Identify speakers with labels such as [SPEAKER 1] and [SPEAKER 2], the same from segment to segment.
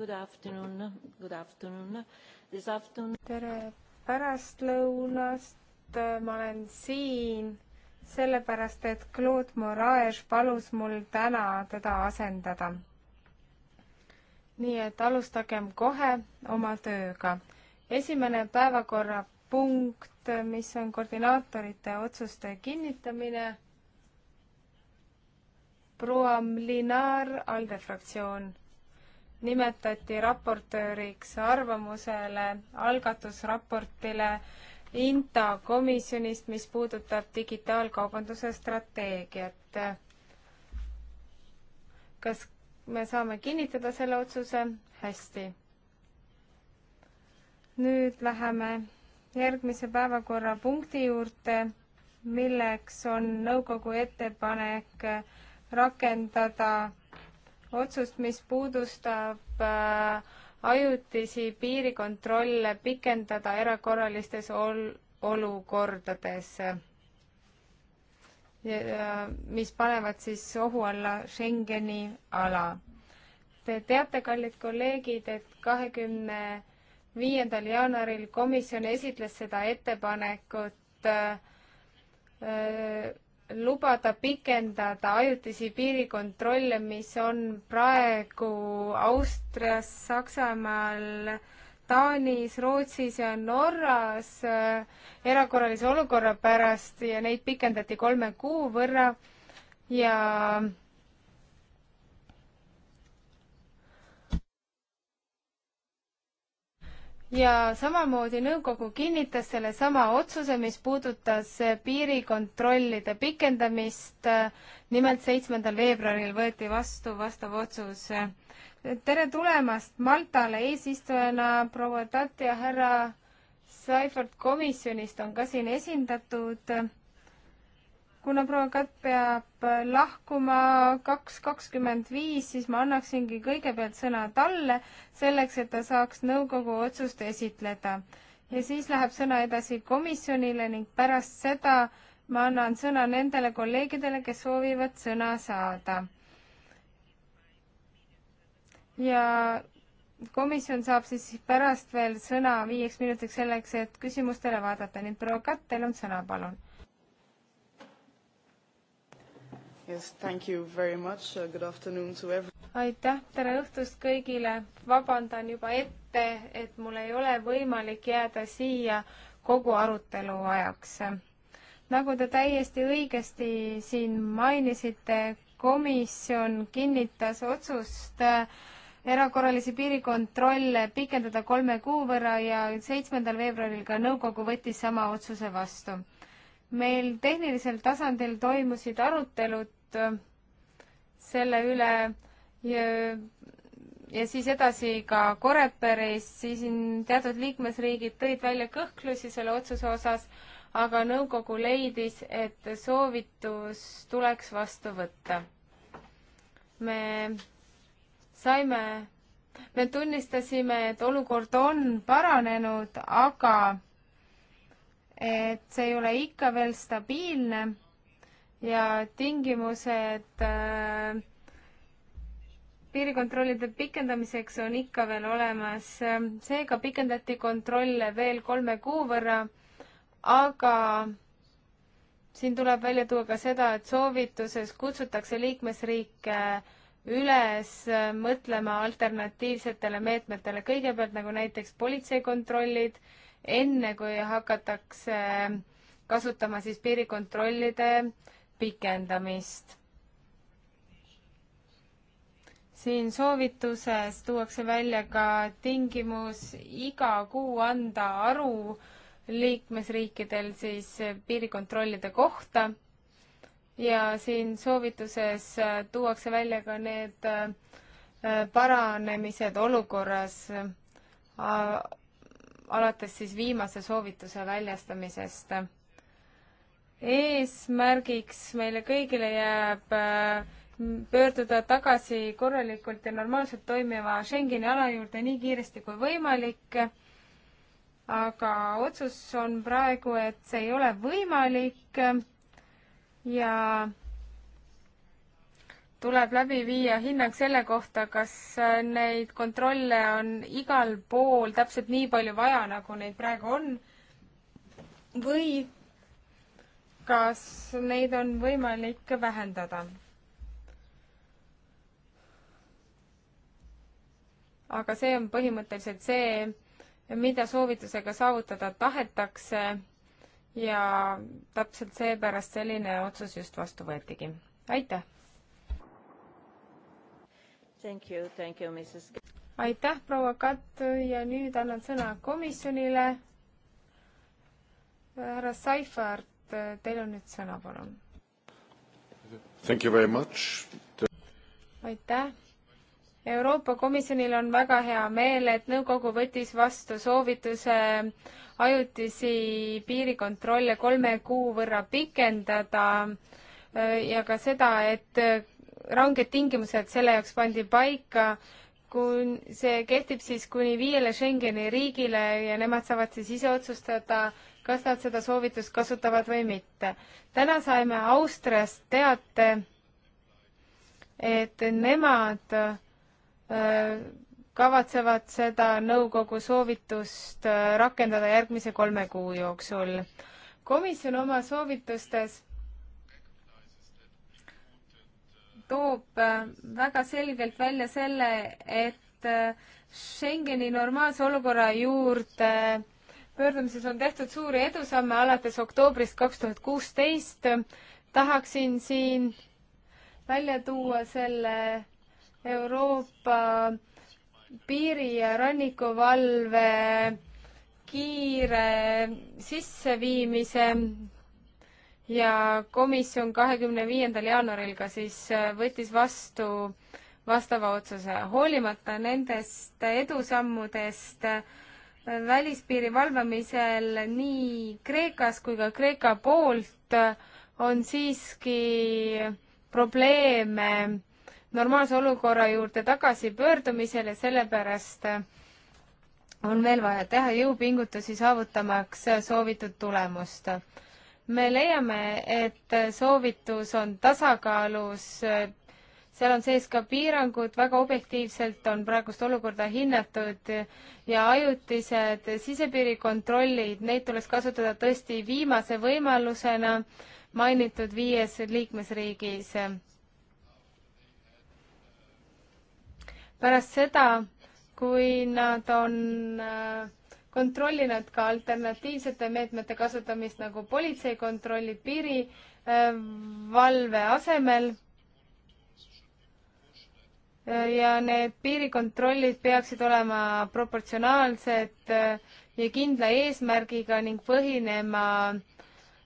[SPEAKER 1] Good afternoon, good afternoon, this afternoon. tere
[SPEAKER 2] pärastlõunast, ma olen siin sellepärast, et Claude Moraes palus mul täna teda asendada. nii et alustagem kohe oma tööga. esimene päevakorrapunkt, mis on koordinaatorite otsuste kinnitamine. proua Mlinar, ALDE fraktsioon nimetati raportööriks arvamusele, algatusraportile INTA komisjonist, mis puudutab digitaalkaubanduse strateegiat. kas me saame kinnitada selle otsuse? hästi. nüüd läheme järgmise päevakorrapunkti juurde, milleks on nõukogu ettepanek rakendada otsust, mis puudustab äh, ajutisi piirikontrolle pikendada erakorralistes ol-, olukordades, mis panevad siis ohu alla Schengeni ala. Te teate, kallid kolleegid, et kahekümne viiendal jaanuaril komisjon esitles seda ettepanekut äh, äh, lubada pikendada ajutisi piirikontrolle, mis on praegu Austrias, Saksamaal, Taanis, Rootsis ja Norras äh, erakorralise olukorra pärast ja neid pikendati kolme kuu võrra ja ja samamoodi nõukogu kinnitas sellesama otsuse, mis puudutas piirikontrollide pikendamist. nimelt seitsmendal veebruaril võeti vastu vastav otsus. tere tulemast Maltale eesistujana, proua Tati ja härra Seifert komisjonist on ka siin esindatud kuna proua Katt peab lahkuma kaks kakskümmend viis, siis ma annaksingi kõigepealt sõna talle, selleks et ta saaks nõukogu otsust esitleda. ja siis läheb sõna edasi komisjonile ning pärast seda ma annan sõna nendele kolleegidele, kes soovivad sõna saada. ja komisjon saab siis pärast veel sõna viieks minutiks selleks, et küsimustele vaadata, nii et proua Katt, teil on sõna, palun
[SPEAKER 3] Yes, thank you very much. Uh, good afternoon to everyone.
[SPEAKER 2] aitäh, tere õhtust kõigile. vabandan juba ette, et mul ei ole võimalik jääda siia kogu arutelu ajaks. nagu te täiesti õigesti siin mainisite, komisjon kinnitas otsust äh, erakorralisi piirikontrolle pikendada kolme kuu võrra ja seitsmendal veebruaril ka nõukogu võttis sama otsuse vastu meil tehnilisel tasandil toimusid arutelud arutlenud äh, selle üle ja, ja siis edasi ka Koreperis, siis teatud liikmesriigid tõid välja kõhklusi selle otsuse osas, aga nõukogu leidis, et soovitus tuleks vastu võtta. me saime, me tunnistasime, et olukord on paranenud, aga et see ei ole ikka veel stabiilne ja tingimused äh, piirikontrollide pikendamiseks on ikka veel olemas, seega pikendati kontrolle veel kolme kuu võrra, aga siin tuleb välja tuua ka seda, et soovituses kutsutakse liikmesriike üles mõtlema alternatiivsetele meetmetele, kõigepealt nagu näiteks politseikontrollid, enne kui hakatakse kasutama siis piirikontrollide pikendamist. siin soovituses tuuakse välja ka tingimus iga kuu anda aru liikmesriikidel siis piirikontrollide kohta ja siin soovituses tuuakse välja ka need äh, paranemised olukorras äh, alates siis viimase soovituse väljastamisest eesmärgiks meile kõigile jääb äh, pöörduda tagasi korralikult ja normaalselt toimiva Schengeni ala juurde nii kiiresti kui võimalik. aga otsus on praegu, et see ei ole võimalik ja tuleb läbi viia hinnang selle kohta, kas neid kontrolle on igal pool täpselt nii palju vaja, nagu neid praegu on või kas neid on võimalik vähendada? aga see on põhimõtteliselt see, mida soovitusega saavutada tahetakse ja täpselt seepärast selline otsus just vastu võetigi. aitäh! aitäh, proua Katt ja nüüd annan sõna komisjonile. härra Seifert Lambert, äh, teil on nüüd sõna, palun.
[SPEAKER 4] Thank
[SPEAKER 1] you very much.
[SPEAKER 2] aitäh. Euroopa Komisjonil on väga hea meel, et nõukogu võttis vastu soovituse ajutisi piirikontrolle kolme kuu võrra pikendada äh, ja ka seda, et äh, ranged tingimused selle jaoks pandi paika kun-, see kehtib siis kuni viiele Schengeni riigile ja nemad saavad siis ise otsustada, kas nad seda soovitust kasutavad või mitte. täna saime Austriast teate, et nemad äh, kavatsevad seda nõukogu soovitust äh, rakendada järgmise kolme kuu jooksul. komisjon oma soovitustes toob äh, väga selgelt välja selle, et Schengeni normaalse olukorra juurde pöördumises on tehtud suuri edusamme alates oktoobrist kaks tuhat kuusteist. tahaksin siin välja tuua selle Euroopa piiri- ja rannikuvalve kiire sisseviimise ja komisjon kahekümne viiendal jaanuaril ka siis äh, võttis vastu vastava otsuse. hoolimata nendest edusammudest äh, välispiiri valvamisel nii Kreekas kui ka Kreeka poolt on siiski probleeme normaalse olukorra juurde tagasipöördumisel ja sellepärast on veel vaja teha jõupingutusi saavutamaks soovitud tulemust. me leiame, et soovitus on tasakaalus seal on sees ka piirangud, väga objektiivselt on praegust olukorda hinnatud ja ajutised sisepiirikontrollid, neid tuleks kasutada tõesti viimase võimalusena mainitud viies liikmesriigis. pärast seda, kui nad on äh, kontrollinud ka alternatiivsete meetmete kasutamist nagu politseikontrollid piirivalve asemel ja need piirikontrollid peaksid olema proportsionaalsed äh, ja kindla eesmärgiga ning põhinema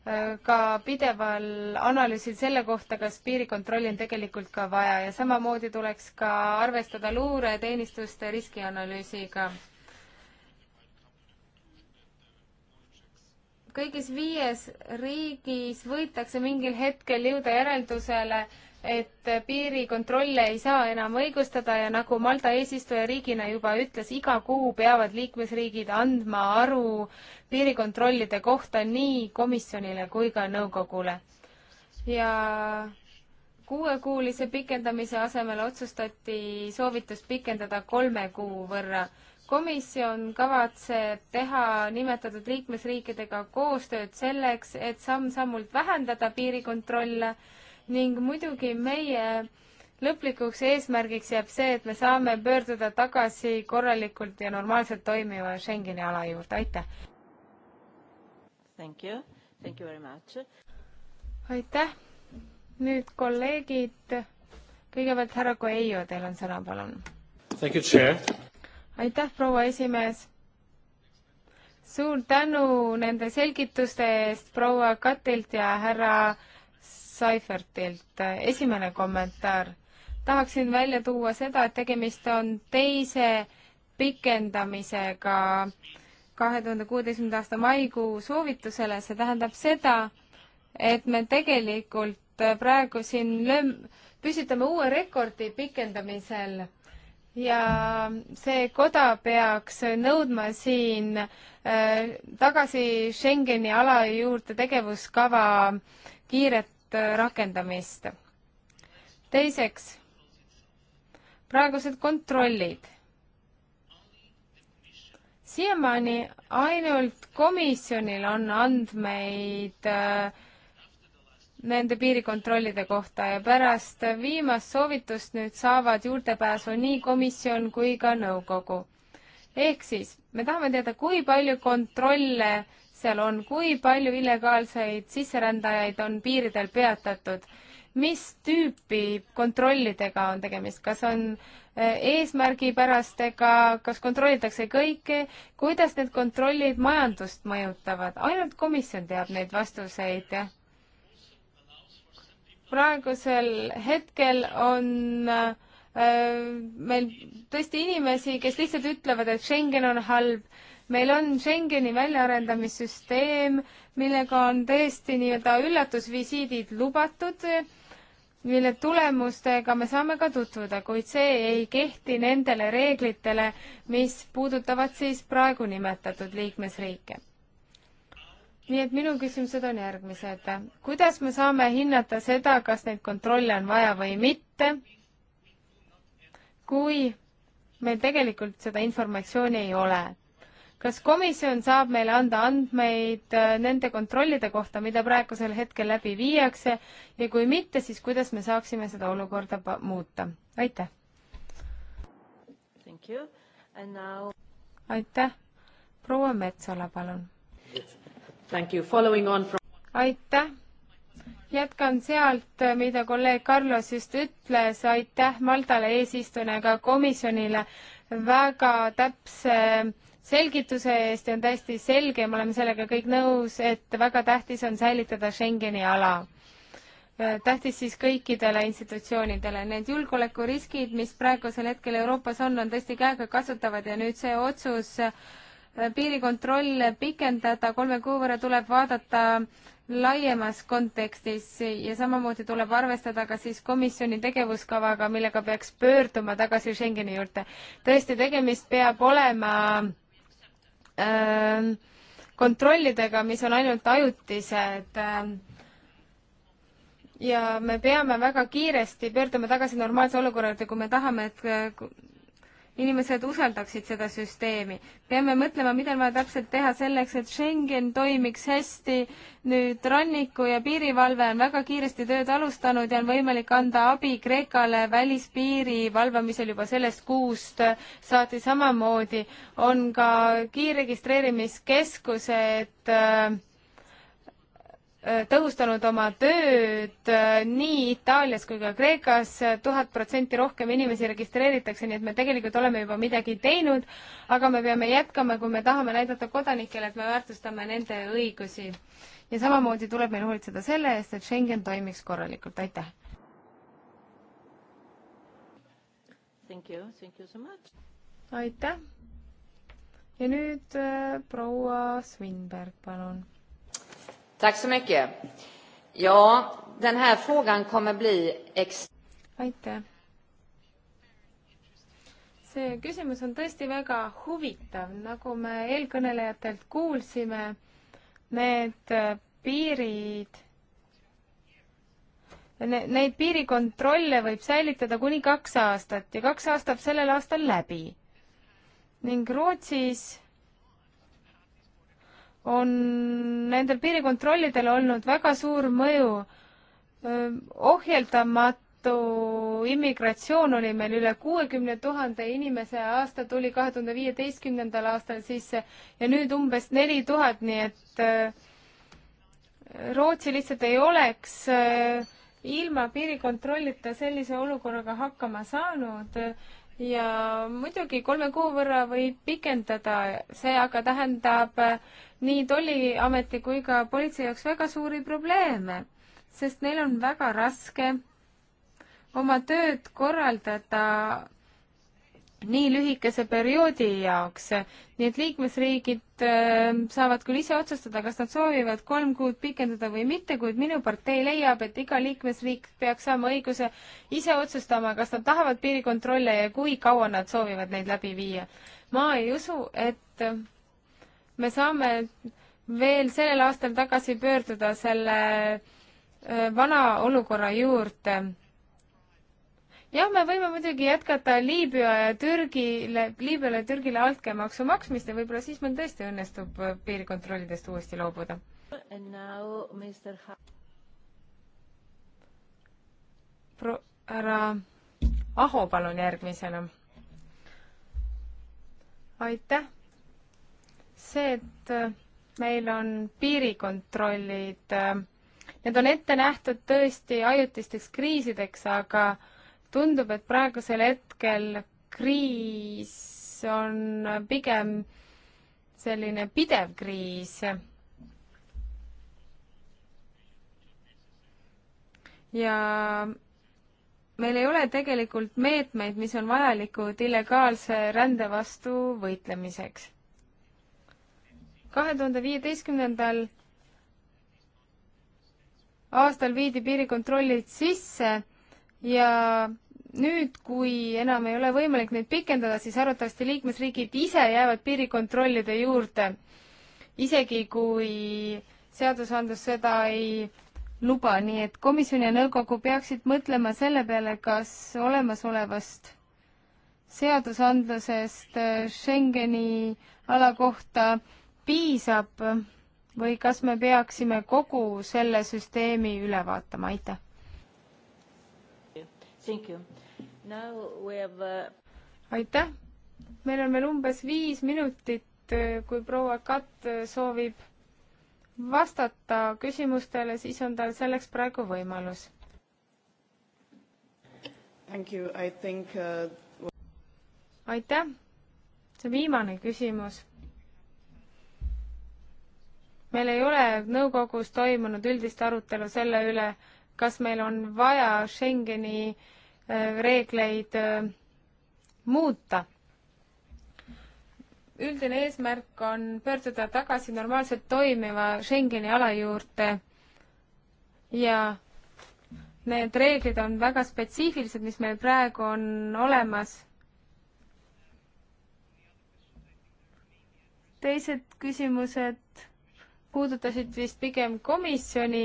[SPEAKER 2] äh, ka pideval analüüsil selle kohta, kas piirikontrolli on tegelikult ka vaja ja samamoodi tuleks ka arvestada luureteenistuste riskianalüüsiga. kõigis viies riigis võitakse mingil hetkel jõuda järeldusele, et piirikontrolle ei saa enam õigustada ja nagu Malta eesistujariigina juba ütles, iga kuu peavad liikmesriigid andma aru piirikontrollide kohta nii komisjonile kui ka nõukogule. ja kuuekuulise pikendamise asemel otsustati soovitus pikendada kolme kuu võrra. komisjon kavatseb teha nimetatud liikmesriikidega koostööd selleks, et samm-sammult vähendada piirikontrolle ning muidugi meie lõplikuks eesmärgiks jääb see, et me saame pöörduda tagasi korralikult ja normaalselt toimiva Schengeni ala juurde, aitäh!
[SPEAKER 1] Thank you, thank you very much!
[SPEAKER 2] aitäh! nüüd kolleegid, kõigepealt härra Coelho, teil on sõna, palun. aitäh, proua esimees! suur tänu nende selgituste eest proua Katilt ja härra Seifertilt. esimene kommentaar. tahaksin välja tuua seda, et tegemist on teise pikendamisega kahe tuhande kuueteistkümnenda aasta maikuu soovitusele, see tähendab seda, et me tegelikult praegu siin lööm-, püstitame uue rekordi pikendamisel ja see koda peaks nõudma siin äh, tagasi Schengeni ala juurde tegevuskava kiiret tõhusat äh, rakendamist. teiseks, praegused kontrollid. siiamaani ainult komisjonil on andmeid äh, nende piirikontrollide kohta ja pärast viimast soovitust nüüd saavad juurdepääsu nii komisjon kui ka nõukogu. ehk siis me tahame teada, kui palju kontrolle seal on, kui palju illegaalseid sisserändajaid on piiridel peatatud, mis tüüpi kontrollidega on tegemist, kas on eh, eesmärgipärastega, kas kontrollitakse kõike, kuidas need kontrollid majandust mõjutavad, ainult komisjon teab neid vastuseid, jah? praegusel hetkel on äh, meil tõesti inimesi, kes lihtsalt ütlevad, et Schengen on halb meil on Schengeni väljaarendamissüsteem, millega on tõesti nii-öelda üllatusvisiidid lubatud, mille tulemustega me saame ka tutvuda, kuid see ei kehti nendele reeglitele, mis puudutavad siis praegu nimetatud liikmesriike. nii et minu küsimused on järgmised. kuidas me saame hinnata seda, kas neid kontrolle on vaja või mitte, kui meil tegelikult seda informatsiooni ei ole? kas komisjon saab meile anda andmeid äh, nende kontrollide kohta, mida praegusel hetkel läbi viiakse ja kui mitte, siis kuidas me saaksime seda olukorda muuta? aitäh! Now... aitäh! proua Metsola, palun!
[SPEAKER 4] From...
[SPEAKER 2] aitäh! jätkan sealt, äh, mida kolleeg Carlos just ütles, aitäh Maldale eesistujana ja ka komisjonile väga täpse äh, selgituse eest ja on täiesti selge ja me oleme sellega kõik nõus, et väga tähtis on säilitada Schengeni ala. Äh, tähtis siis kõikidele institutsioonidele. Need julgeolekuriskid, mis praegusel hetkel Euroopas on, on tõesti käegakasutavad ja nüüd see otsus äh, piirikontroll pikendada kolme kuu võrra tuleb vaadata laiemas kontekstis ja samamoodi tuleb arvestada ka siis komisjoni tegevuskavaga, millega peaks pöörduma tagasi Schengeni juurde. tõesti, tegemist peab olema Ähm, kontrollidega, mis on ainult ajutised. Ähm, ja me peame väga kiiresti pöörduma tagasi normaalse olukorra juurde, kui me tahame, et äh, inimesed usaldaksid seda süsteemi. peame mõtlema, mida on vaja täpselt teha selleks, et Schengen toimiks hästi. nüüd ranniku ja piirivalve on väga kiiresti tööd alustanud ja on võimalik anda abi Kreekale välispiiri valvamisel juba sellest kuust saati samamoodi. on ka kiirregistreerimiskeskused äh, Äh, tõhustanud oma tööd äh, nii Itaalias kui ka Kreekas, tuhat protsenti rohkem inimesi registreeritakse, nii et me tegelikult oleme juba midagi teinud, aga me peame jätkama, kui me tahame näidata kodanikele, et me väärtustame nende õigusi. ja samamoodi tuleb meil hoolitseda selle eest, et Schengen toimiks korralikult, aitäh! aitäh! ja nüüd äh, proua Svinberg, palun Tack så mycket. Ja, den här frågan kommer bli ex- aitäh! see küsimus on tõesti väga huvitav, nagu me eelkõnelejatelt kuulsime, need piirid ne,, neid piirikontrolle võib säilitada kuni kaks aastat ja kaks aastat sellel aastal läbi. ning Rootsis on nendel piirikontrollidel olnud väga suur mõju. ohjeldamatu immigratsioon oli meil üle kuuekümne tuhande inimese aasta tuli kahe tuhande viieteistkümnendal aastal sisse ja nüüd umbes neli tuhat, nii et Rootsi lihtsalt ei oleks ilma piirikontrollita sellise olukorraga hakkama saanud ja muidugi kolme kuu võrra võib pikendada, see aga tähendab äh, nii tolliameti kui ka politsei jaoks väga suuri probleeme, sest neil on väga raske oma tööd korraldada nii lühikese perioodi jaoks, nii et liikmesriigid äh, saavad küll ise otsustada, kas nad soovivad kolm kuud pikendada või mitte, kuid minu partei leiab, et iga liikmesriik peaks saama õiguse ise otsustama, kas nad tahavad piirikontrolle ja kui kaua nad soovivad neid läbi viia. ma ei usu, et me saame veel sellel aastal tagasi pöörduda selle äh, vana olukorra juurde jah, me võime muidugi jätkata Liibüa ja Türgile, Liibüale ja Türgile altkäemaksu maksmist ja võib-olla siis meil tõesti õnnestub äh, piirikontrollidest uuesti loobuda. Pro-, härra Aho, palun järgmisena. aitäh. see, et äh, meil on piirikontrollid, äh, need on ette nähtud tõesti ajutisteks kriisideks, aga äh, tundub, et praegusel hetkel kriis on pigem selline pidev kriis. ja meil ei ole tegelikult meetmeid, mis on vajalikud illegaalse rände vastu võitlemiseks. kahe tuhande viieteistkümnendal aastal viidi piirikontrollid sisse ja nüüd, kui enam ei ole võimalik neid pikendada, siis arvatavasti liikmesriigid ise jäävad piirikontrollide juurde, isegi kui seadusandlus seda ei luba, nii et komisjon ja nõukogu peaksid mõtlema selle peale, kas olemasolevast seadusandlusest äh, Schengeni ala kohta piisab või kas me peaksime kogu selle süsteemi üle vaatama, aitäh! Thank you aitäh, meil on veel umbes viis minutit, kui proua Katt soovib vastata küsimustele, siis on tal selleks praegu võimalus. Uh... aitäh, see viimane küsimus. meil ei ole nõukogus toimunud üldist arutelu selle üle, kas meil on vaja Schengeni äh, Äh, reegleid äh, muuta. üldine eesmärk on pöörduda tagasi normaalselt toimiva Schengeni ala juurde ja need reeglid on väga spetsiifilised, mis meil praegu on olemas. teised küsimused puudutasid vist pigem komisjoni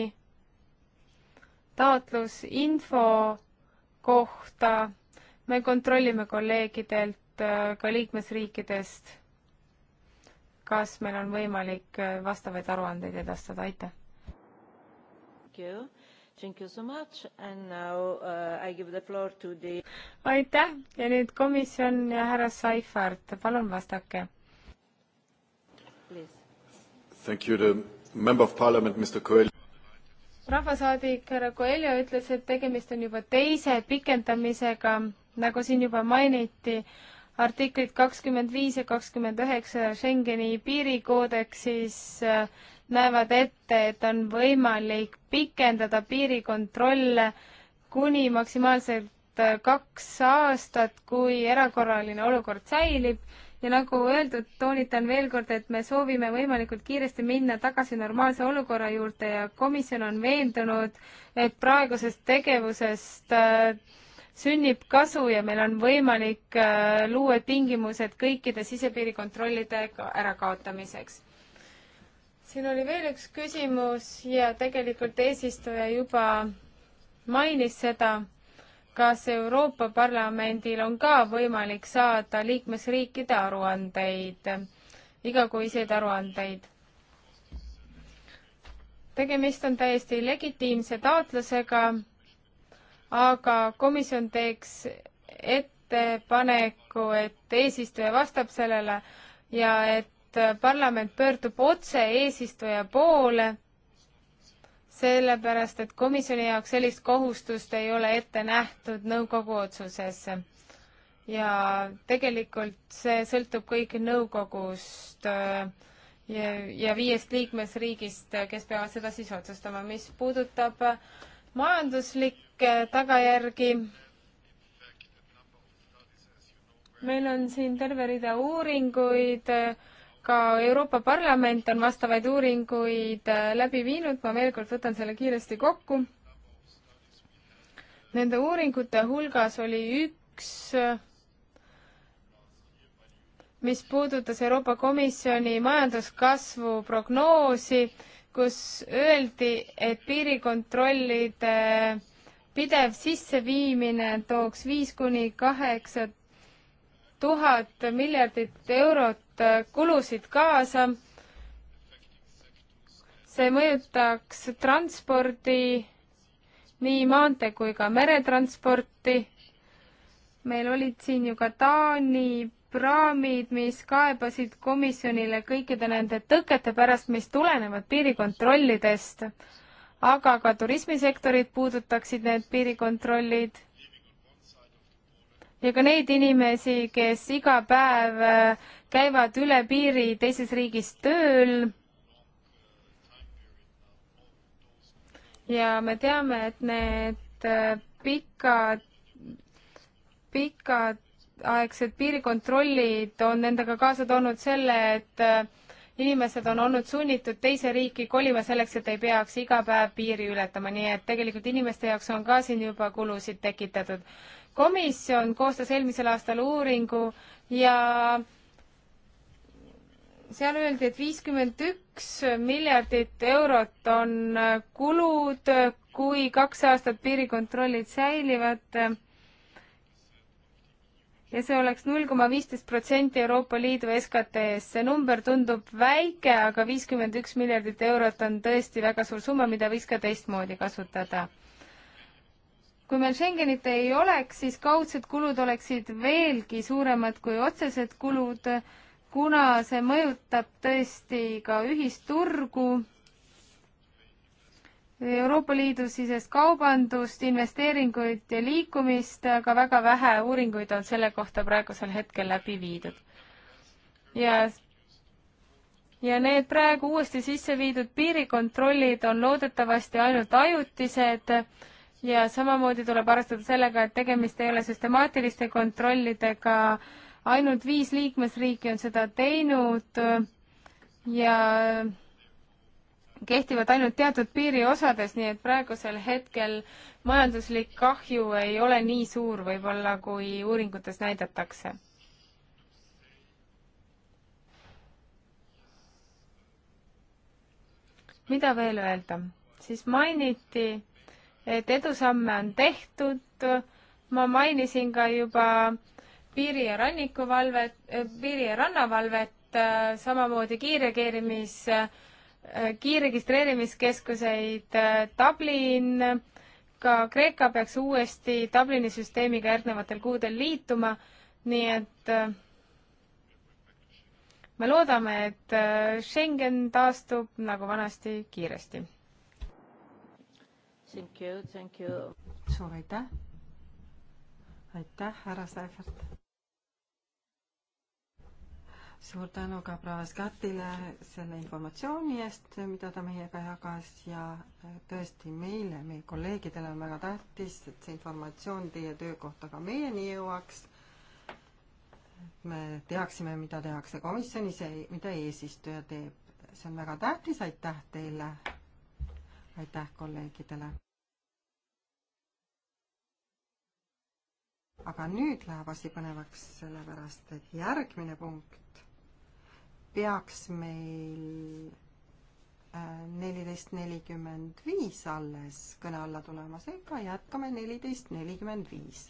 [SPEAKER 2] taotlus info kohta, me kontrollime kolleegidelt äh, ka liikmesriikidest, kas meil on võimalik äh, vastavaid aruandeid edastada, aitäh! Uh, aitäh ja nüüd komisjon ja härra Seifert, palun vastake.
[SPEAKER 1] Thank you, the member of parliament, Mr Coelho
[SPEAKER 2] rahvasaadik härra Coelho ütles, et tegemist on juba teise pikendamisega, nagu siin juba mainiti, artiklid kakskümmend viis ja kakskümmend üheksa Schengeni piirikoodeksis äh, näevad ette, et on võimalik pikendada piirikontrolle kuni maksimaalselt äh, kaks aastat, kui erakorraline olukord säilib ja nagu öeldud, toonitan veel kord, et me soovime võimalikult kiiresti minna tagasi normaalse olukorra juurde ja komisjon on veendunud, et praegusest tegevusest äh, sünnib kasu ja meil on võimalik äh, luua tingimused kõikide sisepiirikontrollide ärakaotamiseks siin oli veel üks küsimus ja tegelikult eesistuja juba mainis seda kas Euroopa Parlamendil on ka võimalik saada liikmesriikide aruandeid, igakuiseid aruandeid? tegemist on täiesti legitiimse taotlusega, aga komisjon teeks ettepaneku, et eesistuja vastab sellele ja et parlament pöördub otse eesistuja poole sellepärast et komisjoni jaoks sellist kohustust ei ole ette nähtud nõukogu otsuses. ja tegelikult see sõltub kõik nõukogust äh, ja, ja viiest liikmesriigist, äh, kes peavad seda siis otsustama. mis puudutab majanduslikke tagajärgi, meil on siin terve rida uuringuid, äh, ka Euroopa Parlament on vastavaid uuringuid äh, läbi viinud, ma veel kord võtan selle kiiresti kokku. Nende uuringute hulgas oli üks, äh, mis puudutas Euroopa Komisjoni majanduskasvu prognoosi, kus öeldi, et piirikontrollide pidev sisseviimine tooks viis kuni kaheksa tuhat miljardit eurot Äh, kulusid kaasa. see mõjutaks transpordi, nii maantee kui ka meretransporti. meil olid siin ju ka Taani praamid, mis kaebasid komisjonile kõikide nende tõkete pärast, mis tulenevad piirikontrollidest. aga ka turismisektorit puudutaksid need piirikontrollid ja ka neid inimesi, kes iga päev äh, käivad üle piiri teises riigis tööl. ja me teame, et need äh, pikad, pikaaegsed piirikontrollid on endaga kaasa toonud selle, et äh, inimesed on olnud sunnitud teise riiki kolima selleks, et ei peaks iga päev piiri ületama, nii et tegelikult inimeste jaoks on ka siin juba kulusid tekitatud komisjon koostas eelmisel aastal uuringu ja seal öeldi, et viiskümmend üks miljardit eurot on kulud, kui kaks aastat piirikontrollid säilivad. ja see oleks null koma viisteist protsenti Euroopa Liidu SKT-st. see number tundub väike, aga viiskümmend üks miljardit eurot on tõesti väga suur summa, mida võiks ka teistmoodi kasutada kui meil Schengenit ei oleks, siis kaudsed kulud oleksid veelgi suuremad kui otsesed kulud, kuna see mõjutab tõesti ka ühisturgu, Euroopa Liidu sisest kaubandust, investeeringuid ja liikumist, aga väga vähe uuringuid on selle kohta praegusel hetkel läbi viidud. ja ja need praegu uuesti sisse viidud piirikontrollid on loodetavasti ainult ajutised ja samamoodi tuleb arvestada sellega, et tegemist ei ole süstemaatiliste kontrollidega, ainult viis liikmesriiki on seda teinud ja kehtivad ainult teatud piiriosades, nii et praegusel hetkel majanduslik kahju ei ole nii suur võib-olla, kui uuringutes näidatakse. mida veel öelda? siis mainiti et edusamme on tehtud, ma mainisin ka juba piiri- ja rannikuvalvet, eh, piiri- ja rannavalvet, eh, samamoodi kiirreageerimis, eh, kiirregistreerimiskeskuseid Dublin, ka Kreeka peaks uuesti Dublini süsteemiga järgnevatel kuudel liituma, nii et me loodame, et Schengen taastub nagu vanasti kiiresti
[SPEAKER 1] Thank you, thank you.
[SPEAKER 2] suur aitäh.
[SPEAKER 5] aitäh, härra Seifert. suur tänu ka Praskatile selle informatsiooni eest, mida ta meiega jagas ja tõesti meile, meie kolleegidele on väga tähtis, et see informatsioon teie töö kohta ka meieni jõuaks. et me teaksime, mida tehakse komisjonis ja mida eesistuja teeb. see on väga tähtis, aitäh teile aitäh kolleegidele. aga nüüd läheb asi põnevaks, sellepärast et järgmine punkt peaks meil äh, neliteist nelikümmend viis alles kõne alla tulema, seega jätkame neliteist nelikümmend
[SPEAKER 4] viis.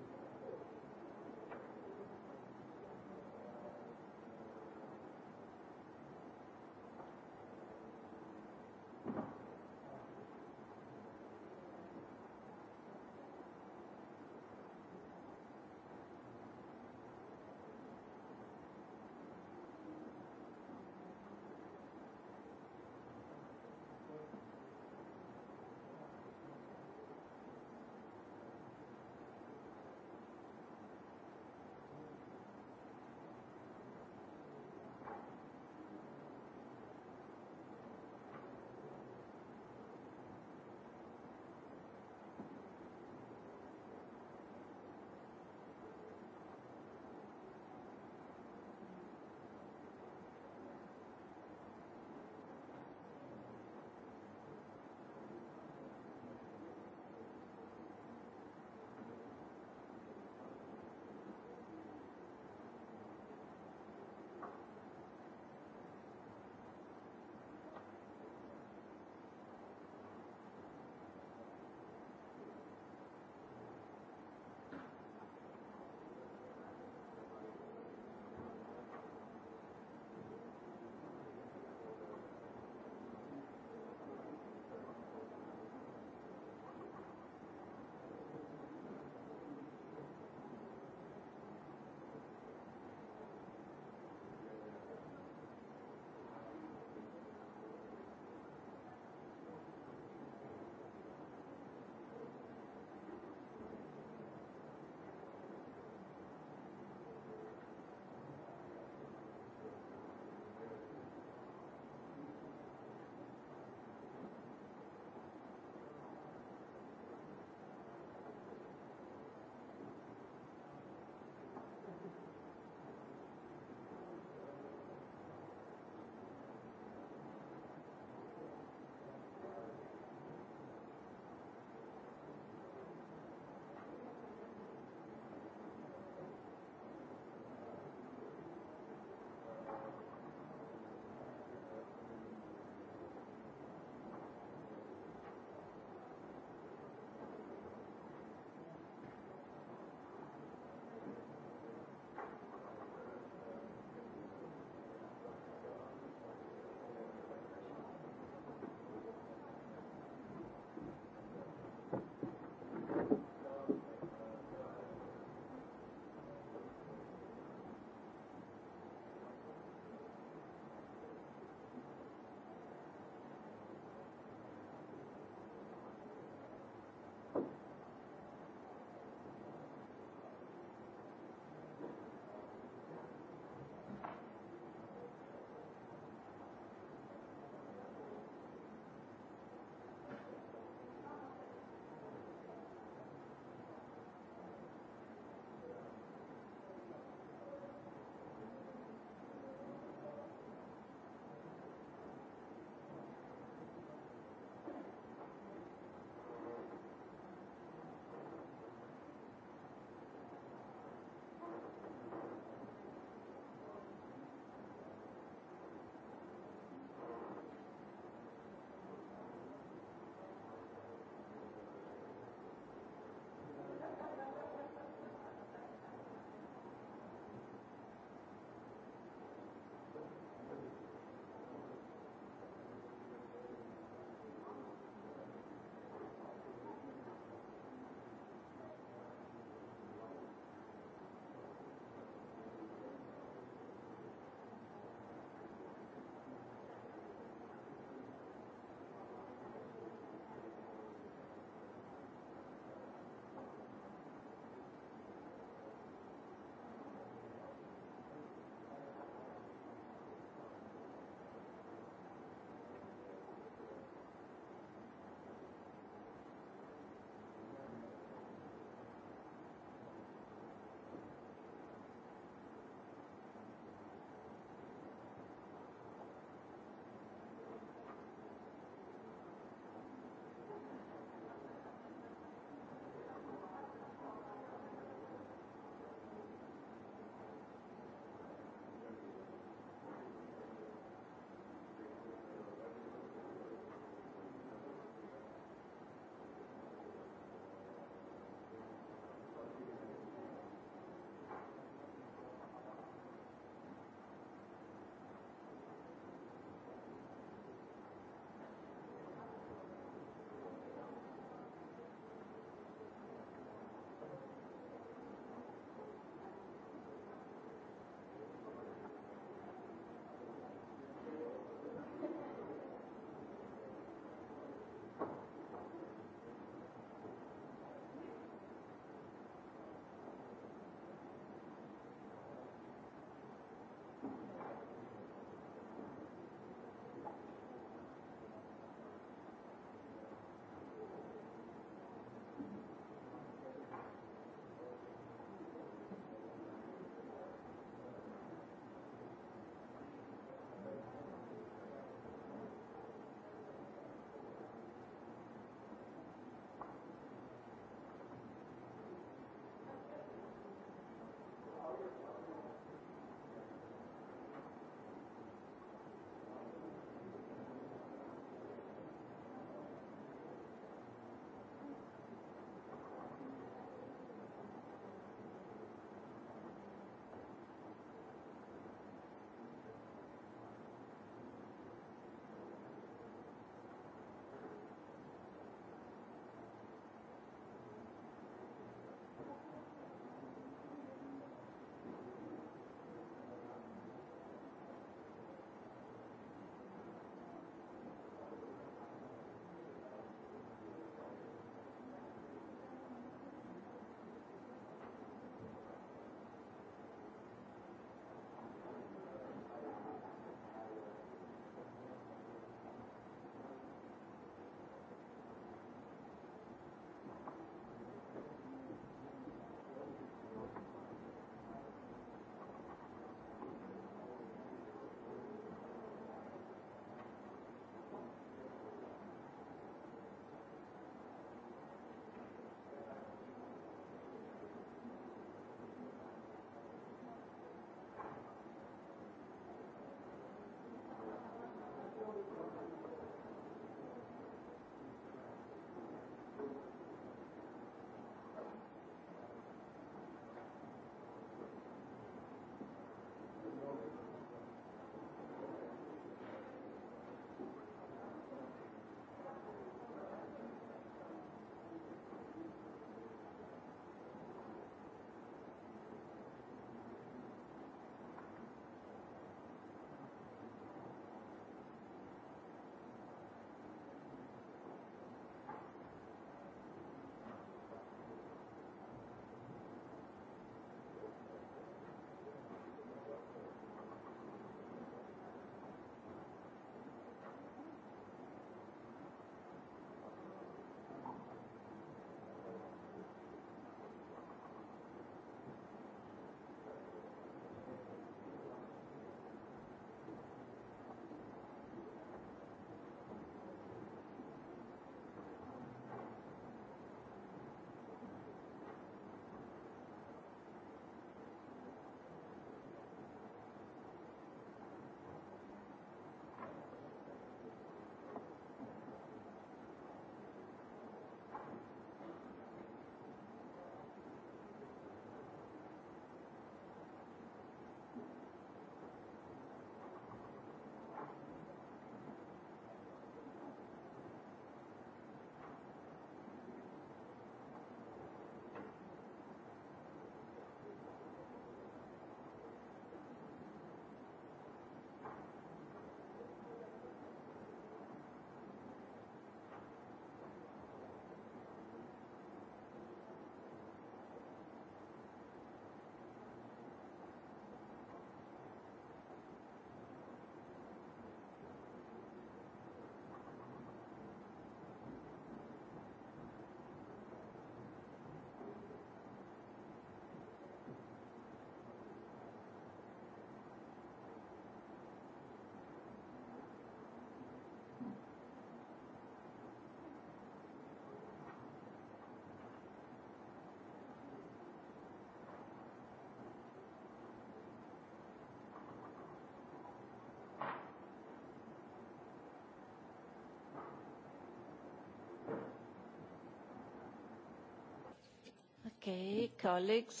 [SPEAKER 1] okei okay,, colleagues,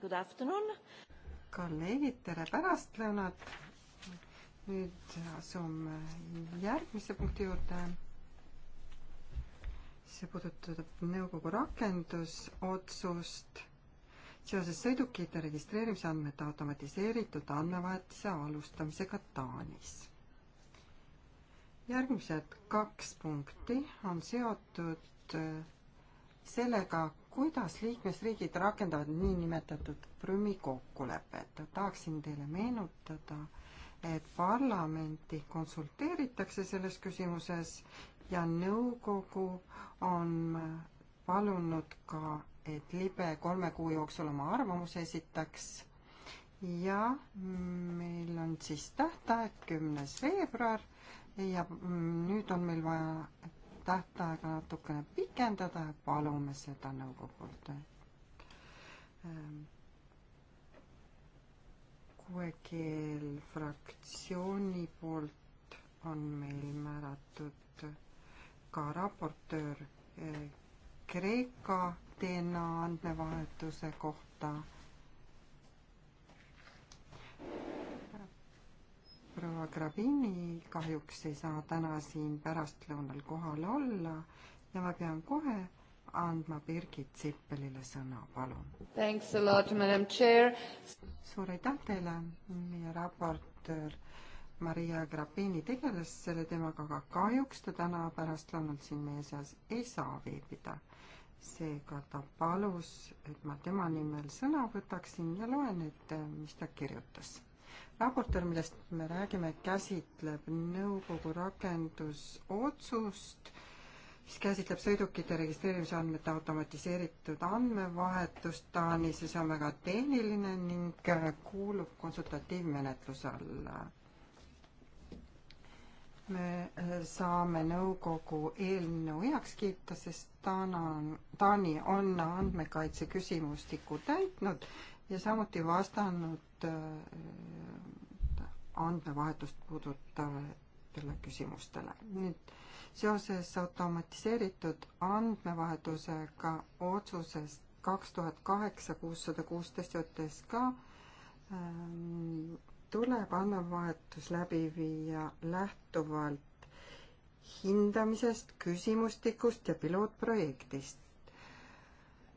[SPEAKER 1] good afternoon.
[SPEAKER 5] kolleegid, tere pärastlõunat. nüüd asume järgmise punkti juurde. see puudutab nõukogu rakendusotsust seoses sõidukite registreerimise andmete automatiseeritud andmevahetuse alustamisega Taanis. järgmised kaks punkti on seotud sellega, kuidas liikmesriigid rakendavad niinimetatud Prümi kokkulepet. tahaksin teile meenutada, et parlamenti konsulteeritakse selles küsimuses ja nõukogu on palunud ka, et libe kolme kuu jooksul oma arvamuse esitaks ja meil on siis tähtaeg kümnes veebruar ja nüüd on meil vaja tähtaega natukene pikendada ja palume seda nõukogult. Ehm, kuuekeel fraktsiooni poolt on meil määratud ka raportöör eh, Kreeka DNA andmevahetuse kohta proua Grabini kahjuks ei saa täna siin pärastlõunal kohal olla ja ma pean kohe andma Birgit Sippelile sõna, palun. suur aitäh teile, meie raportöör Maria Grabini tegeles selle teemaga, aga kahjuks ta täna pärastlõunal siin meie seas ei saa viibida. seega ta palus, et ma tema nimel sõna võtaksin ja loen ette, mis ta kirjutas raportöör, millest me räägime, käsitleb nõukogu rakendusotsust, mis käsitleb sõidukite registreerimise andmete automatiseeritud andmevahetust Taanis ja see on väga tehniline ning kuulub konsultatiivmenetluse alla. me saame nõukogu eelnõu heaks kiita, sest Taana on, Taani on andmekaitse küsimustiku täitnud ja samuti vastanud Äh, andmevahetust puudutavatele küsimustele. nüüd seoses automatiseeritud andmevahetusega otsusest kaks tuhat kaheksa kuussada kuusteist JTSK ähm, tuleb andmevahetus läbi viia lähtuvalt hindamisest, küsimustikust ja pilootprojektist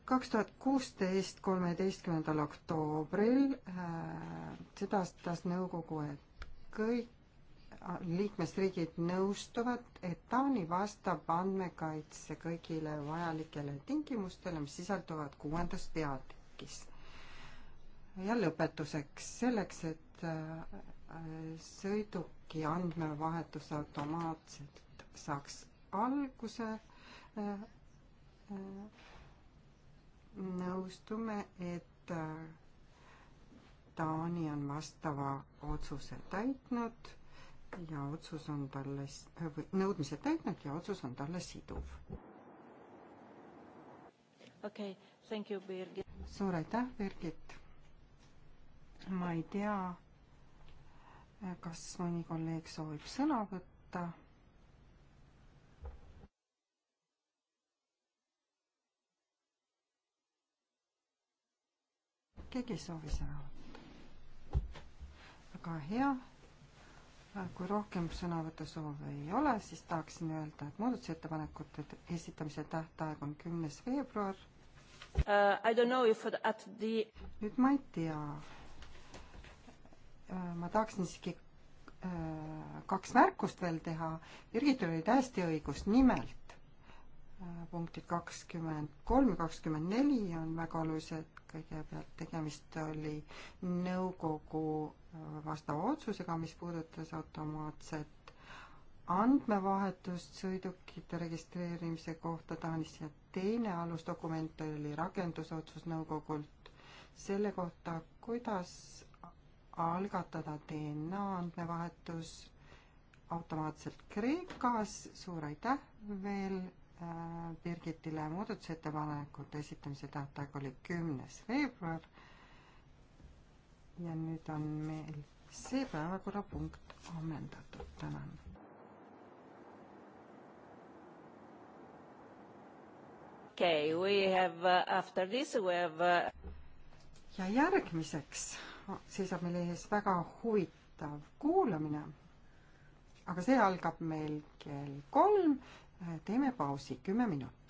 [SPEAKER 5] kaks tuhat kuusteist, kolmeteistkümnendal oktoobril äh, sedastas nõukogu, et kõik äh, liikmesriigid nõustuvad, et Taani vastab andmekaitse kõigile vajalikele tingimustele, mis sisalduvad kuuendas peatükis. ja lõpetuseks, selleks, et äh, sõiduki andmevahetus automaatselt saaks alguse, nõustume, et äh, Taani on vastava otsuse täitnud ja otsus on talle, nõudmised täitnud ja otsus on talle siduv.
[SPEAKER 1] okei okay,, thank you, Birgit.
[SPEAKER 5] suur aitäh, Birgit. ma ei tea, kas mõni kolleeg soovib sõna võtta keegi ei soovi sõna võtta. väga hea. kui rohkem sõnavõtusoove ei ole, siis tahaksin öelda, et muudatusettepanekute esitamise tähtaeg on kümnes veebruar uh,.
[SPEAKER 1] I don't know if at the
[SPEAKER 5] nüüd ma ei tea. Uh, ma tahaksin siiski uh, kaks märkust veel teha. Birgitul oli täiesti õigus, nimelt uh, punktid kakskümmend kolm ja kakskümmend neli on väga olulised kõigepealt tegemist oli nõukogu äh, vastava otsusega, mis puudutas automaatset andmevahetust sõidukite registreerimise kohta Taanis ja teine alusdokument oli rakendusotsus nõukogult selle kohta, kuidas algatada DNA andmevahetus automaatselt Kreekas, suur aitäh veel Äh, Birgitile muudatusettepanekute esitamise tähtaeg oli kümnes veebruar. ja nüüd on meil see päevakorrapunkt ammendatud,
[SPEAKER 4] tänan.
[SPEAKER 1] okei okay,, we have uh, after this we have uh....
[SPEAKER 5] ja järgmiseks seisab meil ees väga huvitav kuulamine. aga see algab meil kell kolm teeme pausi kümme minutit.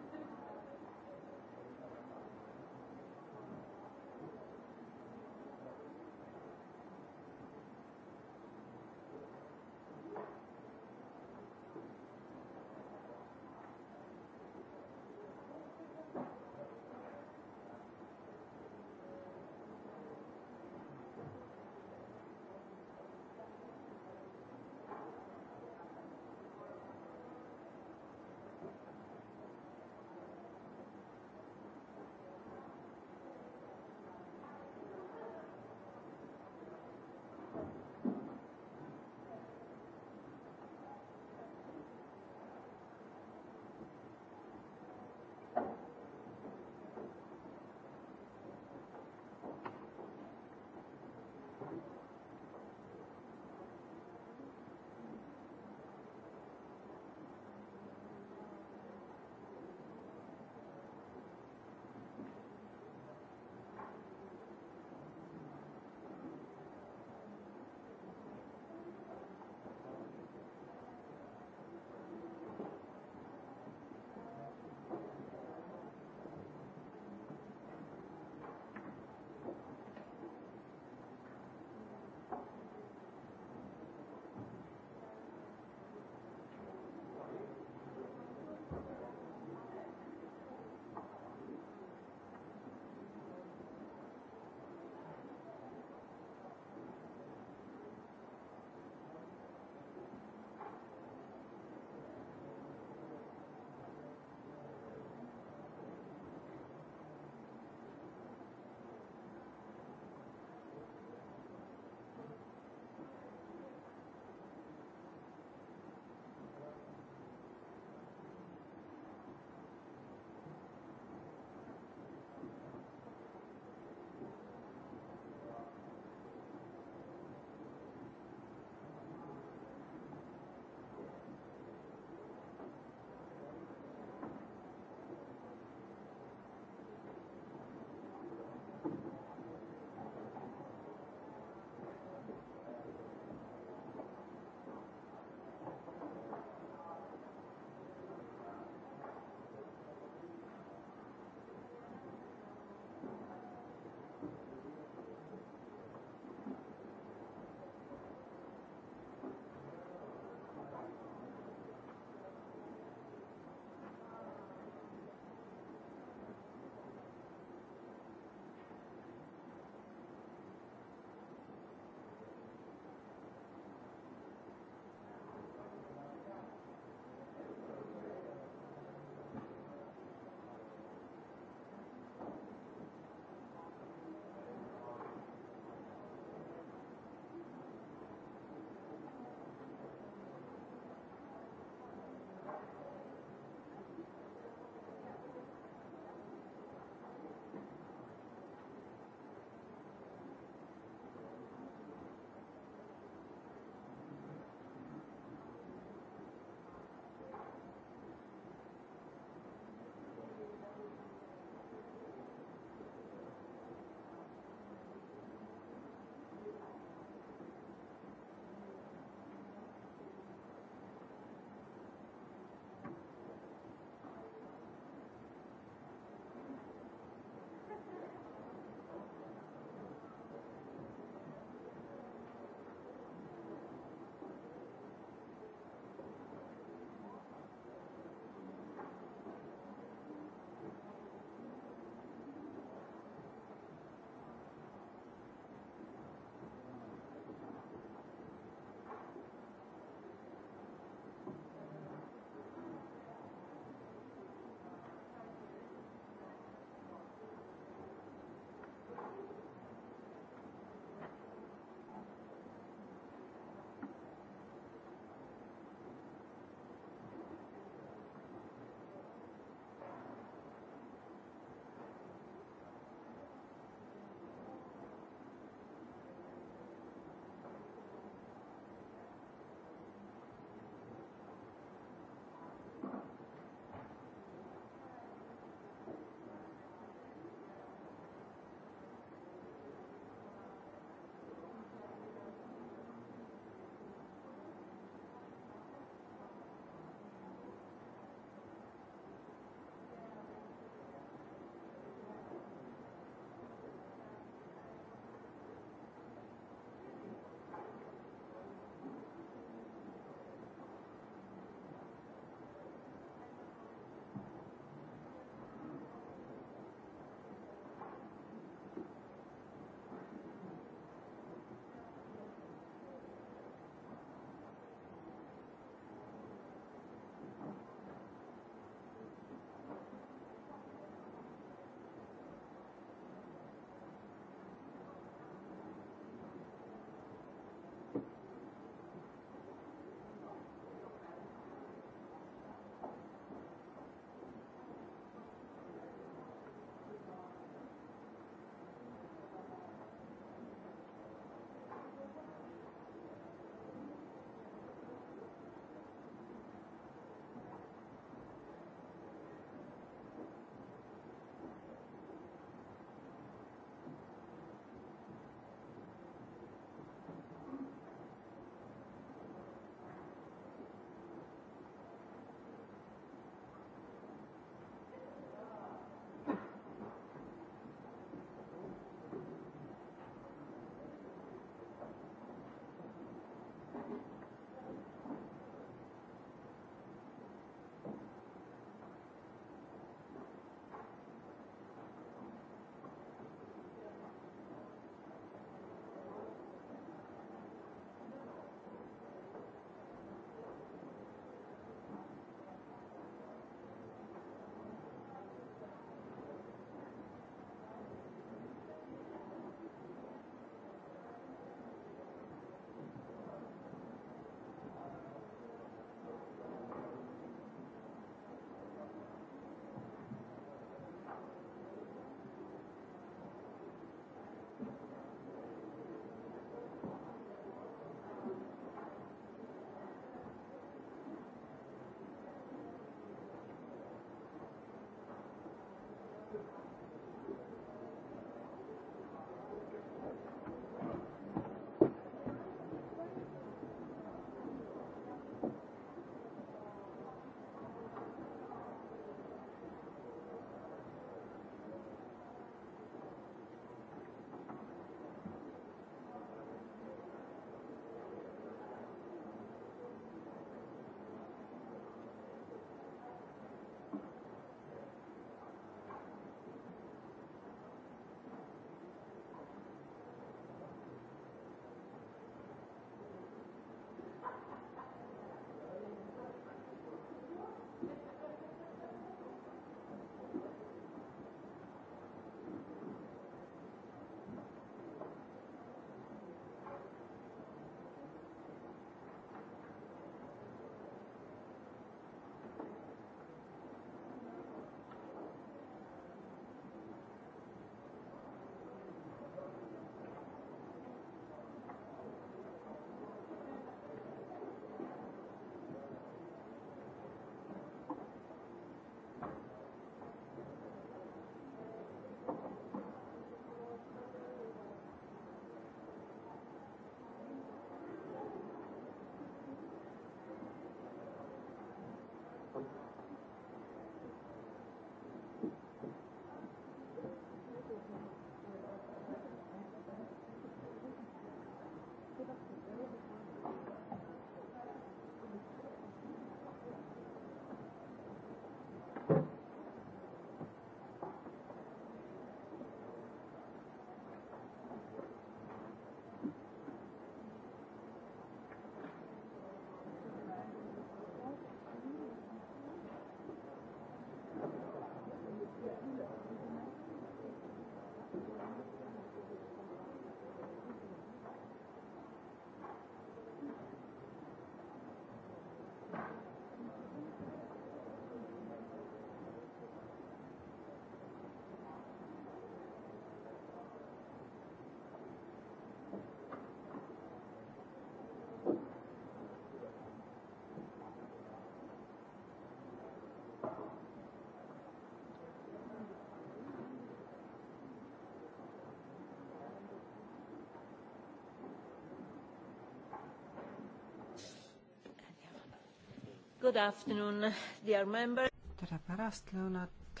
[SPEAKER 1] Good afternoon, dear member.
[SPEAKER 5] tere pärastlõunat,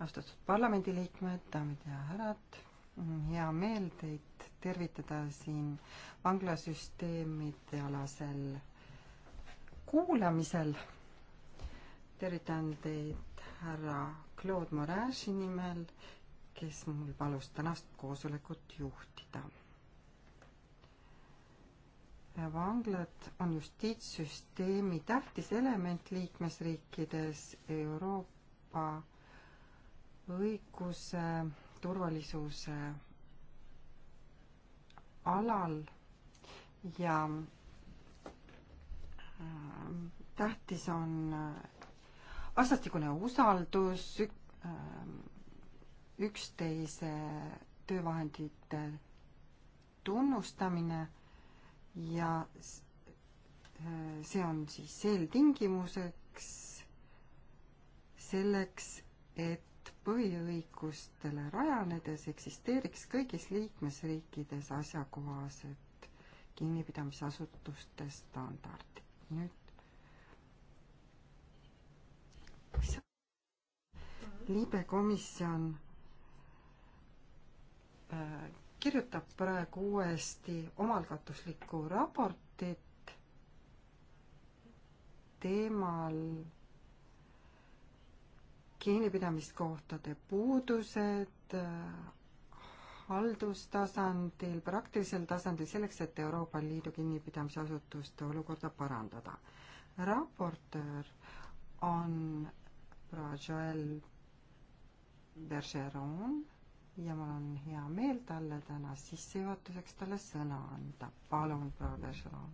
[SPEAKER 5] austatud parlamendiliikmed, daamid ja härrad. hea meel teid tervitada siin vanglasüsteemide alasel kuulamisel. tervitan teid härra Claude Morage'i nimel, kes mul palus tänast koosolekut juhtida vanglad on justiitssüsteemi tähtis element liikmesriikides Euroopa õiguse turvalisuse alal ja ähm, tähtis on äh, vastastikune usaldus, ähm, üksteise töövahendite tunnustamine ja äh, see on siis eeltingimuseks selleks, et põhiõigustele rajanedes eksisteeriks kõigis liikmesriikides asjakohased kinnipidamisasutuste standardid. nüüd libekomisjon äh, kirjutab praegu uuesti omalgatuslikku raportit teemal kinnipidamiskohtade puudused haldustasandil, praktilisel tasandil, selleks, et Euroopa Liidu kinnipidamisasutuste olukorda parandada. raportöör on Joel Bergeron ja mul on hea meel talle täna sissejuhatuseks talle sõna anda. palun, proua Bergeron.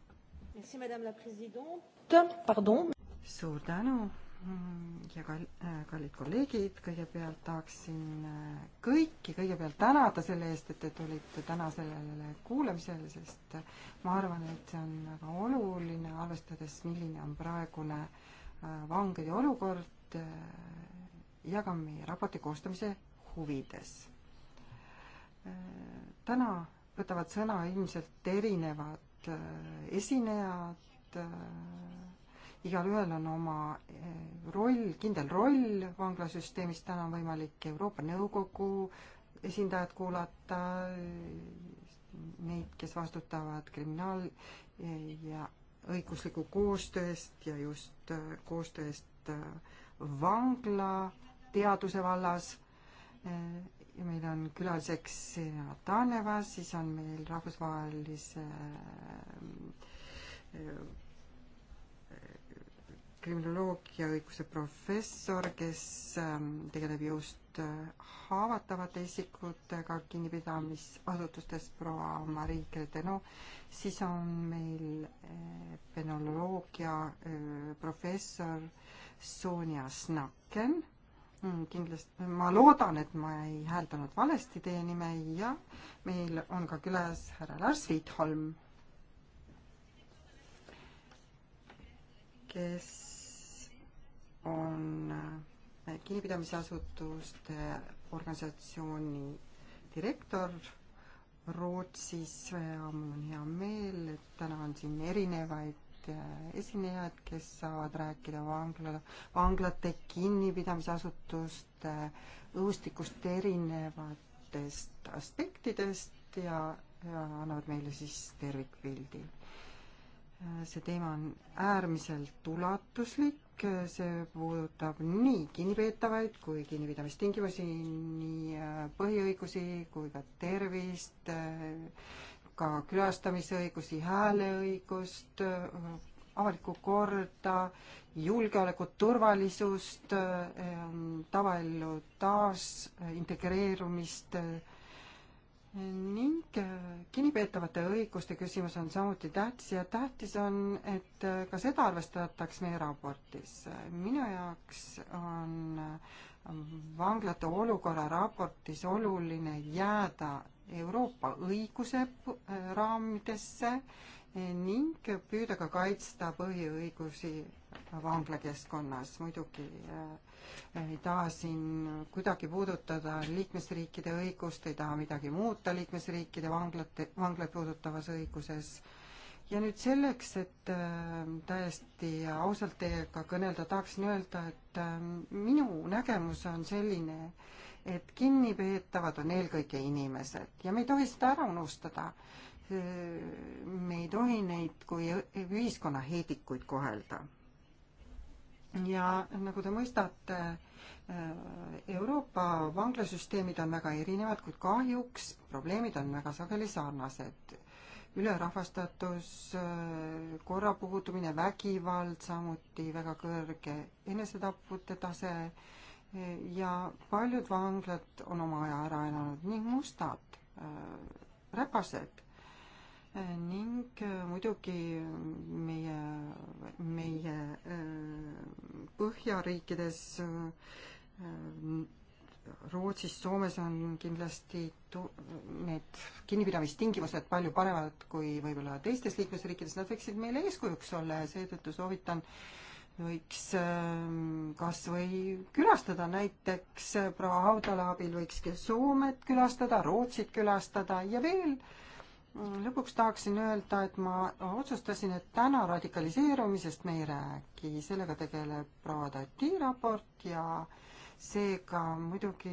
[SPEAKER 5] suur tänu mm, ja kall-, äh, kallid kolleegid, kõigepealt tahaksin äh, kõiki kõigepealt tänada selle eest, et te tulite täna sellele kuulamisele, sest äh, ma arvan, et see on väga oluline, arvestades, milline on praegune vangide olukord ja ka meie raporti koostamise huvides täna võtavad sõna ilmselt erinevad äh, esinejad, äh, igalühel on oma äh, roll, kindel roll vanglasüsteemis, täna on võimalik Euroopa Nõukogu esindajad kuulata, neid, kes vastutavad kriminaal- ja õigusliku koostöö eest ja just koostöö eest vangla teaduse vallas ja meil on külaliseks Taneva, siis on meil rahvusvahelise äh, kriminoloogia õiguse professor, kes ähm, tegeleb just äh, haavatavate isikutega kinnipidamisasutustes, proua Marii Creteno, siis on meil äh, penoloogia professor Sonja Snakken Mm, kindlasti, ma loodan, et ma ei hääldanud valesti teie nime ja meil on ka külas härra Lars Viitholm, kes on äh, kinnipidamisasutuste organisatsiooni direktor Rootsis. Äh, mul on hea meel, et täna on siin erinevaid esinejad, kes saavad rääkida vangla, vanglate kinnipidamisasutuste õhustikust erinevatest aspektidest ja, ja annavad meile siis tervikpildi. see teema on äärmiselt ulatuslik, see puudutab nii kinnipeetavaid kui kinnipidamistingimusi, nii äh, põhiõigusi kui ka tervist, ka külastamisõigusi, hääleõigust, avalikku korda, julgeolekut, turvalisust, ähm, tavaellu taasintegreerumist ning äh, kinnipeetavate õiguste küsimus on samuti tähtis ja tähtis on, et äh, ka seda arvestataks meie raportis. minu jaoks on äh, vanglate olukorra raportis oluline jääda Euroopa õiguse raamidesse eh, ning püüda ka kaitsta põhiõigusi vanglakeskkonnas. muidugi eh, ei taha siin kuidagi puudutada liikmesriikide õigust, ei taha midagi muuta liikmesriikide vanglate, vanglaid puudutavas õiguses ja nüüd selleks, et eh, täiesti ausalt teiega kõnelda, tahaksin öelda, et minu nägemus on selline, et kinnipeetavad on eelkõige inimesed ja me ei tohi seda ära unustada. me ei tohi neid kui ühiskonna heedikuid kohelda. ja nagu te mõistate, Euroopa vanglasüsteemid on väga erinevad, kuid kahjuks probleemid on väga sageli sarnased ülerahvastatus, korra puudumine, vägivald, samuti väga kõrge enesetappude tase, ja paljud vanglad on oma aja ära elanud ning mustad äh, räpased äh, ning äh, muidugi meie, meie põhjariikides Rootsis, Soomes on kindlasti tu-, need kinnipidamistingimused palju paremad kui võib-olla teistes liikmesriikides, nad võiksid meile eeskujuks olla ja seetõttu soovitan äh, võiks ähm, kas või külastada, näiteks äh, proua Haudala abil võiks Soomet külastada, Rootsit külastada ja veel mm, lõpuks tahaksin öelda, et ma otsustasin, et täna radikaliseerumisest me ei räägi, sellega tegeleb proua Tati raport ja äh, seega muidugi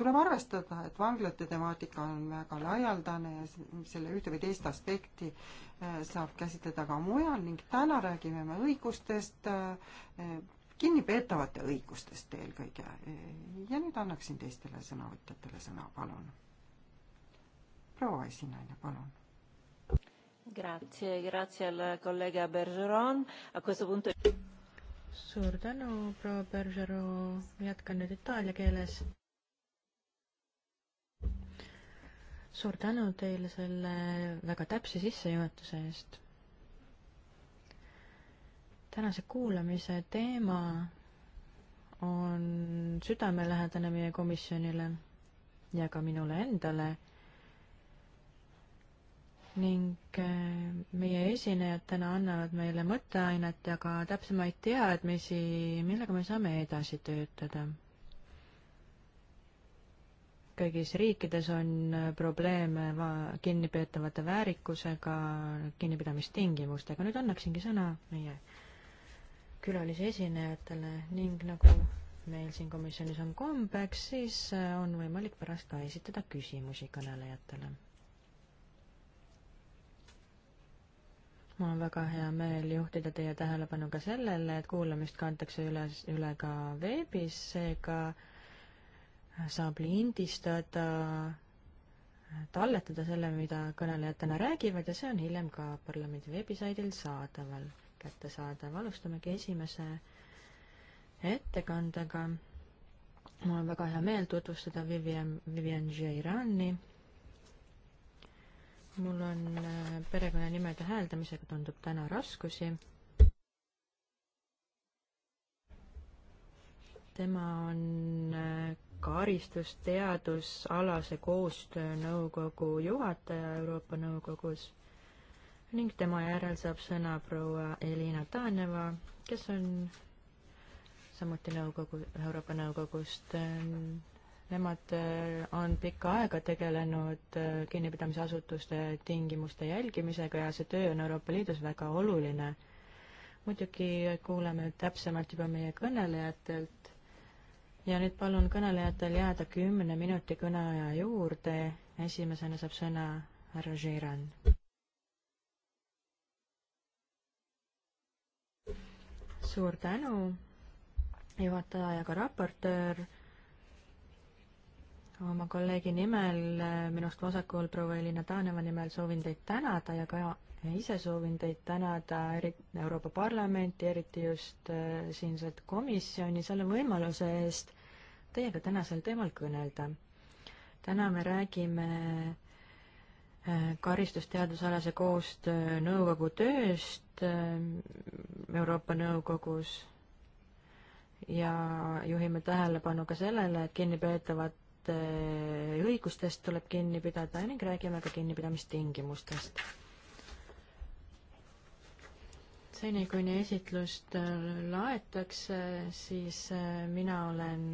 [SPEAKER 5] tuleb arvestada, et vanglate temaatika on väga laialdane ja selle ühte või teist aspekti äh, saab käsitleda ka mujal ning täna räägime me õigustest, äh, kinnipeetavate õigustest eelkõige. ja nüüd annaksin teistele sõnavõtjatele sõna, palun. proua esinaine, palun
[SPEAKER 1] grazie grazie al collega bergeron a questo punto
[SPEAKER 3] suur tänu, proua Bergeron, jätkan nüüd itaalia keeles. suur tänu teile selle väga täpse sissejuhatuse eest. tänase kuulamise teema on südamelähedane meie komisjonile ja ka minule endale ning äh, meie esinejad täna annavad meile mõtteainet ja ka täpsemaid teadmisi, millega me saame edasi töötada. kõigis riikides on äh, probleeme kinnipeetavate väärikusega, kinnipidamistingimustega, nüüd annaksingi sõna meie külalise esinejatele ning nagu meil siin komisjonis on kombeks, siis äh, on võimalik pärast ka esitada küsimusi kõnelejatele mul on väga hea meel juhtida teie tähelepanu ka sellele, et kuulamist kantakse üles, üle ka veebis, seega saab lindistada, talletada selle, mida kõnelejad täna räägivad ja see on hiljem ka parlamendi veebisaidil saadaval, kättesaadav. alustamegi esimese ettekandega. mul on väga hea meel tutvustada Vivian, Vivian Jairani mul on äh, perekonnanimede hääldamisega tundub täna raskusi. tema on äh, karistusteadusalase koostöönõukogu juhataja Euroopa Nõukogus ning tema järel saab sõna proua Elina Taneva, kes on samuti nõukogu, Euroopa Nõukogust ähm, Nemad äh, on pikka aega tegelenud äh, kinnipidamisasutuste tingimuste jälgimisega ja see töö on Euroopa Liidus väga oluline. muidugi kuuleme täpsemalt juba meie kõnelejatelt ja nüüd palun kõnelejatel jääda kümne minuti kõneaja juurde. esimesena saab sõna härra Žiran. suur tänu, juhataja ja ka raportöör oma kolleegi nimel, minust vasakul proua Elina Taaneva nimel soovin teid tänada ja ka ise soovin teid tänada eri, Euroopa Parlamenti, eriti just äh, siinset komisjoni selle võimaluse eest teiega tänasel teemal kõnelda. täna me räägime äh, karistusteadusalase koostöö nõukogu tööst äh, Euroopa Nõukogus ja juhime tähelepanu ka sellele, et kinnipeetavad inimeste õigustest tuleb kinni pidada ning räägime ka kinnipidamistingimustest. seni, kuni esitlust laetakse, siis äh, mina olen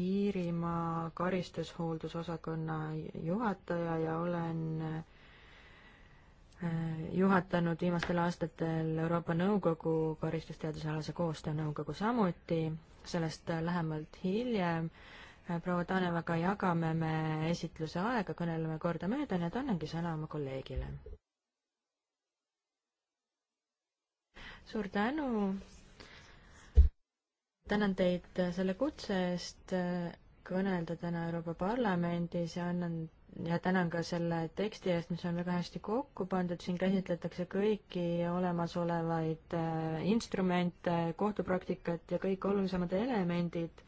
[SPEAKER 3] Iirimaa karistushooldusosakonna juhataja ja olen äh, juhatanud viimastel aastatel Euroopa Nõukogu karistusteadusealase koostöönõukogu samuti, sellest äh, lähemalt hiljem, Äh, proua Tanevaga jagame me esitluse aega, kõneleme kordamööda, nii et annangi sõna oma kolleegile. suur tänu. tänan teid selle kutse eest äh, kõnelda täna Euroopa Parlamendis ja annan ja tänan ka selle teksti eest, mis on väga hästi kokku pandud, siin käsitletakse kõiki olemasolevaid äh, instrumente, kohtupraktikat ja kõik olulisemad elemendid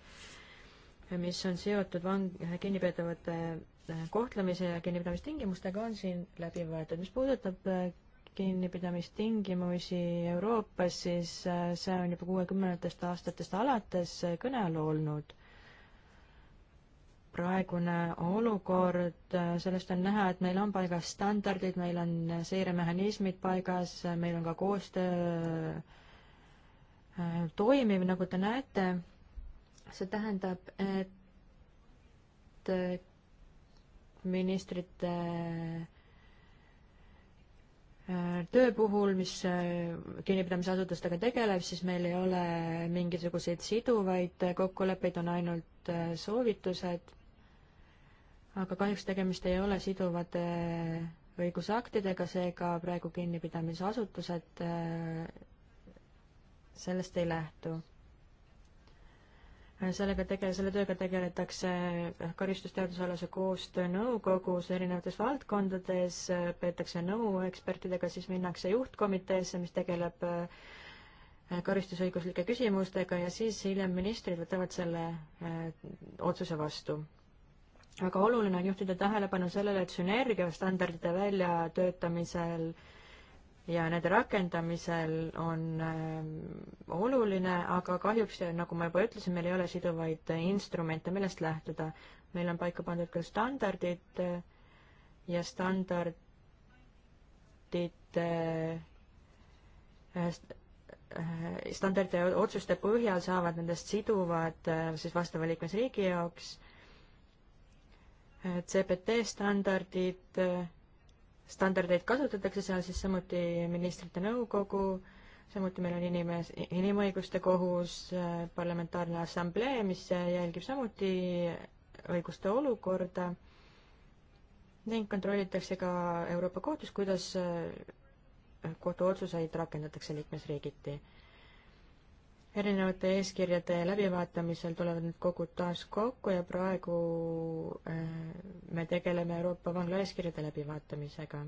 [SPEAKER 3] mis on seotud vang-, kinnipeetavate eh, kohtlemise ja kinnipidamistingimustega, on siin läbi võetud. mis puudutab eh, kinnipidamistingimusi Euroopas, siis eh, see on juba kuuekümnendatest aastatest alates kõne all olnud. praegune olukord, sellest on näha, et meil on paigas standardid, meil on seiremehhanismid paigas, meil on ka koostöö toimiv, nagu te näete see tähendab, et ministrite äh, töö puhul, mis äh, kinnipidamisasutustega tegeleb, siis meil ei ole mingisuguseid siduvaid kokkuleppeid, on ainult äh, soovitused, aga kahjuks tegemist ei ole siduvate õigusaktidega, seega praegu kinnipidamisasutused sellest ei lähtu sellega tege-, selle tööga tegeletakse karistusteadusalase koostöö nõukogus erinevates valdkondades, peetakse nõu ekspertidega, siis minnakse juhtkomiteesse, mis tegeleb äh, karistusõiguslike küsimustega ja siis hiljem ministrid võtavad selle äh, otsuse vastu. väga oluline on juhtida tähelepanu sellele, et sünergia standardite väljatöötamisel äh, ja nende rakendamisel on ähm, oluline, aga kahjuks, nagu ma juba ütlesin, meil ei ole siduvaid äh, instrumente, millest lähtuda. meil on paika pandud küll standardid äh, ja standardid äh, standardi otsuste põhjal saavad nendest siduvad siis vastava liikmesriigi jaoks CPT standardid standardeid kasutatakse seal, siis samuti ministrite nõukogu, samuti meil on inimes-, inimõiguste kohus, parlamentaarne assamblee, mis jälgib samuti õiguste olukorda ning kontrollitakse ka Euroopa Kohtus, kuidas kohtuotsuseid rakendatakse liikmesriigiti erinevate eeskirjade läbivaatamisel tulevad need kogud taas kokku ja praegu äh, me tegeleme Euroopa vangla eeskirjade läbivaatamisega.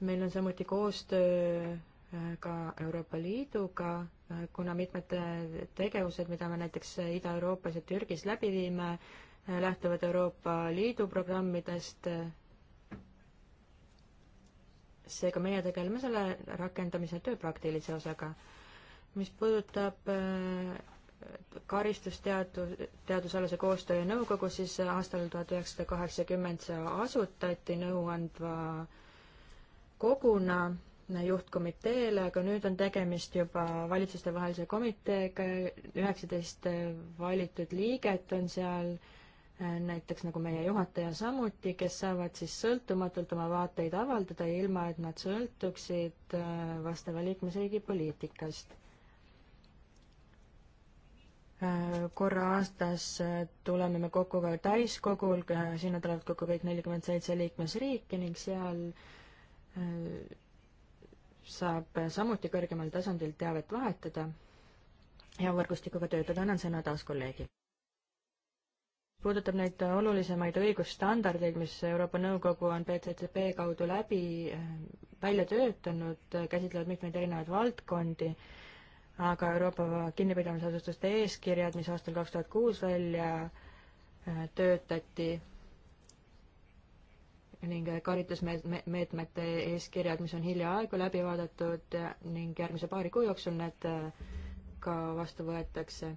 [SPEAKER 3] meil on samuti koostöö äh, ka Euroopa Liiduga, äh, kuna mitmed tegevused, mida me näiteks Ida-Euroopas ja Türgis läbi viime, lähtuvad Euroopa Liidu programmidest, seega meie tegeleme selle rakendamise töö praktilise osaga mis puudutab äh, karistusteadu-, teadusalase koostöö nõukogu, siis aastal tuhat üheksasada kaheksakümmend see asutati nõuandva koguna juhtkomiteele, aga nüüd on tegemist juba valitsustevahelise komiteega, üheksateist valitud liiget on seal, äh, näiteks nagu meie juhataja samuti, kes saavad siis sõltumatult oma vaateid avaldada, ilma et nad sõltuksid äh, vastava liikmesriigi poliitikast Äh, korra aastas äh, tuleme me kokku ka täiskogul, äh, sinna tulevad kokku kõik nelikümmend seitse liikmesriiki ning seal saab samuti kõrgemal tasandil teavet vahetada ja võrgustikuga töötada. annan sõna taas kolleegi. puudutab neid olulisemaid õigusstandardeid, mis Euroopa Nõukogu on BCCP kaudu läbi välja töötanud, käsitlevad mitmeid erinevaid valdkondi aga Euroopa kinnipidamisasutuste eeskirjad, mis aastal kaks tuhat kuus välja äh, töötati ning karitusmeetmete eeskirjad, mis on hiljaaegu läbi vaadatud ning järgmise paari kuu jooksul need äh, ka vastu võetakse.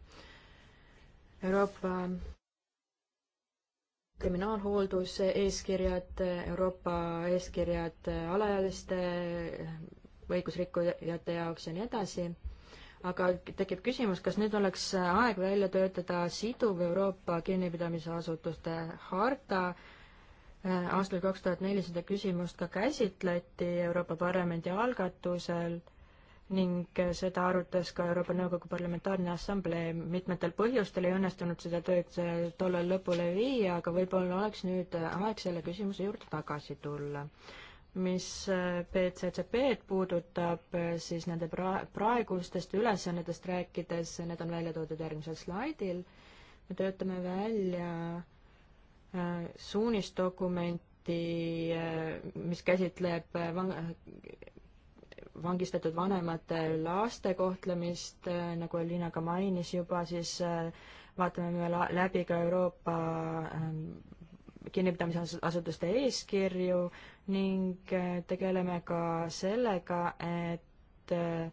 [SPEAKER 3] Euroopa kriminaalhoolduse eeskirjad, Euroopa eeskirjad alaealiste õigusrikkujate jaoks ja nii edasi aga tekib küsimus, kas nüüd oleks aeg välja töötada siduv Euroopa kinnipidamise asutuste harta, äh, aastal kaks tuhat neli seda küsimust ka käsitleti Euroopa Parlamendi algatusel ning seda arutas ka Euroopa Nõukogu Parlamentaarne Assamblee. mitmetel põhjustel ei õnnestunud seda tööd äh, tollal lõpule viia, aga võib-olla oleks nüüd aeg selle küsimuse juurde tagasi tulla mis BCCP-d äh, puudutab, äh, siis nende pra-, praegustest ülesannetest rääkides, äh, need on välja toodud järgmisel slaidil, me töötame välja suunisdokumenti, mis käsitleb vang-, vangistatud vanemate laste kohtlemist, nagu Elina ka mainis juba, siis vaatame me läbi ka Euroopa ähm, kinnipidamisasutuste eeskirju, ning äh, tegeleme ka sellega, et äh,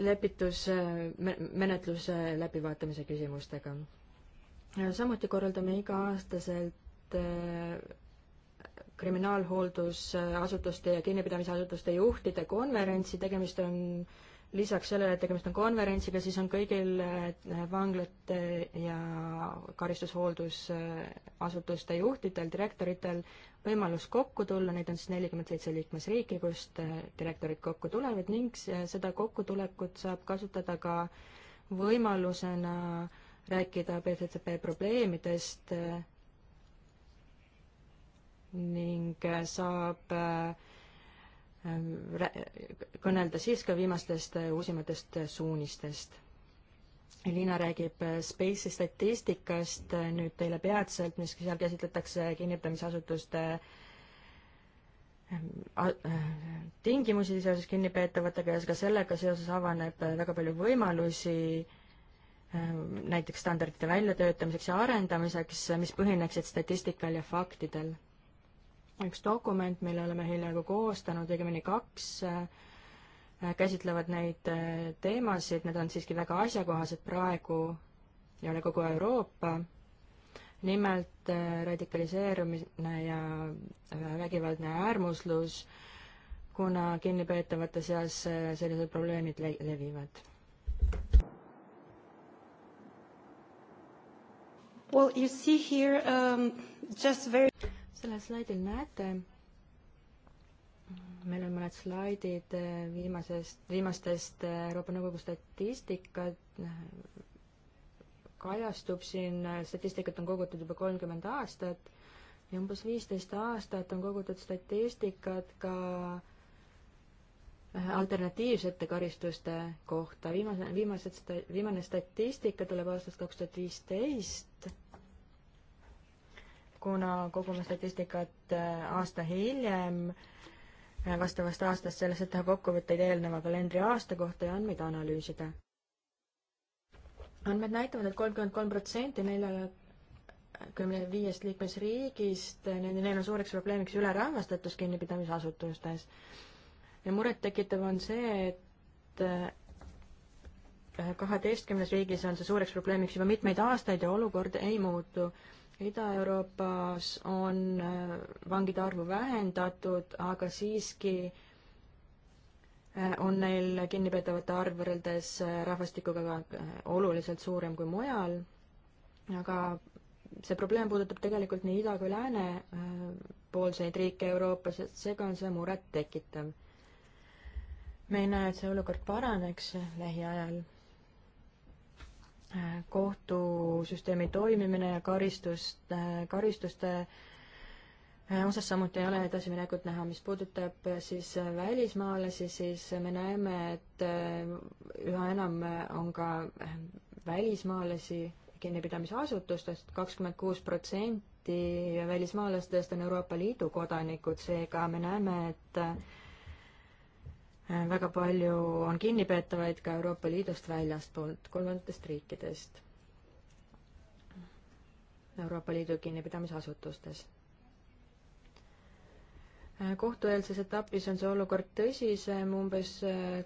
[SPEAKER 3] lepitusmenetluse äh, läbivaatamise küsimustega. samuti korraldame iga-aastaselt kriminaalhooldusasutuste ja kinnipidamisasutuste juhtide konverentsi, tegemist on äh, lisaks sellele, et tegemist on konverentsiga, siis on kõigil eh, vanglate ja karistushooldusasutuste juhtidel, direktoritel võimalus kokku tulla, neid on siis nelikümmend seitse liikmesriiki, kust eh, direktorid kokku tulevad ning seda kokkutulekut saab kasutada ka võimalusena rääkida BCCP probleemidest eh, ning saab äh, Ähm, kõnelda siis ka viimastest äh, uusimatest äh, suunistest. Liina räägib äh, Space'i statistikast nüüd teile peatselt, mis seal käsitletakse kinnipidamisasutuste ähm, tingimusi seoses kinnipeetavatega ja ka sellega seoses avaneb väga palju võimalusi ähm, näiteks standardite väljatöötamiseks ja arendamiseks, mis põhineksid statistikal ja faktidel üks dokument, mille oleme hiljaaegu koostanud, õigemini kaks, äh, käsitlevad neid äh, teemasid, need on siiski väga asjakohased praegu ja üle kogu Euroopa, nimelt äh, radikaliseerumine ja vägivaldne äärmuslus, kuna kinnipeetavate seas sellised probleemid le levivad. Well, you see here um, just very sellel slaidil näete, meil on mõned slaidid eh, viimasest, viimastest eh, Euroopa Nõukogu statistikat, kajastub siin, eh, statistikat on kogutud juba kolmkümmend aastat ja umbes viisteist aastat on kogutud statistikat ka alternatiivsete karistuste kohta. viimase, viimased, viimane statistika tuleb aastast kaks tuhat viisteist kuna kogume statistikat äh, aasta hiljem äh, vastavast aastast, selleks et teha kokkuvõtteid eelneva kalendriaasta kohta ja andmeid analüüsida. andmed näitavad et, et kolmkümmend kolm protsenti neljakümne viiest liikmesriigist, äh, neil on suureks probleemiks ülerahvastatus kinnipidamisasutustes. ja murettekitav on see, et kaheteistkümnes riigis on see suureks probleemiks juba mitmeid aastaid ja olukord ei muutu. Ida-Euroopas on äh, vangide arvu vähendatud, aga siiski äh, on neil kinnipeetavate arv võrreldes äh, rahvastikuga oluliselt suurem kui mujal, aga see probleem puudutab tegelikult nii ida kui lääne poolseid riike Euroopas ja seega on see murettekitav. me ei näe, et see olukord paraneks lähiajal kohtusüsteemi toimimine ja karistust, karistuste osas samuti ei ole edasiminekut näha. mis puudutab siis välismaalasi, siis me näeme, et äh, üha enam on ka äh, välismaalasi kinnipidamisasutustest, kakskümmend kuus protsenti välismaalastest on Euroopa Liidu kodanikud, seega me näeme, et väga palju on kinnipeetavaid ka Euroopa Liidust väljastpoolt, kolmandatest riikidest, Euroopa Liidu kinnipidamisasutustes. kohtueelses etapis on see olukord tõsisem, umbes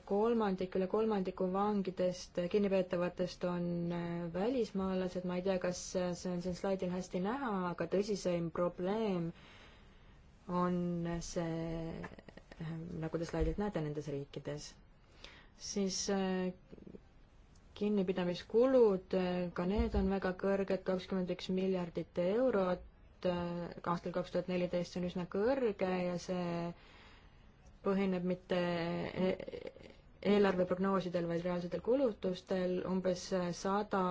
[SPEAKER 3] kolmandik, üle kolmandiku vangidest, kinnipeetavatest on välismaalased, ma ei tea, kas see on siin slaidil hästi näha, aga tõsiseim probleem on see nagu te slaidilt näete, nendes riikides. siis äh, kinnipidamiskulud, äh, ka need on väga kõrged, kakskümmend üks miljardit eurot, äh, aastal kaks tuhat neliteist see on üsna kõrge ja see põhineb mitte e-, eelarveprognoosidel, vaid reaalsetel kulutustel, umbes sada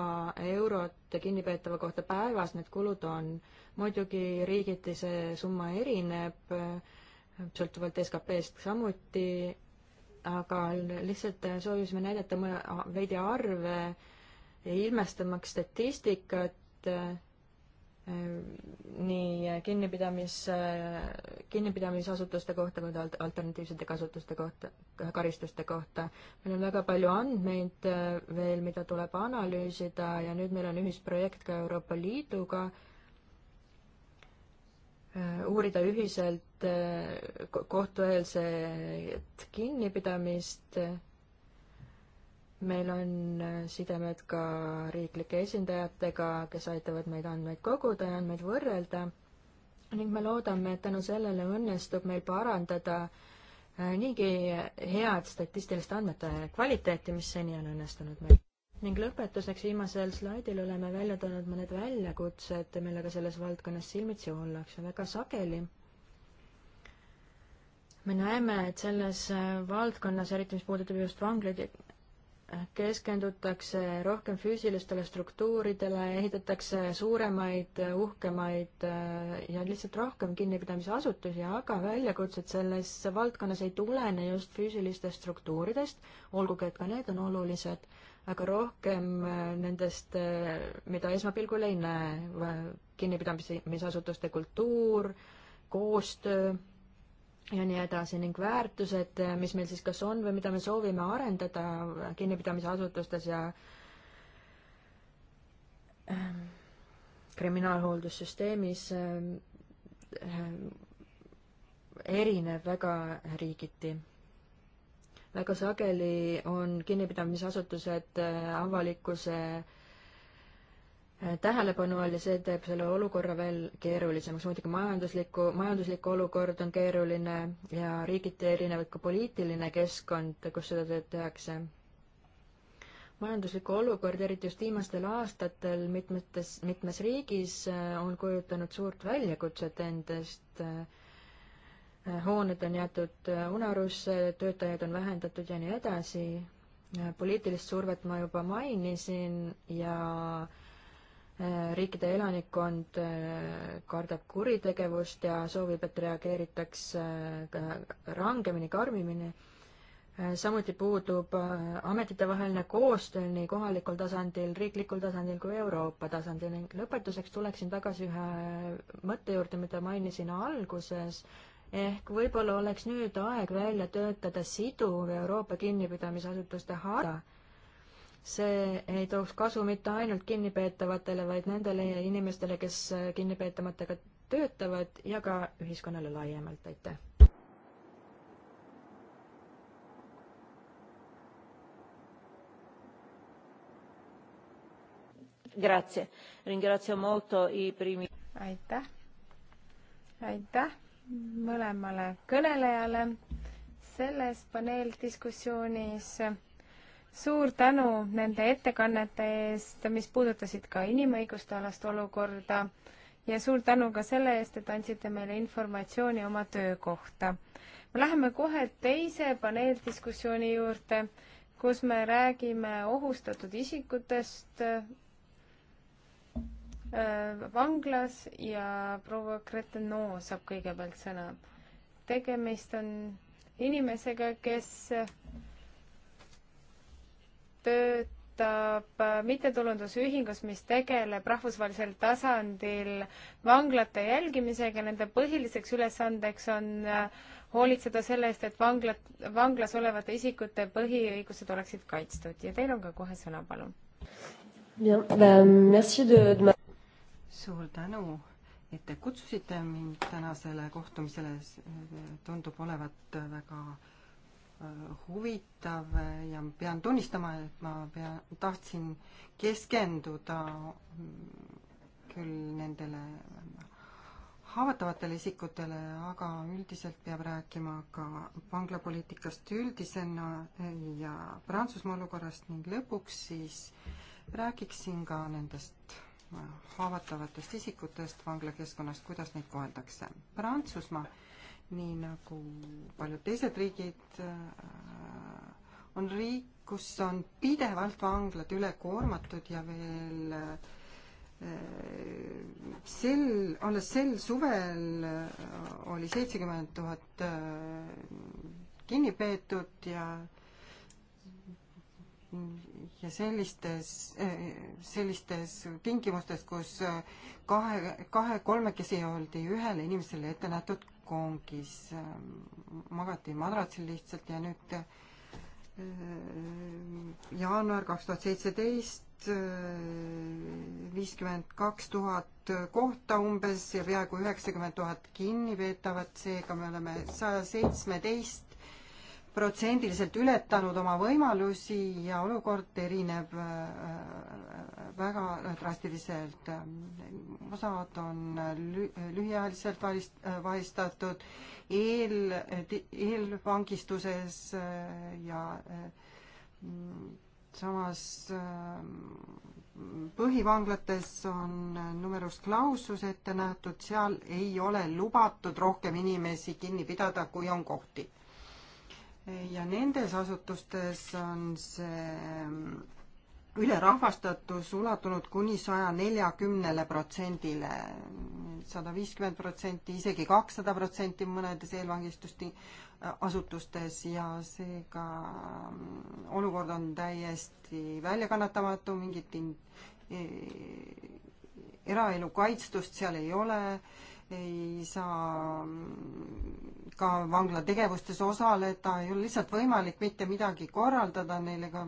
[SPEAKER 3] eurot kinnipeetava kohta päevas need kulud on. muidugi riigiti see summa erineb sõltuvalt SKP-st samuti, aga lihtsalt soovisime näidata veidi arve, ilmestamaks statistikat eh, nii kinnipidamis, kinnipidamisasutuste kohta kui ka alternatiivsete kasutuste kohta, karistuste kohta. meil on väga palju andmeid eh, veel, mida tuleb analüüsida ja nüüd meil on ühisprojekt ka Euroopa Liiduga Äh, uurida ühiselt äh, kohtueelset kinnipidamist. meil on äh, sidemed ka riiklike esindajatega, kes aitavad meid andmeid koguda ja andmeid võrrelda ning me loodame, et tänu sellele õnnestub meil parandada niigi head statistiliste andmete kvaliteeti, mis seni on õnnestunud meil ning lõpetuseks viimasel slaidil oleme välja toonud mõned väljakutsed, millega selles valdkonnas silmitsi ollakse väga sageli. me näeme, et selles valdkonnas, eriti mis puudutab just vanglaid, keskendutakse rohkem füüsilistele struktuuridele, ehitatakse suuremaid, uhkemaid ja lihtsalt rohkem kinnipidamisasutusi, aga väljakutsed selles valdkonnas ei tulene just füüsilistest struktuuridest, olgugi et ka need on olulised aga rohkem äh, nendest, äh, mida esmapilgul ei näe, äh, kinnipidamisasutuste kultuur, koostöö ja nii edasi ning väärtused, mis meil siis kas on või mida me soovime arendada kinnipidamisasutustes ja ähm, kriminaalhooldussüsteemis erinev väga riigiti väga sageli on kinnipidamisasutused äh, avalikkuse äh, tähelepanu all ja see teeb selle olukorra veel keerulisemaks. muidugi majandusliku, majanduslik olukord on keeruline ja riigiti erinev ka poliitiline keskkond, kus seda tööd tehakse. majanduslikku olukord, eriti just viimastel aastatel mitmetes, mitmes riigis äh, on kujutanud suurt väljakutset endast äh, Äh, hooned on jäetud äh, unarusse, töötajaid on vähendatud ja nii edasi. Äh, poliitilist survet ma juba mainisin ja riikide elanikkond kardab kuritegevust ja soovib, et reageeritaks rangemini, karmimini. samuti puudub ametitevaheline koostöö nii kohalikul tasandil, riiklikul tasandil kui Euroopa tasandil ning lõpetuseks tuleksin tagasi ühe mõtte juurde, mida mainisin alguses ehk võib-olla oleks nüüd aeg välja töötada siduv Euroopa kinnipidamisasutuste harta. see ei tooks kasu mitte ainult kinnipeetavatele, vaid nendele inimestele, kes kinnipeetamatega töötavad ja ka ühiskonnale laiemalt, aitäh!
[SPEAKER 1] aitäh!
[SPEAKER 2] aitäh! mõlemale kõnelejale selles paneeldiskussioonis. suur tänu nende ettekannete eest, mis puudutasid ka inimõiguste alast olukorda ja suur tänu ka selle eest, et andsite meile informatsiooni oma töö kohta. me läheme kohe teise paneeldiskussiooni juurde, kus me räägime ohustatud isikutest Äh, vanglas ja proua Kretenoo saab kõigepealt sõna. tegemist on inimesega, kes töötab mittetulundusühingus, mis tegeleb rahvusvahelisel tasandil vanglate jälgimisega, nende põhiliseks ülesandeks on äh, hoolitseda selle eest, et vanglad, vanglas olevate isikute põhiõigused oleksid kaitstud ja teil on ka kohe sõna, palun.
[SPEAKER 4] Bien, bah, merci de, de ma
[SPEAKER 1] suur tänu,
[SPEAKER 2] et te kutsusite
[SPEAKER 5] mind tänasele kohtumisele, tundub olevat väga äh, huvitav ja pean tunnistama, et ma pean, tahtsin keskenduda mm, küll nendele haavatavatele isikutele, aga üldiselt peab rääkima ka vanglapoliitikast üldisena ja Prantsusmaa olukorrast ning lõpuks siis räägiksin ka nendest haavatavatest isikutest vanglakeskkonnast, kuidas neid koheldakse. Prantsusmaa, nii nagu paljud teised riigid, äh, on riik, kus on pidevalt vanglad üle koormatud ja veel äh, sel, alles sel suvel äh, oli seitsekümmend tuhat kinni peetud ja ja sellistes, sellistes tingimustes, kus kahe, kahe kolmekesi oldi ühele inimesele ette nähtud kongis, magati madratsil lihtsalt ja nüüd äh, jaanuar kaks tuhat seitseteist, äh, viiskümmend kaks tuhat kohta umbes ja peaaegu üheksakümmend tuhat kinnipeetavat, seega me oleme saja seitsmeteist protsendiliselt ületanud oma võimalusi ja olukord erineb äh, väga drastiliselt. osad on lühiajaliselt valist-, vahistatud, eel, eelvangistuses äh, ja äh, samas põhivanglates on numerus clausus ette nähtud, seal ei ole lubatud rohkem inimesi kinni pidada, kui on kohti ja nendes asutustes on see ähm, ülerahvastatus ulatunud kuni saja neljakümnele protsendile, sada viiskümmend protsenti, isegi kakssada protsenti mõnedes eelvangistuste äh, asutustes ja seega ähm, olukord on täiesti väljakannatamatu, mingit in, e-, eraelu kaitstust seal ei ole ei saa ka vangla tegevustes osaleda, ei ole lihtsalt võimalik mitte midagi korraldada, neile ka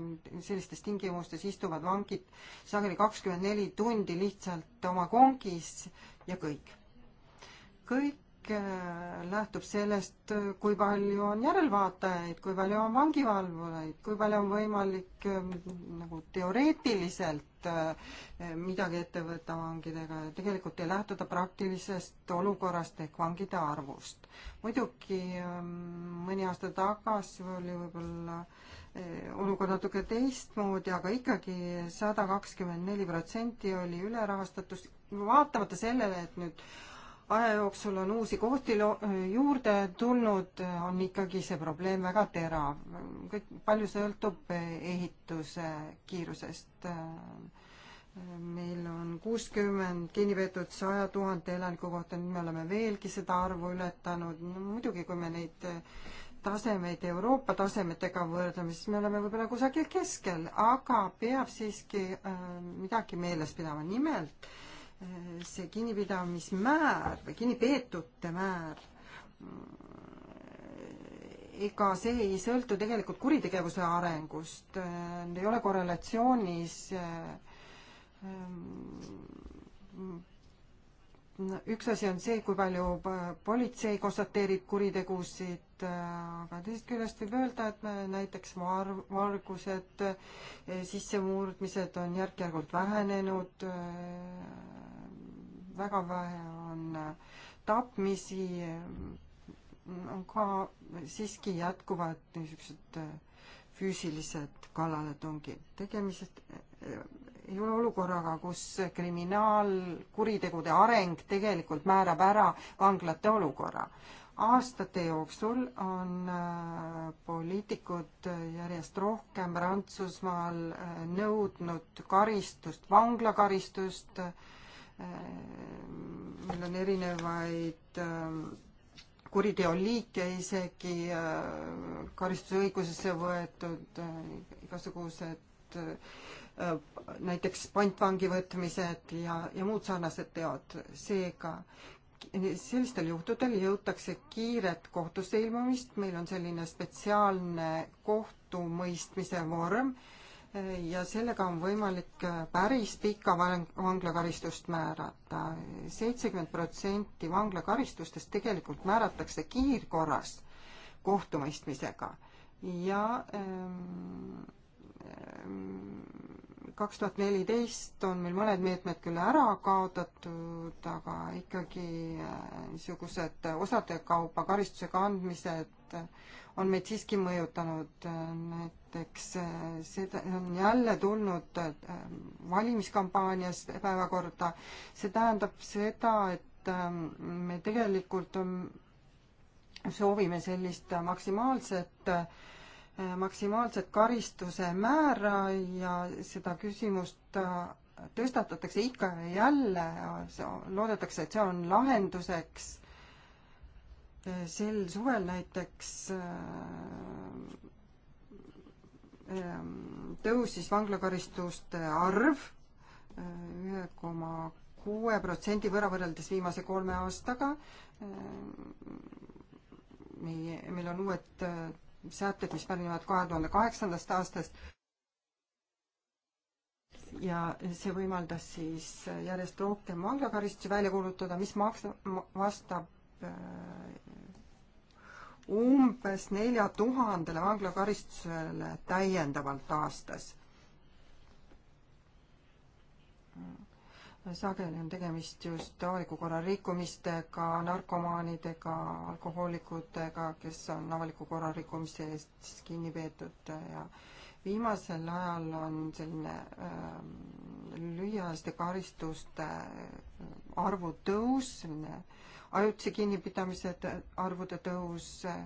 [SPEAKER 5] sellistes tingimustes istuvad vangid sageli kakskümmend neli tundi lihtsalt oma kongis ja kõik. kõik äh, lähtub sellest, kui palju on järelvaatajaid, kui palju on vangivalvureid, kui palju on võimalik äh, nagu teoreetiliselt Eh, midagi ette võtta vangidega ja tegelikult ei lähtuda praktilisest olukorrast ehk vangide arvust. muidugi mm, mõni aasta tagasi oli võib-olla eh, olukord natuke teistmoodi, aga ikkagi sada kakskümmend neli protsenti oli ülerahastatust, vaatamata sellele, et nüüd aja jooksul on uusi kohti juurde tulnud, on ikkagi see probleem väga terav. kõik, palju sõltub eh, ehituse kiirusest. meil on kuuskümmend kinnipeetud saja tuhande elaniku kohta, nüüd me oleme veelgi seda arvu ületanud. no muidugi, kui me neid eh, tasemeid Euroopa tasemetega võrdleme, siis me oleme võib-olla kusagil keskel, aga peab siiski äh, midagi meeles pidama. nimelt äh, see kinnipidamismäär või kinnipeetute määr, ega see ei sõltu tegelikult kuritegevuse arengust, ei ole korrelatsioonis ehm, üks asi on see, kui palju politsei konstateerib kuritegusid, Äh, aga teisest küljest võib öelda, et me näiteks var-, vargused, äh, sissemurdmised on järk-järgult vähenenud, äh, väga vähe on tapmisi, on ka siiski jätkuvad niisugused füüsilised kallaletungid. tegemised ei ole olukorraga, kus kriminaalkuritegude areng tegelikult määrab ära vanglate olukorra aastate jooksul on äh, poliitikud äh, järjest rohkem Prantsusmaal äh, nõudnud karistust, vanglakaristust, meil on erinevaid kuriteoliike isegi karistusõigusesse võetud, igasugused näiteks pantvangi võtmised ja, ja muud sarnased teod. seega sellistel juhtudel jõutakse kiiret kohtusse ilmumist, meil on selline spetsiaalne kohtumõistmise vorm eh, ja sellega on võimalik eh, päris pika vanglakaristust määrata. seitsekümmend protsenti vanglakaristustest tegelikult määratakse kiirkorras kohtumõistmisega ja ähm, ähm, kaks tuhat neliteist on meil mõned meetmed küll ära kaotatud, aga ikkagi äh, niisugused osade kaupa karistuse kandmised on meid siiski mõjutanud. näiteks äh, seda on jälle tulnud äh, valimiskampaanias päevakorda. see tähendab seda, et ähm, me tegelikult on, soovime sellist maksimaalset äh, Äh, maksimaalset karistuse määra ja seda küsimust äh, tõstatatakse ikka ja jälle, loodetakse, et see on lahenduseks. Äh, sel suvel näiteks ähm, tõusis vanglakaristuste arv ühe koma kuue protsendi võrra võrreldes viimase kolme aastaga. meie, meil on uued sätted, mis pärinevad kahe tuhande kaheksandast aastast. ja see võimaldas siis järjest rohkem vanglakaristusi välja kuulutada, mis maksa-, vastab äh, umbes nelja tuhandele vanglakaristusele täiendavalt aastas sageli on tegemist just avaliku korra rikkumistega, narkomaanidega, alkohoolikutega, kes on avaliku korra rikkumise eest siis kinni peetud ja viimasel ajal on selline ähm, lühiajaliste karistuste äh, arvu tõus, selline ajutise kinnipidamise arvude tõus äh,,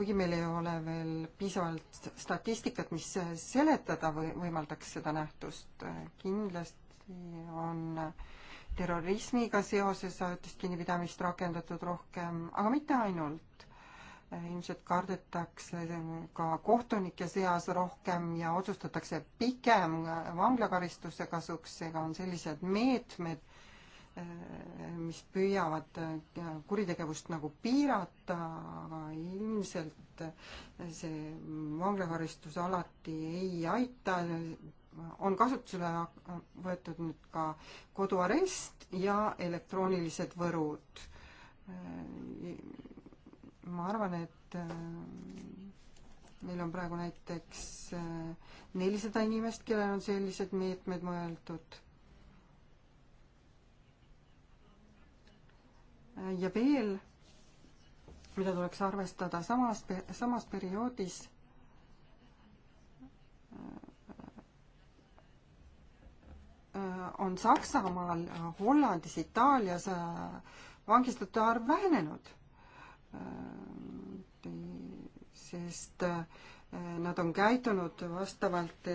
[SPEAKER 5] kuigi meil ei ole veel piisavalt statistikat, mis seletada või võimaldaks seda nähtust. kindlasti on terrorismiga seoses ajutist kinnipidamist rakendatud rohkem, aga mitte ainult. ilmselt kardetakse ka kohtunike seas rohkem ja otsustatakse pikem vanglakaristuste kasuks, seega on sellised meetmed Äh, mis püüavad äh, kuritegevust nagu piirata, aga ilmselt äh, see vanglakaristus alati ei aita. on kasutusele võetud nüüd ka koduarest ja elektroonilised võrud. ma arvan, et meil on praegu näiteks nelisada inimest, kellel on sellised meetmed mõeldud ja veel, mida tuleks arvestada samas, samas perioodis on Saksamaal, Hollandis, Itaalias vangistajate arv vähenenud. sest nad on käitunud vastavalt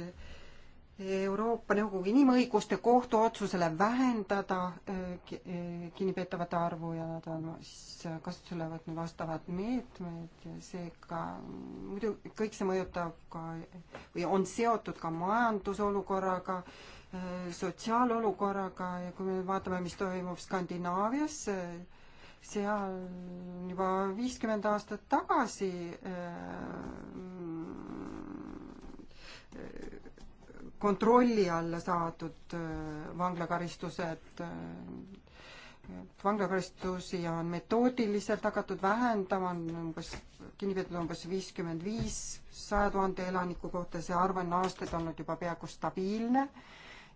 [SPEAKER 5] Euroopa Nõukogu Inimõiguste Kohtu otsusele vähendada eh, eh, kinnipeetavate arvu ja nad on siis kasutusele võtnud vastavad meetmed ja seega muidu kõik see mõjutab ka või on seotud ka majandusolukorraga, eh, sotsiaalolukorraga ja kui me vaatame, mis toimub Skandinaavias, seal juba viiskümmend aastat tagasi äh, äh, kontrolli alla saadud äh, vanglakaristused. Äh, vanglakaristusi on metoodiliselt hakatud vähendama, on umbes, kinni peetud umbes viiskümmend viis saja tuhande elaniku kohta, see arv on aastaid olnud juba peaaegu stabiilne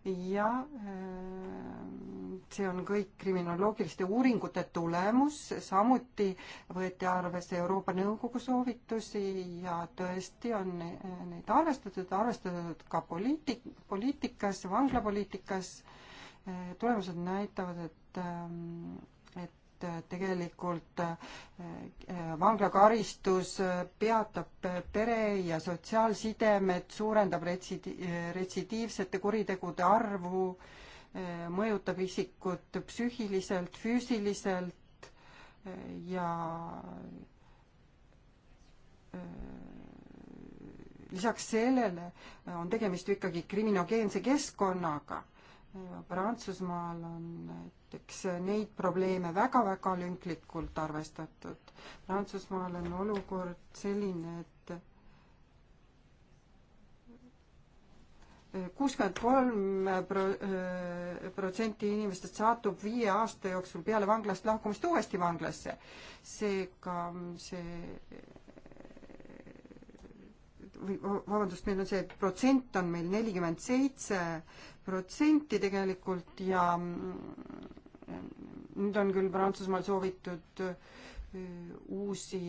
[SPEAKER 5] ja äh, see on kõik kriminoloogiliste uuringute tulemus, samuti võeti arvesse Euroopa Nõukogu soovitusi ja tõesti on neid arvestatud, arvestatud ka poliitik, poliitikas, vanglapoliitikas. Äh, tulemused näitavad, et ähm, et äh, tegelikult äh, äh, vanglakaristus peatab pere ja sotsiaalsidemed, suurendab retsid-, retsidiivsete kuritegude arvu, mõjutab isikut psüühiliselt, füüsiliselt ja lisaks sellele on tegemist ju ikkagi kriminogeense keskkonnaga Äh, Prantsusmaal on näiteks neid probleeme väga-väga lünklikult arvestatud. Prantsusmaal on olukord selline, et äh, kuuskümmend kolm äh, protsenti inimestest satub viie aasta jooksul peale vanglast lahkumist uuesti vanglasse. seega mm, see või vabandust, meil on see protsent on meil nelikümmend seitse protsenti tegelikult ja mm, nüüd on küll Prantsusmaal soovitud uusi,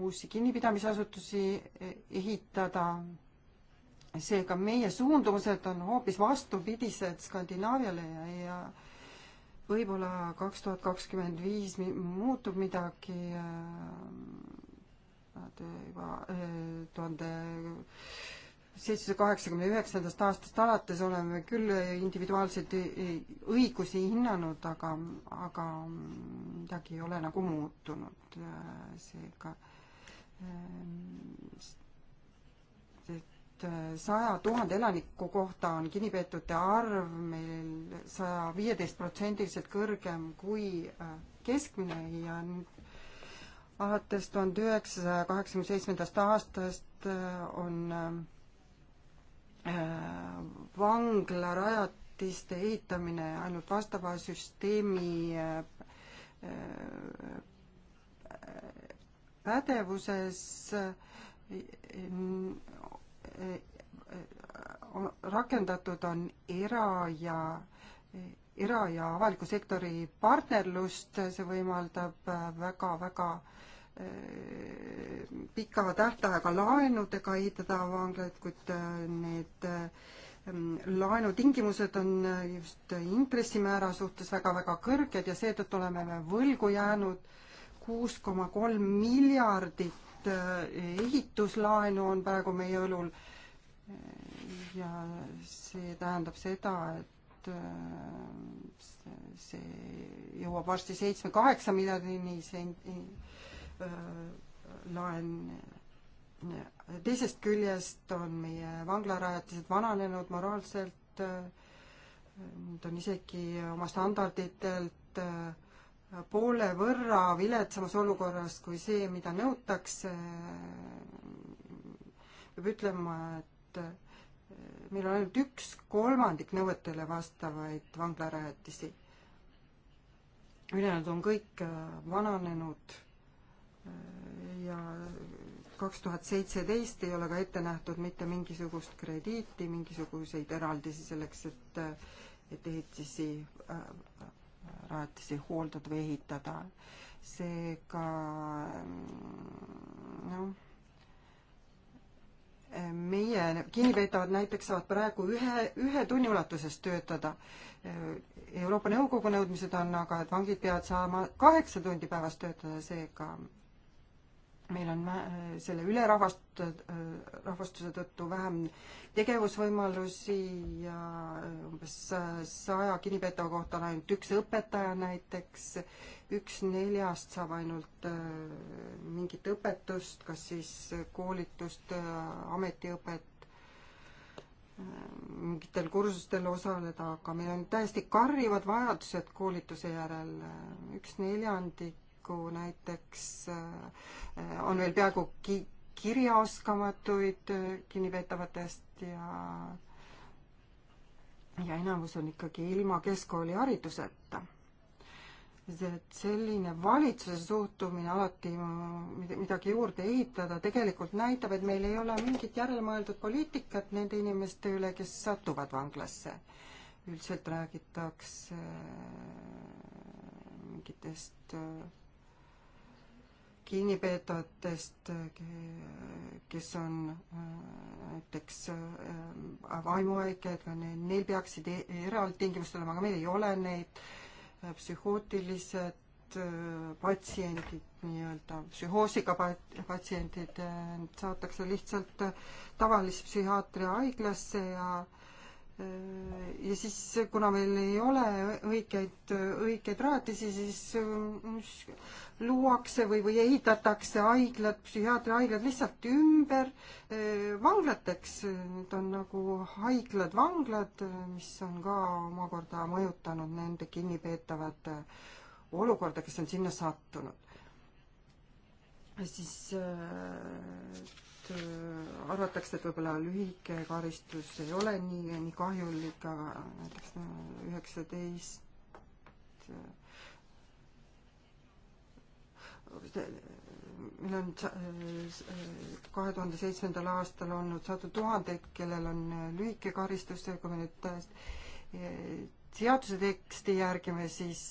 [SPEAKER 5] uusi kinnipidamisasutusi e, ehitada. seega meie suundumused on hoopis vastupidised Skandinaaviale ja, ja võib-olla kaks tuhat kakskümmend viis muutub midagi nad juba äh, tuhande seitsesada kaheksakümne üheksandast aastast alates oleme küll individuaalseid äh, õigusi hinnanud, aga, aga midagi ei ole nagu muutunud, äh, seega et saja tuhande elaniku kohta on kinnipeetute arv meil saja viieteist protsendiliselt kõrgem kui keskmine ja nüüd alates tuhande üheksasaja kaheksakümne seitsmendast aastast äh, on äh, vanglarajatiste ehitamine ainult vastava süsteemi äh, pädevuses rakendatud on era- ja era- ja avaliku sektori partnerlust, see võimaldab väga-väga äh, äh, pika tähtaega laenudega ehitada vanglaid, kuid äh, need mm, laenutingimused on just intressimäära suhtes väga-väga kõrged ja seetõttu oleme me võlgu jäänud kuus koma kolm miljardit ehituslaenu on praegu meie õlul. ja see tähendab seda, et Äh, see, see jõuab varsti seitsme-kaheksa miljardini, see äh, laen. Äh, teisest küljest on meie vanglarajatised vananenud moraalselt, nad on isegi oma standarditelt poole võrra viletsamas olukorras kui see, mida nõutakse. peab ütlema, et meil on ainult üks kolmandik nõuetele vastavaid vanglarajatisi. ülejäänud on kõik äh, vananenud äh, ja kaks tuhat seitseteist ei ole ka ette nähtud mitte mingisugust krediiti, mingisuguseid eraldisi selleks, et, äh, et ehitisi äh,, rajatisi hooldada või ehitada. seega noh meie kinnipeetavad näiteks saavad praegu ühe, ühe tunni ulatuses töötada. Euroopa Nõukogu nõudmised on aga, et vangid peavad saama kaheksa tundi päevas töötada, seega meil on selle ülerahvast-, rahvastuse tõttu vähem tegevusvõimalusi ja umbes saja kinnipeetava kohta on ainult üks õpetaja näiteks üks neljast saab ainult äh, mingit õpetust, kas siis koolitust, äh, ametiõpet, äh, mingitel kursustel osaleda, aga meil on täiesti karjuvad vajadused koolituse järel. üks neljandiku näiteks on veel peaaegu ki-, kirjaoskamatuid kinnipeetavatest ja ja enamus on ikkagi ilma keskkoolihariduseta et selline valitsuse suhtumine alati mm, midagi juurde ehitada tegelikult näitab, et meil ei ole mingit järelmõeldud poliitikat nende inimeste üle, kes satuvad vanglasse. üldiselt räägitakse äh, mingitest äh, kinnipeetavatest, äh, kes on näiteks vaimuhaiged, neil peaksid e-, eraldi tingimused olema, aga meil ei ole neid psühhootilised äh, patsiendid, nii-öelda psühhoosiga patsiendid, äh, saadakse lihtsalt tavalisse psühhiaatria haiglasse ja äh, Äh, ja siis, kuna meil ei ole õigeid, õigeid rajatisi, siis äh, luuakse või, või ehitatakse haiglad, psühhiaatriahaiglad lihtsalt ümber äh, vanglateks. Need on nagu haiglad, vanglad, mis on ka omakorda mõjutanud nende kinnipeetavate olukorda, kes on sinna sattunud. siis Äh, arvatakse, et võib-olla lühike karistus ei ole nii, nii kahjulik, aga näiteks äh, üheksateist äh, meil on kahe tuhande seitsmendal aastal olnud sadu tuhandeid, kellel on lühike karistus, kui me nüüd seaduse teksti järgime, siis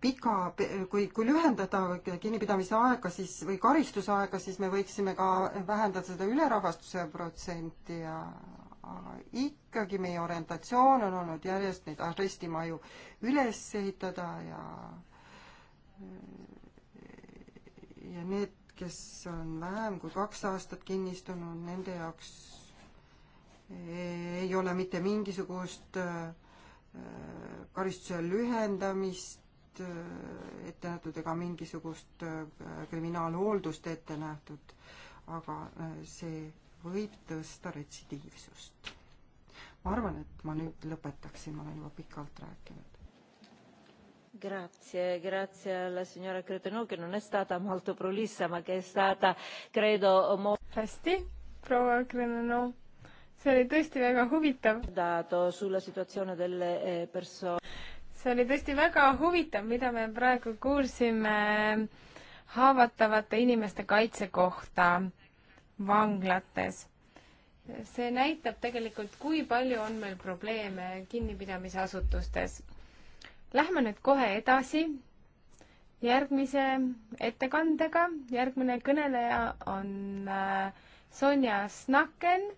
[SPEAKER 5] pika, kui, kui lühendada kinnipidamise aega, siis, või karistuse aega, siis me võiksime ka vähendada seda ülerahvastuse protsenti ja aga ikkagi meie orientatsioon on olnud järjest neid arestimaju üles ehitada ja ja need, kes on vähem kui kaks aastat kinnistunud, nende jaoks ei ole mitte mingisugust äh, karistuse lühendamist, ette nähtud ega mingisugust äh, kriminaalhooldust ette nähtud, aga äh, see võib tõsta retsidiivsust. ma arvan, et ma nüüd lõpetaksin, ma olen juba pikalt rääkinud.
[SPEAKER 1] Grazie, grazie alla signora Cretonò che non è stata molto prolissa ma che è stata credo molto...
[SPEAKER 2] Hästi, proua Cretonò see oli tõesti väga huvitav. sulla situazione delle eh, persone see oli tõesti väga huvitav, mida me praegu kuulsime haavatavate inimeste kaitse kohta vanglates. see näitab tegelikult, kui palju on meil probleeme kinnipidamisasutustes. Lähme nüüd kohe edasi järgmise ettekandega. järgmine kõneleja on äh, Sonja Snaken.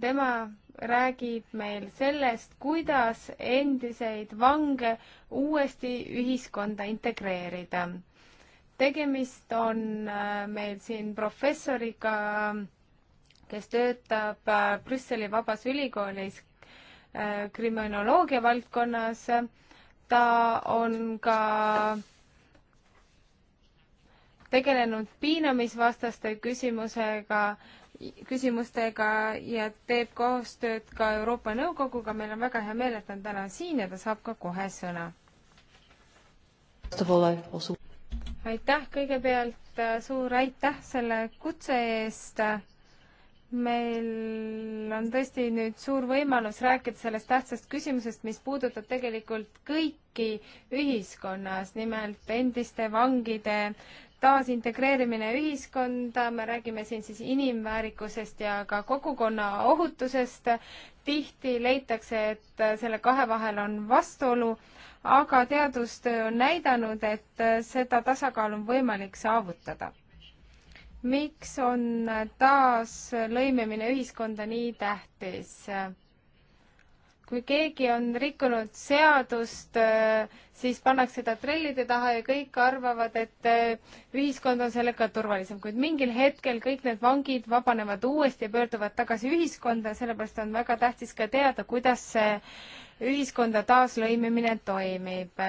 [SPEAKER 2] tema räägib meil sellest, kuidas endiseid vange uuesti ühiskonda integreerida. tegemist on äh, meil siin professoriga, kes töötab äh, Brüsseli Vabas Ülikoolis äh, kriminoloogia valdkonnas. ta on ka tegelenud piinamisvastaste küsimusega küsimustega ja teeb koostööd ka Euroopa Nõukoguga. meil on väga hea meel, et ta on täna siin ja ta saab ka kohe sõna. aitäh kõigepealt, suur aitäh selle kutse eest. meil on tõesti nüüd suur võimalus rääkida sellest tähtsast küsimusest, mis puudutab tegelikult kõiki ühiskonnas, nimelt endiste vangide taasintegreerimine ühiskonda, me räägime siin siis inimväärikusest ja ka kogukonna ohutusest. tihti leitakse, et selle kahe vahel on vastuolu, aga teadustöö on näidanud, et seda tasakaalu on võimalik saavutada. miks on taaslõimimine ühiskonda nii tähtis? kui keegi on rikkunud seadust, äh, siis pannakse ta trellide taha ja kõik arvavad, et äh, ühiskond on sellega turvalisem, kuid mingil hetkel kõik need vangid vabanevad uuesti ja pöörduvad tagasi ühiskonda, sellepärast on väga tähtis ka teada, kuidas see ühiskonda taaslõimimine toimib.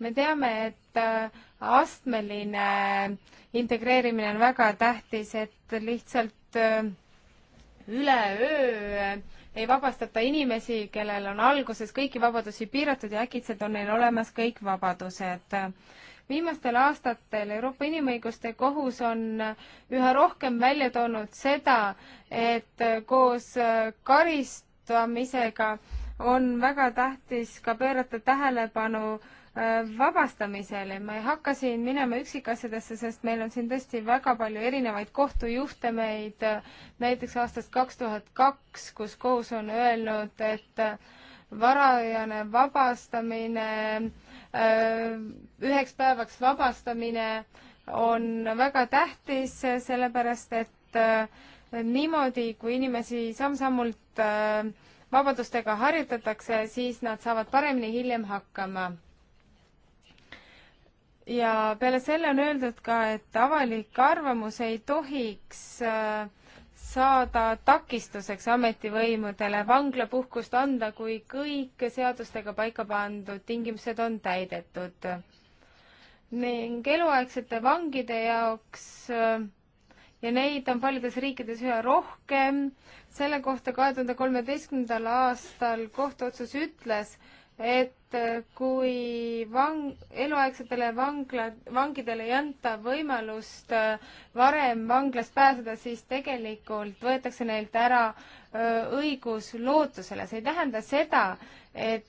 [SPEAKER 2] me teame, et äh, astmeline integreerimine on väga tähtis, et lihtsalt üleöö ei vabastata inimesi, kellel on alguses kõiki vabadusi piiratud ja äkitselt on neil olemas kõik vabadused. viimastel aastatel Euroopa Inimõiguste Kohus on üha rohkem välja toonud seda, et koos karistamisega on väga tähtis ka pöörata tähelepanu äh, Äh, vabastamisel ja ma ei hakka siin minema üksikasjadesse, sest meil on siin tõesti väga palju erinevaid kohtujuhtumeid, näiteks aastast kaks tuhat kaks, kus kohus on öelnud, et varajane vabastamine, äh, üheks päevaks vabastamine on väga tähtis, sellepärast et äh, niimoodi, kui inimesi samm-sammult vabadustega harjutatakse, siis nad saavad paremini hiljem hakkama ja peale selle on öeldud ka, et avalik arvamus ei tohiks äh, saada takistuseks ametivõimudele vanglapuhkust anda, kui kõik seadustega paika pandud tingimused on täidetud. ning eluaegsete vangide jaoks äh, ja neid on paljudes riikides üha rohkem, selle kohta kahe tuhande kolmeteistkümnendal aastal kohtuotsus ütles, et Äh, kui vang, eluaegsetele vangla, vangidele ei anta võimalust äh, varem vanglast pääseda, siis tegelikult võetakse neilt ära äh, õigus lootusele. see ei tähenda seda, et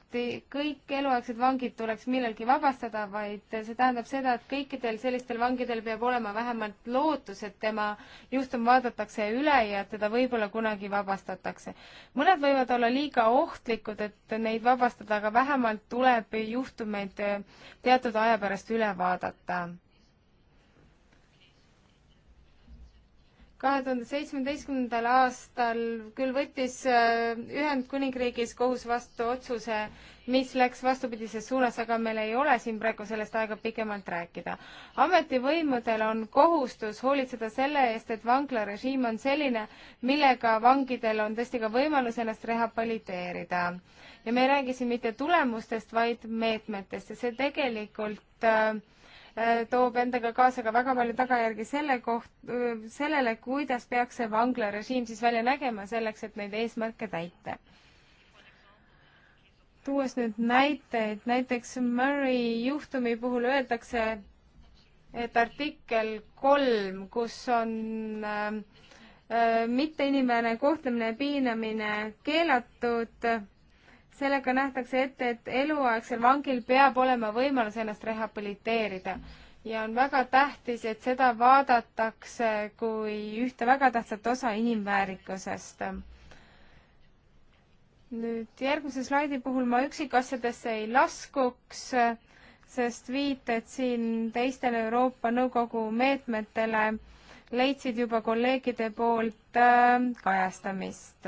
[SPEAKER 2] kõik eluaegsed vangid tuleks millalgi vabastada, vaid see tähendab seda, et kõikidel sellistel vangidel peab olema vähemalt lootus, et tema juhtum vaadatakse üle ja teda võib-olla kunagi vabastatakse. mõned võivad olla liiga ohtlikud, et neid vabastada, aga vähemalt tuleb juhtumeid teatud aja pärast üle vaadata kahe tuhande seitsmeteistkümnendal aastal küll võttis äh, Ühendkuningriigis kohus vastu otsuse, mis läks vastupidises suunas, aga meil ei ole siin praegu sellest aega pikemalt rääkida. ametivõimudel on kohustus hoolitseda selle eest, et vanglarežiim on selline, millega vangidel on tõesti ka võimalus ennast rehabiliteerida. ja me ei räägi siin mitte tulemustest, vaid meetmetest ja see tegelikult äh, Äh, toob endaga kaasa ka väga palju tagajärgi selle koht, äh, sellele, kuidas peaks see vanglarežiim siis välja nägema selleks, et neid eesmärke täita. tuues nüüd näiteid, näiteks Murray juhtumi puhul öeldakse, et artikkel kolm, kus on äh, äh, mitteinimene kohtlemine ja piinamine keelatud äh,, sellega nähtakse ette, et eluaegsel vangil peab olema võimalus ennast rehabiliteerida ja on väga tähtis, et seda vaadatakse kui ühte väga tähtsat osa inimväärikusest. nüüd järgmise slaidi puhul ma üksikasjadesse ei laskuks, sest viited siin teistele Euroopa Nõukogu meetmetele leidsid juba kolleegide poolt äh, kajastamist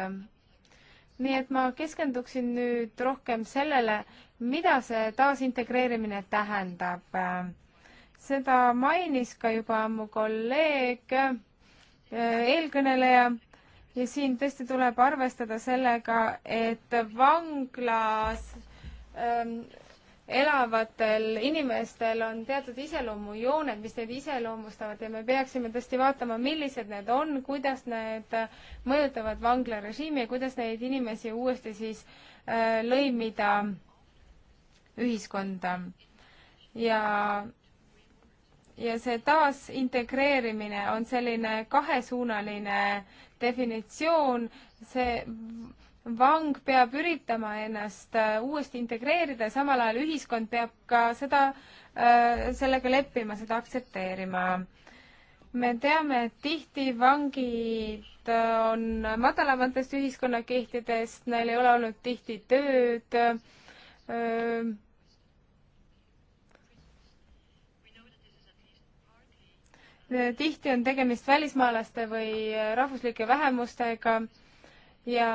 [SPEAKER 2] nii et ma keskenduksin nüüd rohkem sellele, mida see taasintegreerimine tähendab. seda mainis ka juba mu kolleeg, eh, eelkõneleja ja siin tõesti tuleb arvestada sellega, et vanglas ähm, elavatel inimestel on teatud iseloomujooned, mis neid iseloomustavad ja me peaksime tõesti vaatama, millised need on, kuidas need mõjutavad vanglarežiimi ja kuidas neid inimesi uuesti siis äh, lõimida ühiskonda. ja, ja see taasintegreerimine on selline kahesuunaline definitsioon, see vang peab üritama ennast äh, uuesti integreerida ja samal ajal ühiskond peab ka seda, äh, sellega leppima, seda aktsepteerima. me teame, et tihti vangid äh, on madalamatest ühiskonnakihtidest, neil ei ole olnud tihti tööd tihti on tegemist välismaalaste või rahvuslike vähemustega ja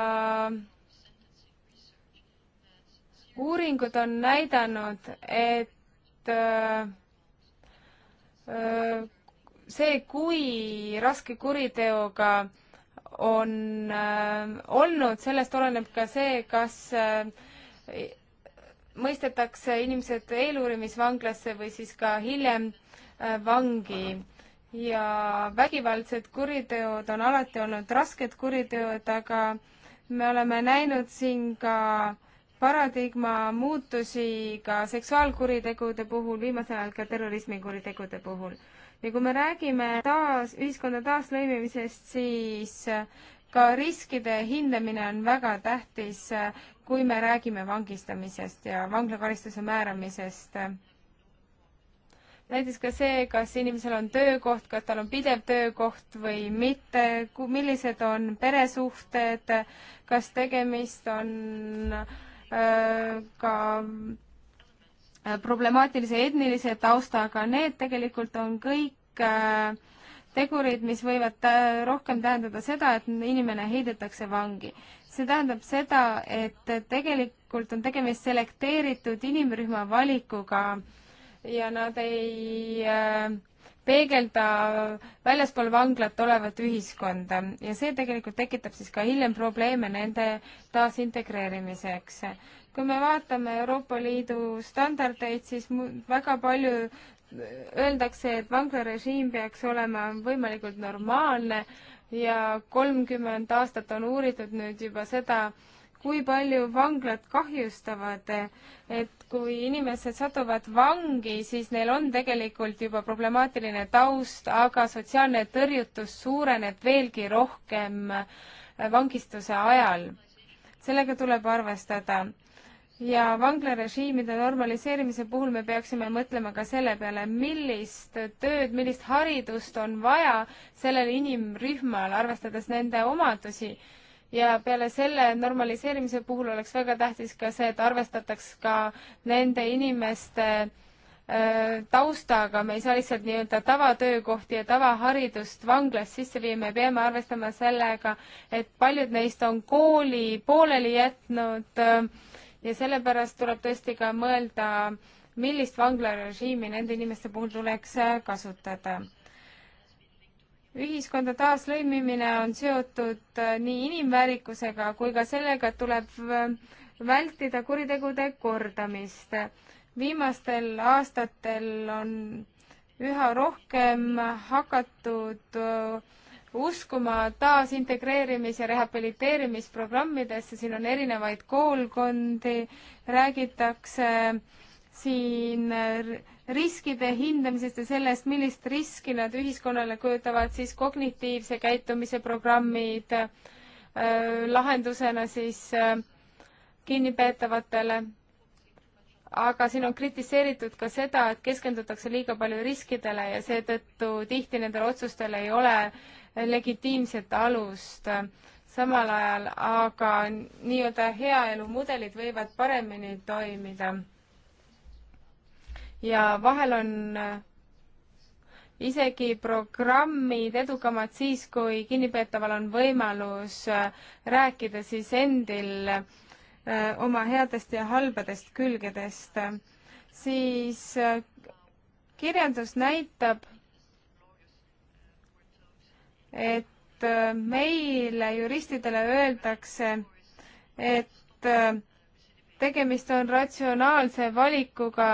[SPEAKER 2] uuringud on näidanud, et äh, see, kui raske kuriteoga on äh, olnud, sellest oleneb ka see, kas äh, mõistetakse inimesed eeluurimisvanglasse või siis ka hiljem vangi ja vägivaldsed kuriteod on alati olnud rasked kuriteod, aga me oleme näinud siin ka paradigma muutusi ka seksuaalkuritegude puhul, viimasel ajal ka terrorismikuritegude puhul. ja kui me räägime taas, ühiskonna taaslõimimisest, siis ka riskide hindamine on väga tähtis, kui me räägime vangistamisest ja vanglakaristuse määramisest näiteks ka see, kas inimesel on töökoht, kas tal on pidev töökoht või mitte, millised on peresuhted, kas tegemist on öö, äh, ka äh, problemaatilise etnilise taustaga, need tegelikult on kõik öö, äh, tegurid, mis võivad rohkem tähendada seda, et inimene heidetakse vangi. see tähendab seda, et tegelikult on tegemist selekteeritud inimrühma valikuga äh, ja nad ei äh, peegelda väljaspool vanglat olevat ühiskonda ja see tegelikult tekitab siis ka hiljem probleeme nende taasintegreerimiseks. kui me vaatame Euroopa Liidu standardeid, siis väga palju öeldakse, et vanglarežiim peaks olema võimalikult normaalne ja kolmkümmend aastat on uuritud nüüd juba seda, kui palju vanglad kahjustavad, et kui inimesed satuvad vangi, siis neil on tegelikult juba problemaatiline taust, aga sotsiaalne tõrjutus suureneb veelgi rohkem äh, vangistuse ajal. sellega tuleb arvestada. ja vanglarežiimide normaliseerimise puhul me peaksime mõtlema ka selle peale, millist tööd, millist haridust on vaja sellel inimrühmal, arvestades nende omadusi ja peale selle normaliseerimise puhul oleks väga tähtis ka see, et arvestataks ka nende inimeste äh, taustaga, me ei saa lihtsalt nii-öelda tavatöökohti ja tavaharidust vanglast sisse viia, me peame arvestama sellega, et paljud neist on kooli pooleli jätnud äh, ja sellepärast tuleb tõesti ka mõelda, millist vanglarežiimi nende inimeste puhul tuleks äh, kasutada ühiskonda taaslõimimine on seotud äh, nii inimväärikusega kui ka sellega, et tuleb äh, vältida kuritegude kordamist. viimastel aastatel on üha rohkem hakatud äh, uskuma taasintegreerimis- ja rehabiliteerimisprogrammidesse, siin on erinevaid koolkondi, räägitakse äh, siin äh, riskide hindamisest ja sellest, millist riski nad ühiskonnale kujutavad, siis kognitiivse käitumise programmid äh, lahendusena siis äh, kinnipeetavatele. aga siin on kritiseeritud ka seda, et keskendutakse liiga palju riskidele ja seetõttu tihti nendel otsustel ei ole legitiimset alust samal ajal aga nii-öelda heaelumudelid võivad paremini toimida ja vahel on äh, isegi programmid edukamad siis, kui kinnipeetaval on võimalus äh, rääkida siis endil äh, oma headest ja halbadest külgedest, siis kirjandus näitab, et meile juristidele öeldakse, et tegemist on ratsionaalse valikuga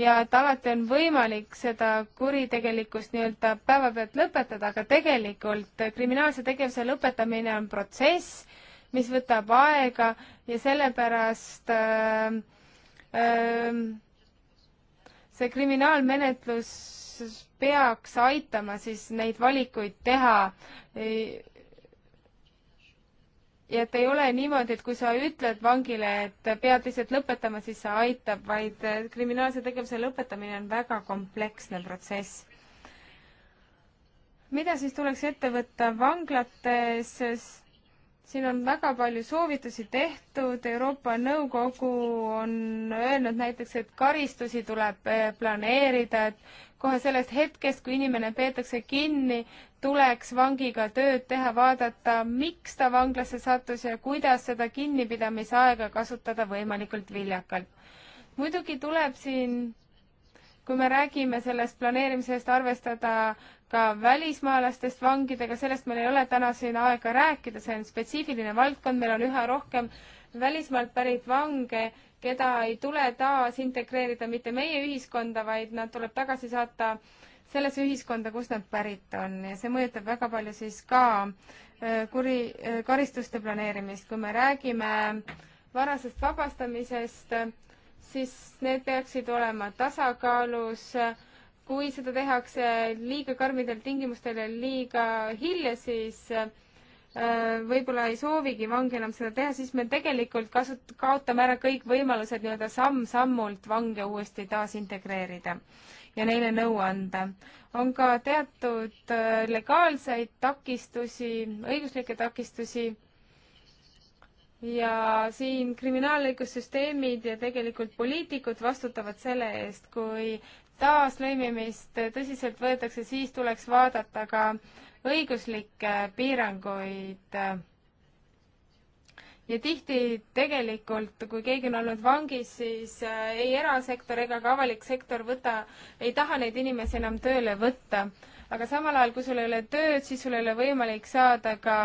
[SPEAKER 2] ja et alati on võimalik seda kuritegelikkust nii-öelda päevapealt lõpetada, aga tegelikult kriminaalse tegevuse lõpetamine on protsess, mis võtab aega ja sellepärast äh, äh, see kriminaalmenetlus peaks aitama siis neid valikuid teha ja et ei ole niimoodi, et kui sa ütled vangile, et pead lihtsalt lõpetama, siis see aitab, vaid äh, kriminaalse tegevuse lõpetamine on väga kompleksne protsess. mida siis tuleks ette võtta vanglates? siin on väga palju soovitusi tehtud, Euroopa Nõukogu on öelnud näiteks, et karistusi tuleb äh, planeerida, et kohe sellest hetkest, kui inimene peetakse kinni, tuleks vangiga tööd teha, vaadata, miks ta vanglasse sattus ja kuidas seda kinnipidamisaega kasutada võimalikult viljakalt. muidugi tuleb siin kui me räägime sellest planeerimisest, arvestada ka välismaalastest vangidega, sellest meil ei ole täna siin aega rääkida, see on spetsiifiline valdkond, meil on üha rohkem välismaalt pärit vange, keda ei tule taasintegreerida mitte meie ühiskonda, vaid nad tuleb tagasi saata sellesse ühiskonda, kust nad pärit on ja see mõjutab väga palju siis ka äh, kuri, äh, karistuste planeerimist, kui me räägime varasest vabastamisest siis need peaksid olema tasakaalus. kui seda tehakse liiga karmidel tingimustel ja liiga hilja, siis äh, võib-olla ei soovigi vang enam seda teha, siis me tegelikult kasut-, kaotame ära kõik võimalused nii-öelda samm-sammult vange uuesti taasintegreerida ja neile nõu anda. on ka teatud äh, legaalseid takistusi, õiguslikke takistusi ja siin kriminaalõigussüsteemid ja tegelikult poliitikud vastutavad selle eest, kui taaslõimimist tõsiselt võetakse, siis tuleks vaadata ka õiguslikke piiranguid. ja tihti tegelikult, kui keegi on olnud vangis, siis äh, ei erasektor ega ka avalik sektor võta, ei taha neid inimesi enam tööle võtta. aga samal ajal, kui sul ei ole tööd, siis sul ei ole võimalik saada ka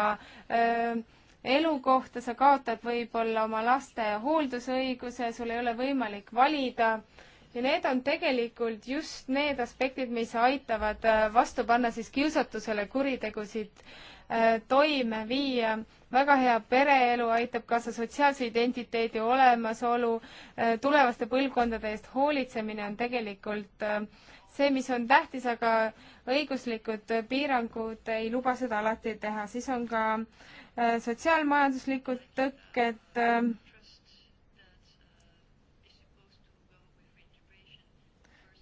[SPEAKER 2] öö, äh, elukohta, sa kaotad võib-olla oma laste hooldusõiguse, sul ei ole võimalik valida ja need on tegelikult just need aspektid, mis aitavad äh, vastu panna siis kiusatusele kuritegusid äh, toime viia. väga hea pereelu aitab kaasa sotsiaalse identiteedi olemasolu, äh, tulevaste põlvkondade eest hoolitsemine on tegelikult see, mis on tähtis, aga õiguslikud piirangud ei luba seda alati teha, siis on ka äh, Äh, sotsiaalmajanduslikud tõkked, äh,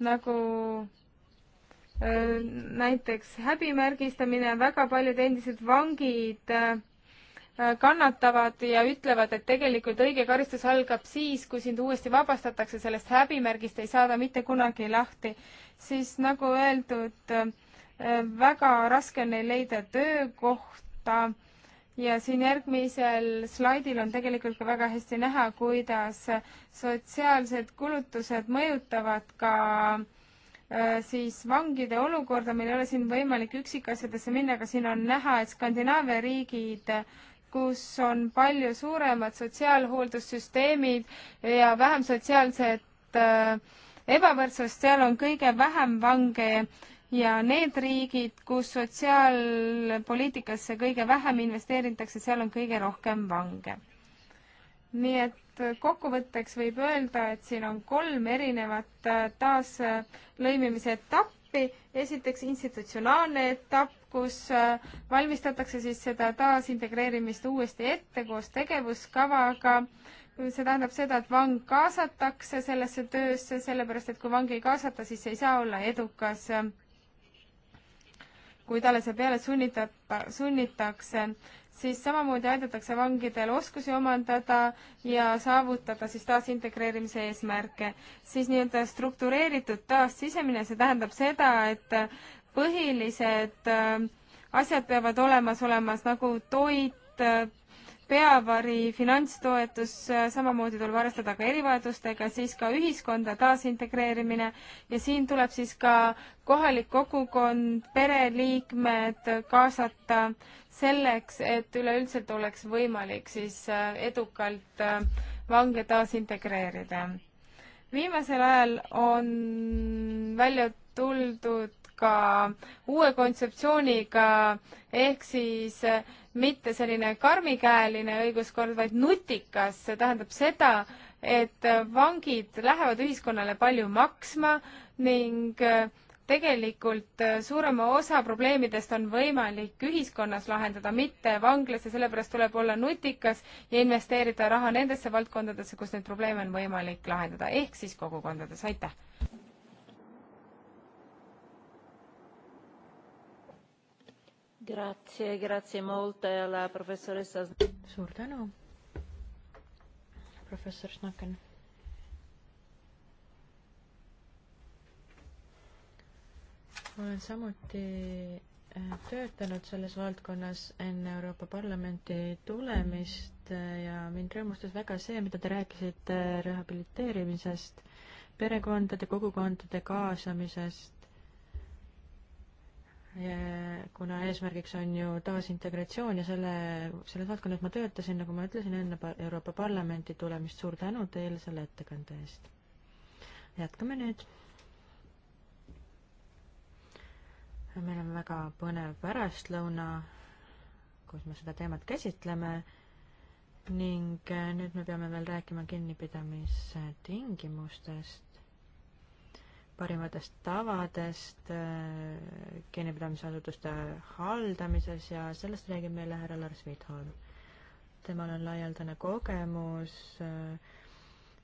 [SPEAKER 2] nagu äh, näiteks häbimärgistamine, väga paljud endised vangid kannatavad ja ütlevad, et tegelikult õige karistus algab siis, kui sind uuesti vabastatakse, sellest häbimärgist ei saada mitte kunagi lahti. siis nagu öeldud, väga raske on neil leida töökohta ja siin järgmisel slaidil on tegelikult ka väga hästi näha, kuidas sotsiaalsed kulutused mõjutavad ka äh, siis vangide olukorda, meil ei ole siin võimalik üksikasjadesse minna, aga siin on näha, et Skandinaavia riigid, kus on palju suuremad sotsiaalhooldussüsteemid ja vähem sotsiaalset äh, ebavõrdsust, seal on kõige vähem vange ja need riigid, kus sotsiaalpoliitikasse kõige vähem investeeritakse, seal on kõige rohkem vange. nii et kokkuvõtteks võib öelda, et siin on kolm erinevat äh, taaslõimimise äh, etappi. esiteks institutsionaalne etapp, kus äh, valmistatakse siis seda taasintegreerimist uuesti ette koos tegevuskavaga see tähendab seda, et vang kaasatakse sellesse töösse, sellepärast et kui vangi ei kaasata, siis ei saa olla edukas kui talle see peale sunnitata, sunnitakse, siis samamoodi aidatakse vangidel oskusi omandada ja saavutada siis taasintegreerimise eesmärke. siis nii-öelda struktureeritud taassisemine, see tähendab seda, et põhilised äh, asjad peavad olemas olemas nagu toit, peavari finantstoetus, samamoodi tuleb arvestada ka erivajadustega, siis ka ühiskonda taasintegreerimine ja siin tuleb siis ka kohalik kogukond, pereliikmed kaasata selleks, et üleüldiselt oleks võimalik siis äh, edukalt äh, vange taasintegreerida. viimasel ajal on välja tuldud ka uue kontseptsiooniga, ehk siis eh, mitte selline karmikäeline õiguskord, vaid nutikas, see tähendab seda, et eh, vangid lähevad ühiskonnale palju maksma ning eh, tegelikult suurema osa probleemidest on võimalik ühiskonnas lahendada, mitte vanglas ja sellepärast tuleb olla nutikas ja investeerida raha nendesse valdkondadesse, kus neid probleeme on võimalik lahendada, ehk siis kogukondades, aitäh!
[SPEAKER 1] Grazie, grazie molte alla professoressa.
[SPEAKER 3] suur tänu, professor Snaken. olen samuti eh, töötanud selles valdkonnas enne Euroopa Parlamenti tulemist eh, ja mind rõõmustas väga see, mida te rääkisite rehabiliteerimisest, perekondade, kogukondade kaasamisest kuna eesmärgiks on ju taasintegratsioon ja selle, selles valdkonnas ma töötasin, nagu ma ütlesin, enne Euroopa Parlamenti tulemist, suur tänu teile selle ettekande eest. jätkame nüüd. meil on väga põnev pärastlõuna, kus me seda teemat käsitleme ning eh, nüüd me peame veel rääkima kinnipidamistingimustest parimatest tavadest geenipidamisasutuste äh, haldamises ja sellest räägib meile härra Lars Vitholm. temal on laialdane kogemus, äh,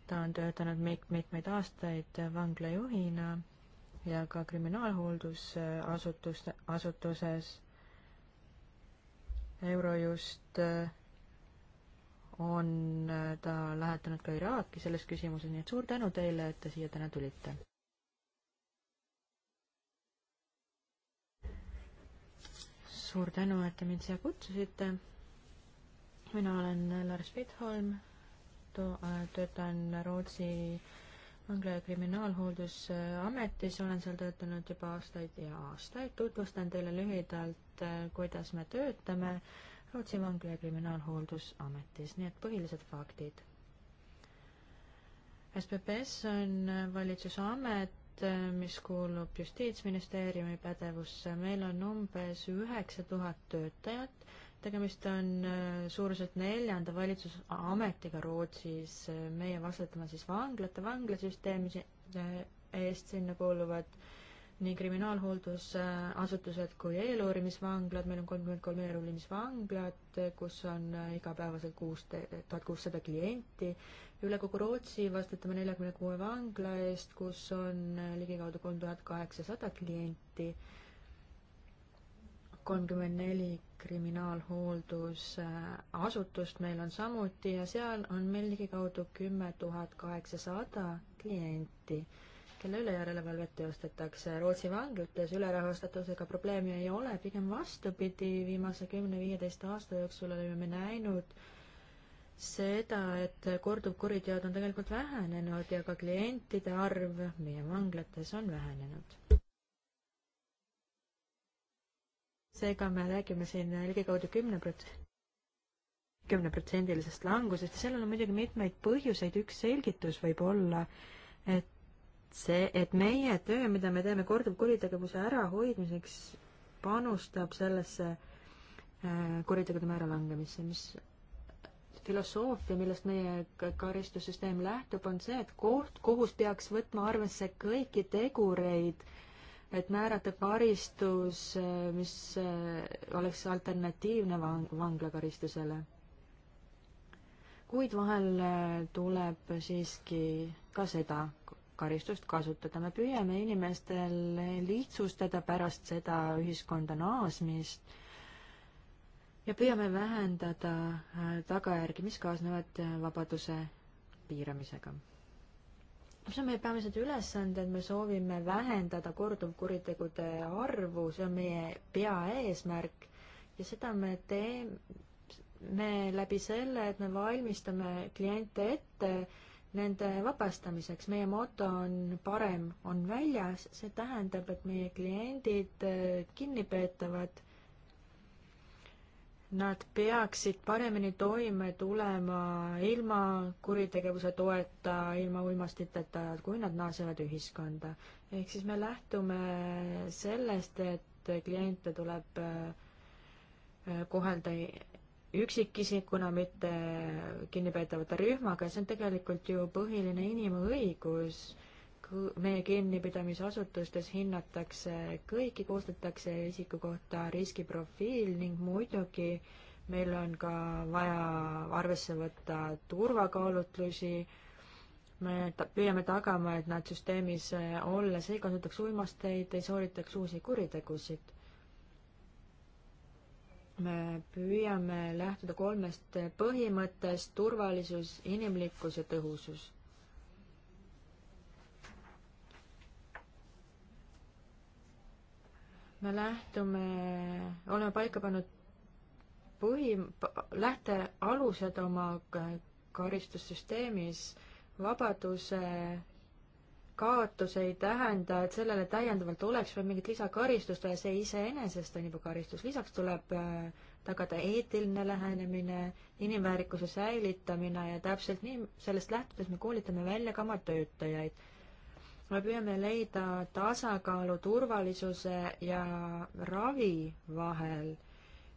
[SPEAKER 3] ta on töötanud mit-, mitmeid aastaid vanglajuhina ja ka kriminaalhooldusasutus, asutuses Eurojust äh, on ta lähetanud ka Iraaki selles küsimuses, nii et suur tänu teile, et te siia täna tulite. suur tänu, et te mind siia kutsusite. mina olen Lars Vitholm, äh, töötan Rootsi vangla- ja kriminaalhooldusametis, olen seal töötanud juba aastaid ja aastaid. tutvustan teile lühidalt, äh, kuidas me töötame Rootsi vangla- ja kriminaalhooldusametis, nii et põhilised faktid SPPS on valitsuse amet, Äh, mis kuulub Justiitsministeeriumi pädevusse, meil on umbes üheksa tuhat töötajat, tegemist on äh, suuruselt neljanda valitsusametiga Rootsis, meie vastutame siis vanglate, vanglasüsteemi äh, eest, sinna kuuluvad nii kriminaalhooldusasutused kui eeluurimisvanglad, meil on kolmkümmend kolm eeluurimisvanglat, kus on igapäevaselt kuus, tuhat kuussada klienti üle kogu Rootsi vastutame neljakümne kuue vangla eest, kus on ligikaudu kolm tuhat kaheksasada klienti, kolmkümmend neli kriminaalhooldusasutust meil on samuti ja seal on meil ligikaudu kümme tuhat kaheksasada klienti, kelle üle järelevalvet teostatakse. Rootsi vanglates ülerahastatusega probleemi ei ole, pigem vastupidi, viimase kümne-viieteist aasta jooksul oleme näinud, seda, et korduvkuriteod on tegelikult vähenenud ja ka klientide arv meie vanglates on vähenenud. seega me räägime siin ligikaudu kümne prot-, kümneprotsendilisest langusest ja sellel on muidugi mitmeid põhjuseid, üks selgitus võib olla, et see, et meie töö, mida me teeme korduvkuritegevuse ärahoidmiseks, panustab sellesse äh, kuritegude määra langemisse, mis filosoofia, millest meie karistussüsteem lähtub, on see, et koht, kohus peaks võtma arvesse kõiki tegureid, et määrata karistus, mis äh, oleks alternatiivne vang-, vanglakaristusele. kuid vahel äh, tuleb siiski ka seda karistust kasutada, me püüame inimestel lihtsustada pärast seda ühiskonda naasmist ja püüame vähendada äh, tagajärgi, mis kaasnevad äh, vabaduse piiramisega. mis on meie peamised ülesanded, me soovime vähendada korduvkuritegude arvu, see on meie peaeesmärk ja seda me teeme läbi selle, et me valmistame kliente ette nende vabastamiseks. meie moto on parem on väljas, see tähendab, et meie kliendid äh, kinnipeetavad nad peaksid paremini toime tulema ilma kuritegevuse toeta, ilma uimastiteta, kui nad naasevad ühiskonda. ehk siis me lähtume sellest, et kliente tuleb äh, kohelda üksikisikuna, mitte kinnipeetavate rühmaga, see on tegelikult ju põhiline inimõigus meie kinnipidamisasutustes hinnatakse kõiki, koostatakse isiku kohta riskiprofiil ning muidugi meil on ka vaja arvesse võtta turvakaalutlusi, me ta-, püüame tagama, et nad süsteemis äh, olles ei kasutaks uimasteid, ei sooritaks uusi kuritegusid. me püüame lähtuda kolmest põhimõttest, turvalisus, inimlikkus ja tõhusus me lähtume, oleme paika pannud põhi, lähtealused oma karistussüsteemis, vabaduse kaotus ei tähenda, et sellele täiendavalt oleks veel mingit lisakaristust, vaid see iseenesest on juba karistus. lisaks tuleb äh, tagada eetiline lähenemine, inimväärikuse säilitamine ja täpselt nii, sellest lähtudes me koolitame välja ka oma töötajaid me püüame leida tasakaalu turvalisuse ja ravi vahel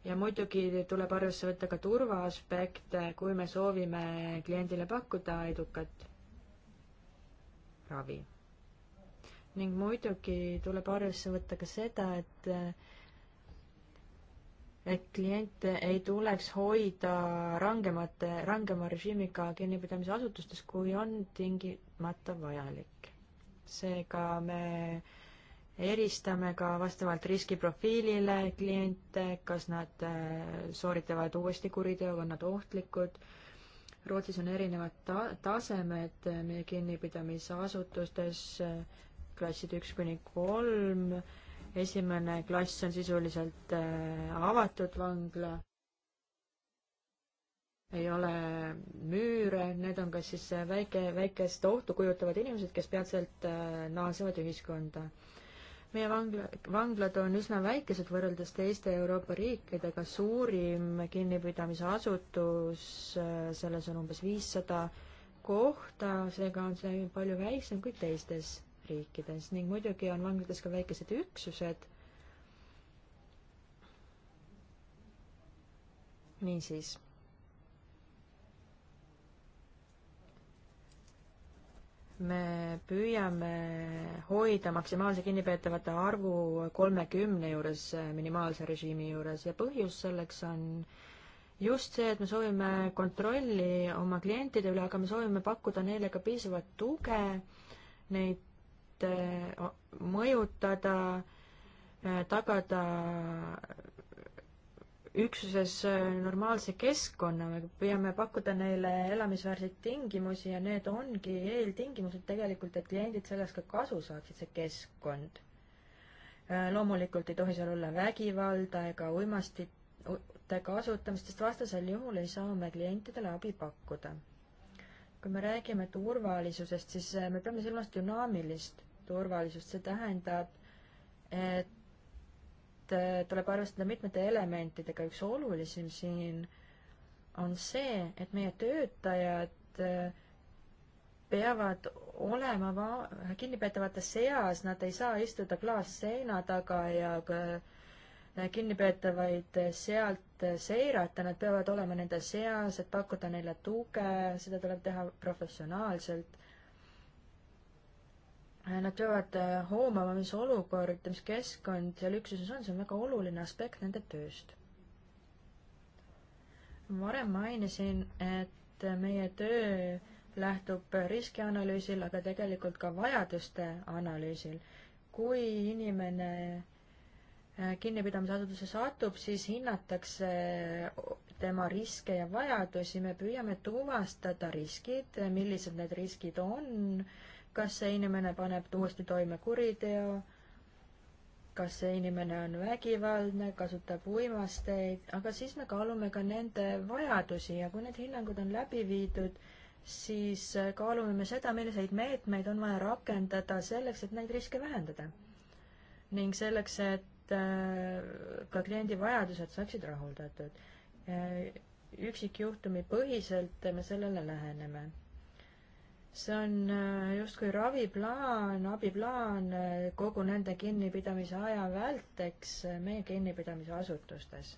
[SPEAKER 3] ja muidugi tuleb arvesse võtta ka turvaaspekte, kui me soovime kliendile pakkuda edukat ravi. ning muidugi tuleb arvesse võtta ka seda, et et kliente ei tuleks hoida rangemate, rangema režiimiga kinnipidamise asutustes, kui on tingimata vajalik seega me eristame ka vastavalt riskiprofiilile kliente, kas nad äh, sooritavad uuesti kuriteo, on nad ohtlikud. Rootsis on erinevad ta-, tasemed äh, meie kinnipidamisasutustes, äh, klassid üks kuni kolm, esimene klass on sisuliselt avatud vangla ei ole müüre, need on kas siis väike, väikest ohtu kujutavad inimesed, kes peatselt äh, naasevad ühiskonda. meie vangla, vanglad on üsna väikesed võrreldes teiste Euroopa riikidega, suurim kinnipidamise asutus, äh, selles on umbes viissada kohta, seega on see palju väiksem kui teistes riikides ning muidugi on vanglates ka väikesed üksused, niisiis me püüame hoida maksimaalse kinnipeetavate arvu kolmekümne juures, äh, minimaalse režiimi juures ja põhjus selleks on just see, et me soovime kontrolli oma klientide üle, aga me soovime pakkuda neile ka piisavat tuge, neid äh, mõjutada, äh, tagada üksuses äh, normaalse keskkonna, me püüame pakkuda neile elamisväärseid tingimusi ja need ongi eeltingimused tegelikult, et kliendid sellest ka kasu saaksid, see keskkond. Äh, loomulikult ei tohi seal olla vägivalda ega uimastite kasutamist, sest vastasel juhul ei saa me klientidele abi pakkuda. kui me räägime turvalisusest, siis äh, me peame silmas dünaamilist turvalisust, see tähendab, et et äh, tuleb arvestada mitmete elementidega, üks olulisem siin on see, et meie töötajad äh, peavad olema va-, kinnipeetavate seas, nad ei saa istuda klaasseina taga ja äh, kinnipeetavaid sealt seirata, nad peavad olema nende seas, et pakkuda neile tuge, seda tuleb teha professionaalselt Äh, nad peavad äh, hoomama, mis olukord, mis keskkond seal üksuses on, see on väga oluline aspekt nende tööst. varem mainisin, et meie töö lähtub riskianalüüsil, aga tegelikult ka vajaduste analüüsil. kui inimene äh, kinnipidamisasutuse satub, siis hinnatakse tema riske ja vajadusi, me püüame tuvastada riskid, millised need riskid on, kas see inimene paneb uuesti toime kuriteo, kas see inimene on vägivaldne, kasutab uimasteid, aga siis me kaalume ka nende vajadusi ja kui need hinnangud on läbi viidud, siis kaalume me seda, milliseid meetmeid on vaja rakendada selleks, et neid riske vähendada. ning selleks, et äh, ka kliendi vajadused saaksid rahuldatud. Äh, üksikjuhtumi põhiselt me sellele läheneme see on äh, justkui raviplaan, abiplaan äh, kogu nende kinnipidamise aja välteks äh, meie kinnipidamise asutustes.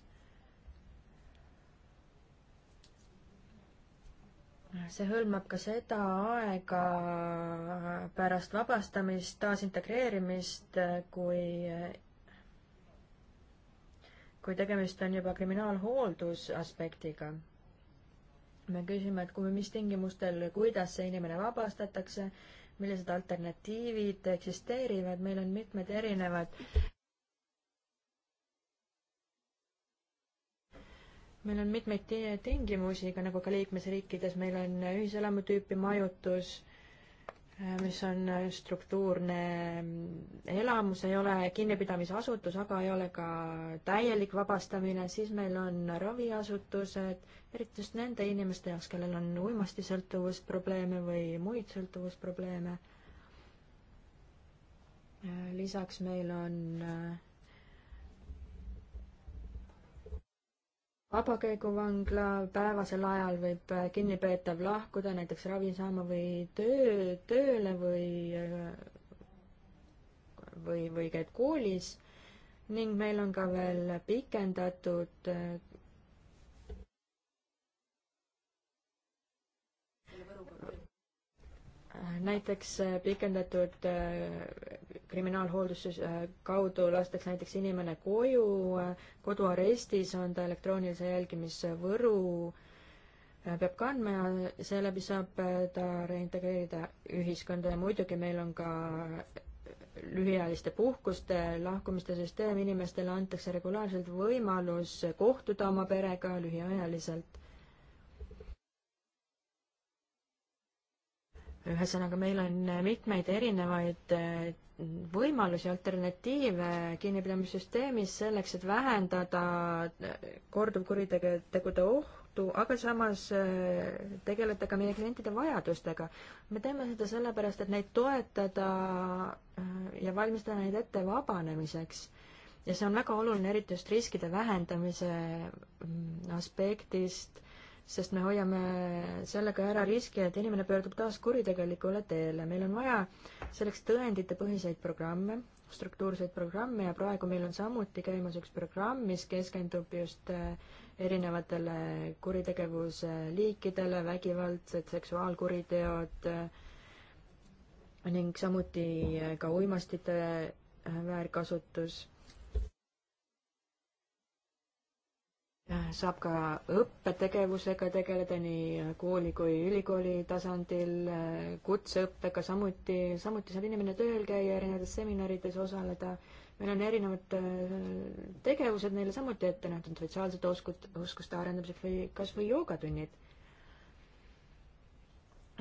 [SPEAKER 3] see hõlmab ka seda aega pärast vabastamist, taasintegreerimist, kui, kui tegemist on juba kriminaalhooldusaspektiga me küsime, et kui, mis tingimustel, kuidas see inimene vabastatakse, millised alternatiivid eksisteerivad, meil on mitmed erinevad meil on mitmeid tingimusi, ka nagu ka liikmesriikides, meil on ühiselamu tüüpi majutus Äh, mis on äh, struktuurne mm, elamus, ei ole kinnipidamisasutus, aga ei ole ka täielik vabastamine, siis meil on raviasutused, eriti just nende inimeste jaoks, kellel on uimastisõltuvusprobleeme või muid sõltuvusprobleeme. Äh, lisaks meil on äh, vabakäiguvangla päevasel ajal võib äh, kinnipeetav lahkuda näiteks ravi saama või töö, tööle või, äh, või, või käib koolis ning meil on ka veel pikendatud äh, näiteks pikendatud kriminaalhoolduse äh, kaudu lastakse näiteks inimene koju, koduarestis on ta elektroonilise jälgimisvõru, äh, peab kandma ja seeläbi saab äh, ta reintegreerida ühiskonda ja muidugi meil on ka lühiajaliste puhkuste lahkumiste süsteem, inimestele antakse regulaarselt võimalus kohtuda oma perega lühiajaliselt. ühesõnaga, meil on mitmeid erinevaid võimalusi, alternatiive kinnipidamissüsteemis selleks, et vähendada korduvkuritegude ohtu, aga samas äh, tegeleda ka meie klientide vajadustega. me teeme seda sellepärast, et neid toetada äh, ja valmistada neid ette vabanemiseks. ja see on väga oluline, eriti just riskide vähendamise mm, aspektist sest me hoiame sellega ära riski, et inimene pöördub taas kuritegelikule teele. meil on vaja selleks tõenditepõhiseid programme, struktuurseid programme ja praegu meil on samuti käimas üks programm, mis keskendub just äh, erinevatele kuritegevuse liikidele, vägivaldsed seksuaalkuriteod äh, ning samuti äh, ka uimastite väärkasutus saab ka õppetegevusega tegeleda nii kooli kui ülikooli tasandil, kutseõppega samuti, samuti saab inimene tööl käia, erinevates seminarides osaleda. meil on erinevad äh, tegevused neile samuti ette nähtud, sotsiaalsete oskud, oskuste arendamiseks või kas või joogatunnid.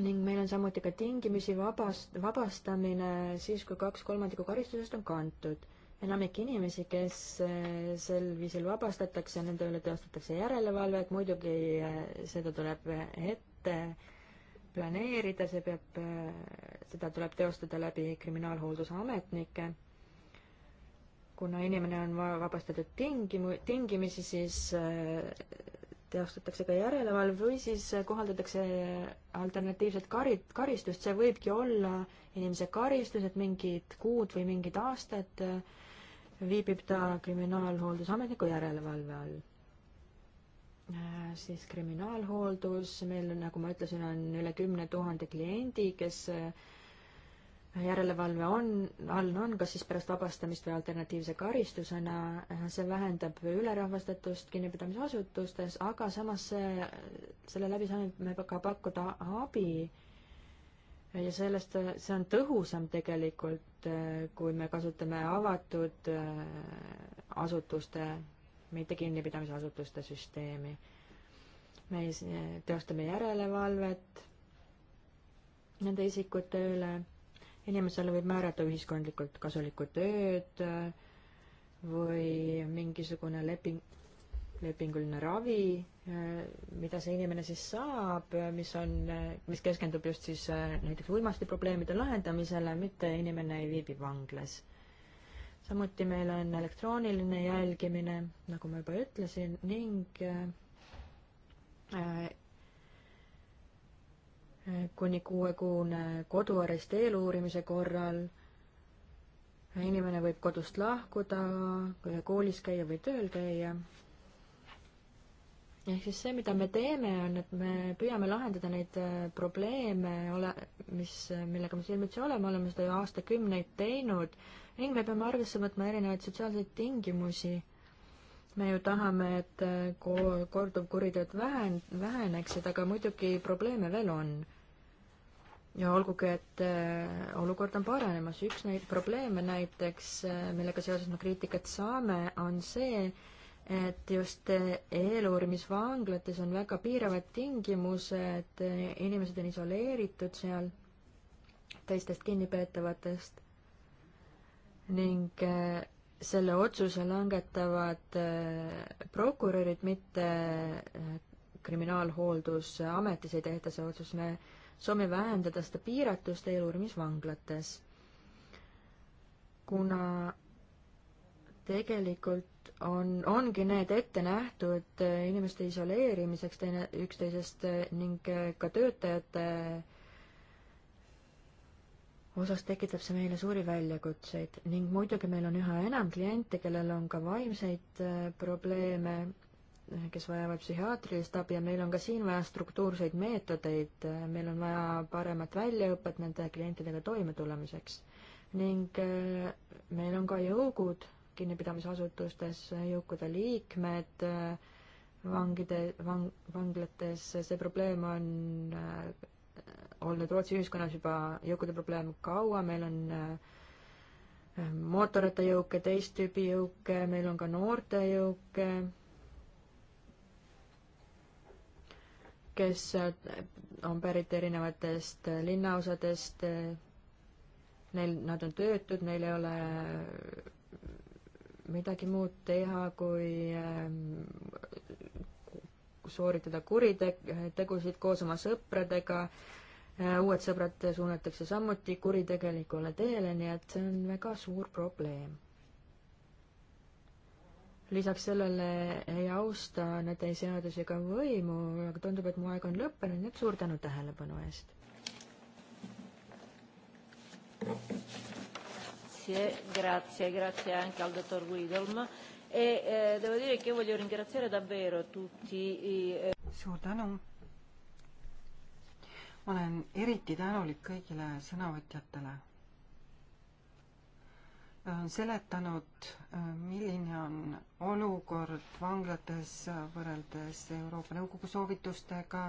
[SPEAKER 3] ning meil on samuti ka tingimisi vabast, vabastamine siis, kui kaks kolmandikku karistusest on kantud enamik inimesi, kes eh, sel viisil vabastatakse, nende üle teostatakse järelevalvet, muidugi eh, seda tuleb ette planeerida, see peab, eh, seda tuleb teostada läbi kriminaalhooldusametnike. kuna inimene on vabastatud tingimu-, tingimisi, siis teostatakse ka järelevalve või siis kohaldatakse alternatiivset kari-, karistust, see võibki olla inimese karistus, et mingid kuud või mingid aastad äh, viibib ta kriminaalhooldusametniku järelevalve all. Äh, siis kriminaalhooldus, meil, nagu ma ütlesin, on üle kümne tuhande kliendi, kes äh, järelevalve on, all on, kas siis pärast vabastamist või alternatiivse karistusena, äh, see vähendab ülerahvastatust kinnipidamisasutustes, aga samas see, selle läbi saame me ka pakkuda abi äh, ja sellest, see on tõhusam tegelikult, äh, kui me kasutame avatud äh, asutuste, mitte kinnipidamise asutuste süsteemi. me teostame järelevalvet nende isikute üle, inimesele võib määrata ühiskondlikult kasulikku tööd äh, või mingisugune leping, lepinguline ravi Äh, mida see inimene siis saab, äh, mis on, äh, mis keskendub just siis näiteks uimastiprobleemide lahendamisele, mitte inimene ei viibi vanglas. samuti meil on elektrooniline jälgimine, nagu ma juba ütlesin, ning kuni kuuekuune koduarest eeluurimise korral inimene võib kodust lahkuda, koolis käia või tööl käia ehk siis see, mida me teeme, on, et me püüame lahendada neid äh, probleeme, ole, mis, millega me silmitsi oleme, oleme seda ju aastakümneid teinud ning me peame arvesse võtma erinevaid sotsiaalseid tingimusi. me ju tahame, et äh, ko-, korduvkuriteod vähen-, väheneksid, aga muidugi probleeme veel on. ja olgugi, et äh, olukord on paranemas, üks neid probleeme näiteks, millega seoses me kriitikat saame, on see, et just eh, eeluurimisvanglates on väga piiravad tingimused, eh, inimesed on isoleeritud seal teistest kinnipeetavatest ning eh, selle otsuse langetavad prokurörid, mitte kriminaalhooldusametis ei tehta see otsus, me soovime vähendada seda piiratust eeluurimisvanglates. kuna tegelikult on, ongi need ette nähtud äh, inimeste isoleerimiseks teine, üksteisest äh, ning äh, ka töötajate osas tekitab see meile suuri väljakutseid ning muidugi meil on üha enam kliente, kellel on ka vaimseid probleeme, kes vajavad psühhiaatrilist abi ja meil on ka siin vaja struktuurseid meetodeid, meil on vaja paremat väljaõpet nende klientidega toimetulemiseks. ning meil on ka jõugud kinnipidamisasutustes jõukude liikmed vangide, vang-, vanglates, see probleem on äh, olnud Rootsi ühiskonnas juba jõukude probleem kaua, meil on äh, mootorrattajõuke, teist tüüpi jõuke, meil on ka noortejõuke, kes äh, on pärit erinevatest linnaosadest, neil, nad on töötud, neil ei ole midagi muud teha, kui ähm, sooritada kuritegusid koos oma sõpradega, äh, uued sõbrad suunatakse samuti kuritegelikule teele, nii et see on väga suur probleem. lisaks sellele ei austa nad ei seadusi ega võimu, aga tundub, et mu aeg on lõppenud, nii et suur tänu tähelepanu eest!
[SPEAKER 1] grazie, grazie, grazie anche al dottor Guidolm e eh, devo dire che io voglio ringraziare davvero tutti i... Eh...
[SPEAKER 5] Suur tänu! ma olen eriti tänulik kõigile sõnavõtjatele. on seletanud, eh, milline on olukord vanglates võrreldes Euroopa Nõukogu soovitustega,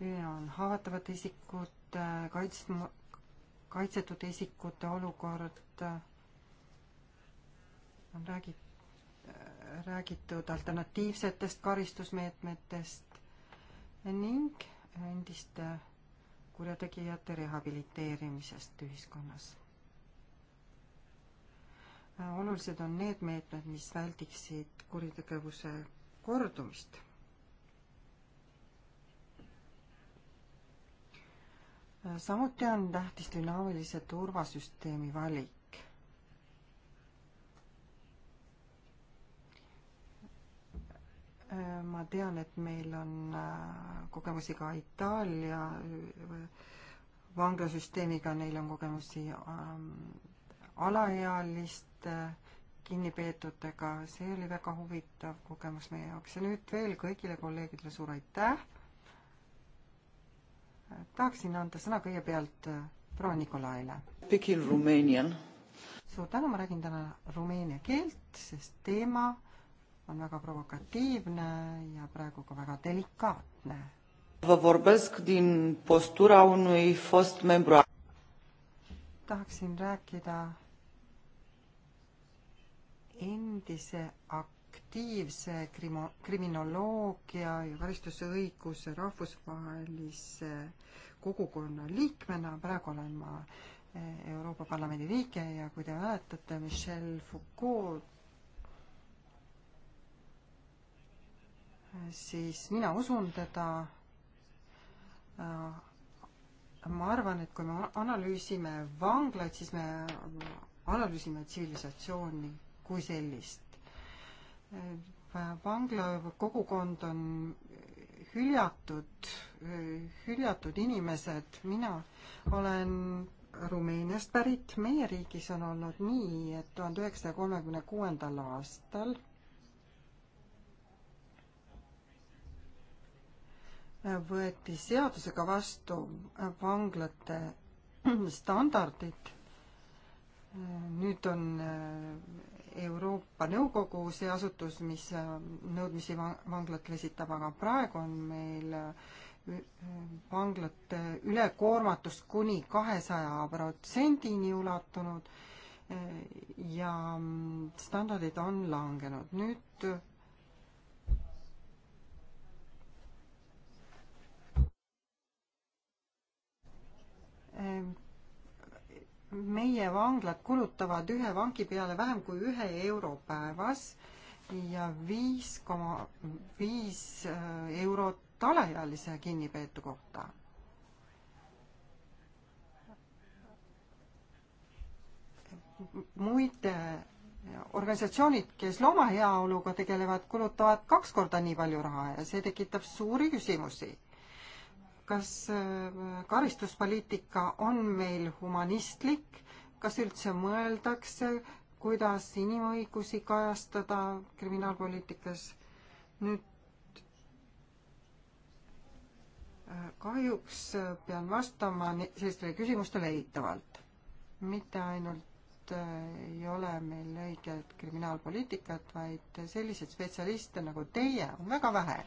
[SPEAKER 5] milline on haavatavate isikute, kaitst-, kaitsetud isikute olukord on räägit-, räägitud alternatiivsetest karistusmeetmetest ning endiste kurjategijate rehabiliteerimisest ühiskonnas. olulised on need meetmed, mis väldiksid kuritegevuse kordumist samuti on tähtis dünaamilise turvasüsteemi valik. ma tean, et meil on äh, kogemusi ka Itaalia äh, vanglasüsteemiga, neil on kogemusi ähm, alaealiste kinnipeetutega, see oli väga huvitav kogemus meie jaoks ja nüüd veel kõigile kolleegidele suur aitäh. Äh, tahaksin anda sõna kõigepealt proua Nikolaile. suur tänu, ma räägin täna rumeenia keelt, sest teema on väga provokatiivne ja praegu ka väga delikaatne. tahaksin rääkida endise aktiivse krimo-, kriminoloogia ja karistusõiguse rahvusvahelise kogukonna liikmena, praegu olen ma eh, Euroopa Parlamendi liige ja kui te mäletate, Michel Foucault siis mina usun teda. Äh, ma arvan, et kui me analüüsime vanglaid, siis me analüüsime tsivilisatsiooni kui sellist. Äh, vangla kogukond on hüljatud, äh, hüljatud inimesed, mina olen Rumeeniast pärit, meie riigis on olnud nii, et tuhande üheksasaja kolmekümne kuuendal aastal võeti seadusega vastu vanglate standardid. nüüd on äh, Euroopa Nõukogu see asutus, mis äh, nõudmisi vanglatele esitab, aga praegu on meil äh, vanglate ülekoormatus kuni kahesaja protsendini ulatunud ja mm, standardid on langenud. nüüd Ehm, meie vanglad kulutavad ühe vangi peale vähem kui ühe euro päevas ja viis koma viis eh, eurot alaealise kinnipeetu kohta. muide, eh, organisatsioonid, kes loomaheaoluga tegelevad, kulutavad kaks korda nii palju raha ja see tekitab suuri küsimusi kas äh, karistuspoliitika on meil humanistlik, kas üldse mõeldakse, kuidas inimõigusi kajastada kriminaalpoliitikas? nüüd äh, kahjuks pean vastama sellistele küsimustele eitavalt. mitte ainult äh, ei ole meil õiget kriminaalpoliitikat, vaid selliseid spetsialiste nagu teie on väga vähe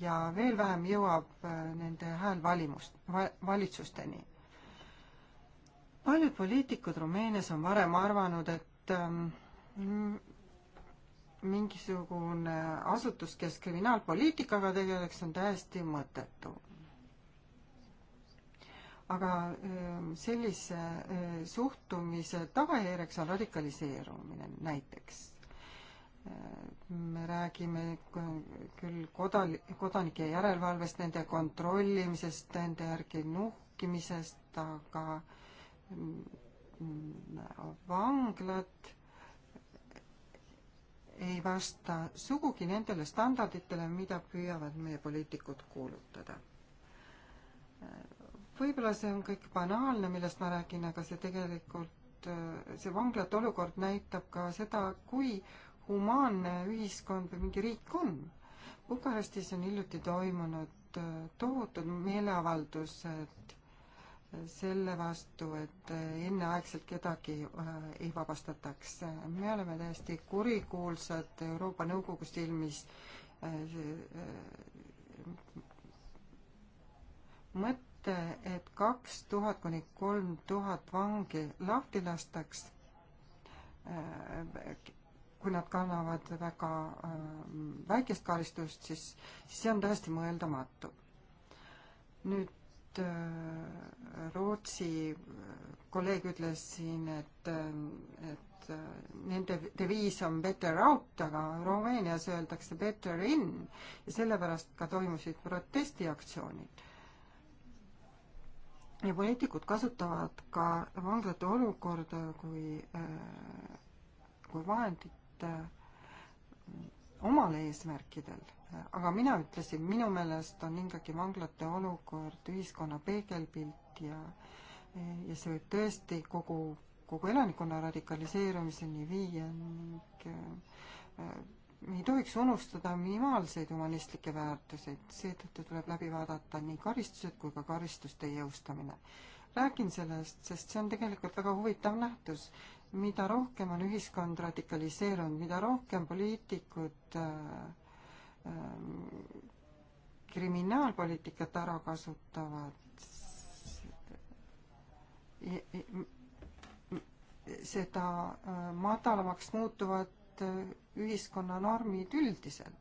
[SPEAKER 5] ja veel vähem jõuab äh, nende hääl valimust, valitsusteni. paljud poliitikud Rumeenias on varem arvanud, et ähm, mingisugune asutus, kes kriminaalpoliitikaga tegeleks, on täiesti mõttetu. aga ähm, sellise äh, suhtumise tagajärjeks on radikaliseerumine näiteks me räägime küll kodal-, kodanike järelevalvest, nende kontrollimisest, nende järgi nuhkimisest, aga vanglad ei vasta sugugi nendele standarditele, mida püüavad meie poliitikud kuulutada. võib-olla see on kõik banaalne, millest ma räägin, aga see tegelikult, see vanglate olukord näitab ka seda, kui äh, humaanne ühiskond või mingi riik on. Bukarestis on hiljuti toimunud äh, tohutud meeleavaldused äh, selle vastu, et äh, enneaegselt kedagi ei vabastataks. me oleme täiesti kurikuulsad Euroopa Nõukogu silmis mõte, et kaks tuhat kuni kolm tuhat vangi lahti lastaks kui nad kannavad väga äh, väikest karistust, siis, siis see on täiesti mõeldamatu. nüüd äh, Rootsi äh, kolleeg ütles siin, et, et nende deviis on better out, aga Rumeenias öeldakse better in ja sellepärast ka toimusid protestiaktsioonid. ja poliitikud kasutavad ka vanglate olukorda kui, kui vahendit Äh, omal eesmärkidel, aga mina ütlesin, minu meelest on ikkagi vanglate olukord ühiskonna peegelpilt ja ja see võib tõesti kogu, kogu elanikkonna radikaliseerumiseni viia ning me äh, ei tohiks unustada minimaalseid humanistlikke väärtuseid, seetõttu tuleb läbi vaadata nii karistused kui ka karistuste jõustamine. räägin sellest, sest see on tegelikult väga huvitav nähtus mida rohkem on ühiskond radikaliseerunud, mida rohkem poliitikud äh, äh, kriminaalpoliitikat ära kasutavad, seda äh, madalamaks muutuvad ühiskonna normid üldiselt.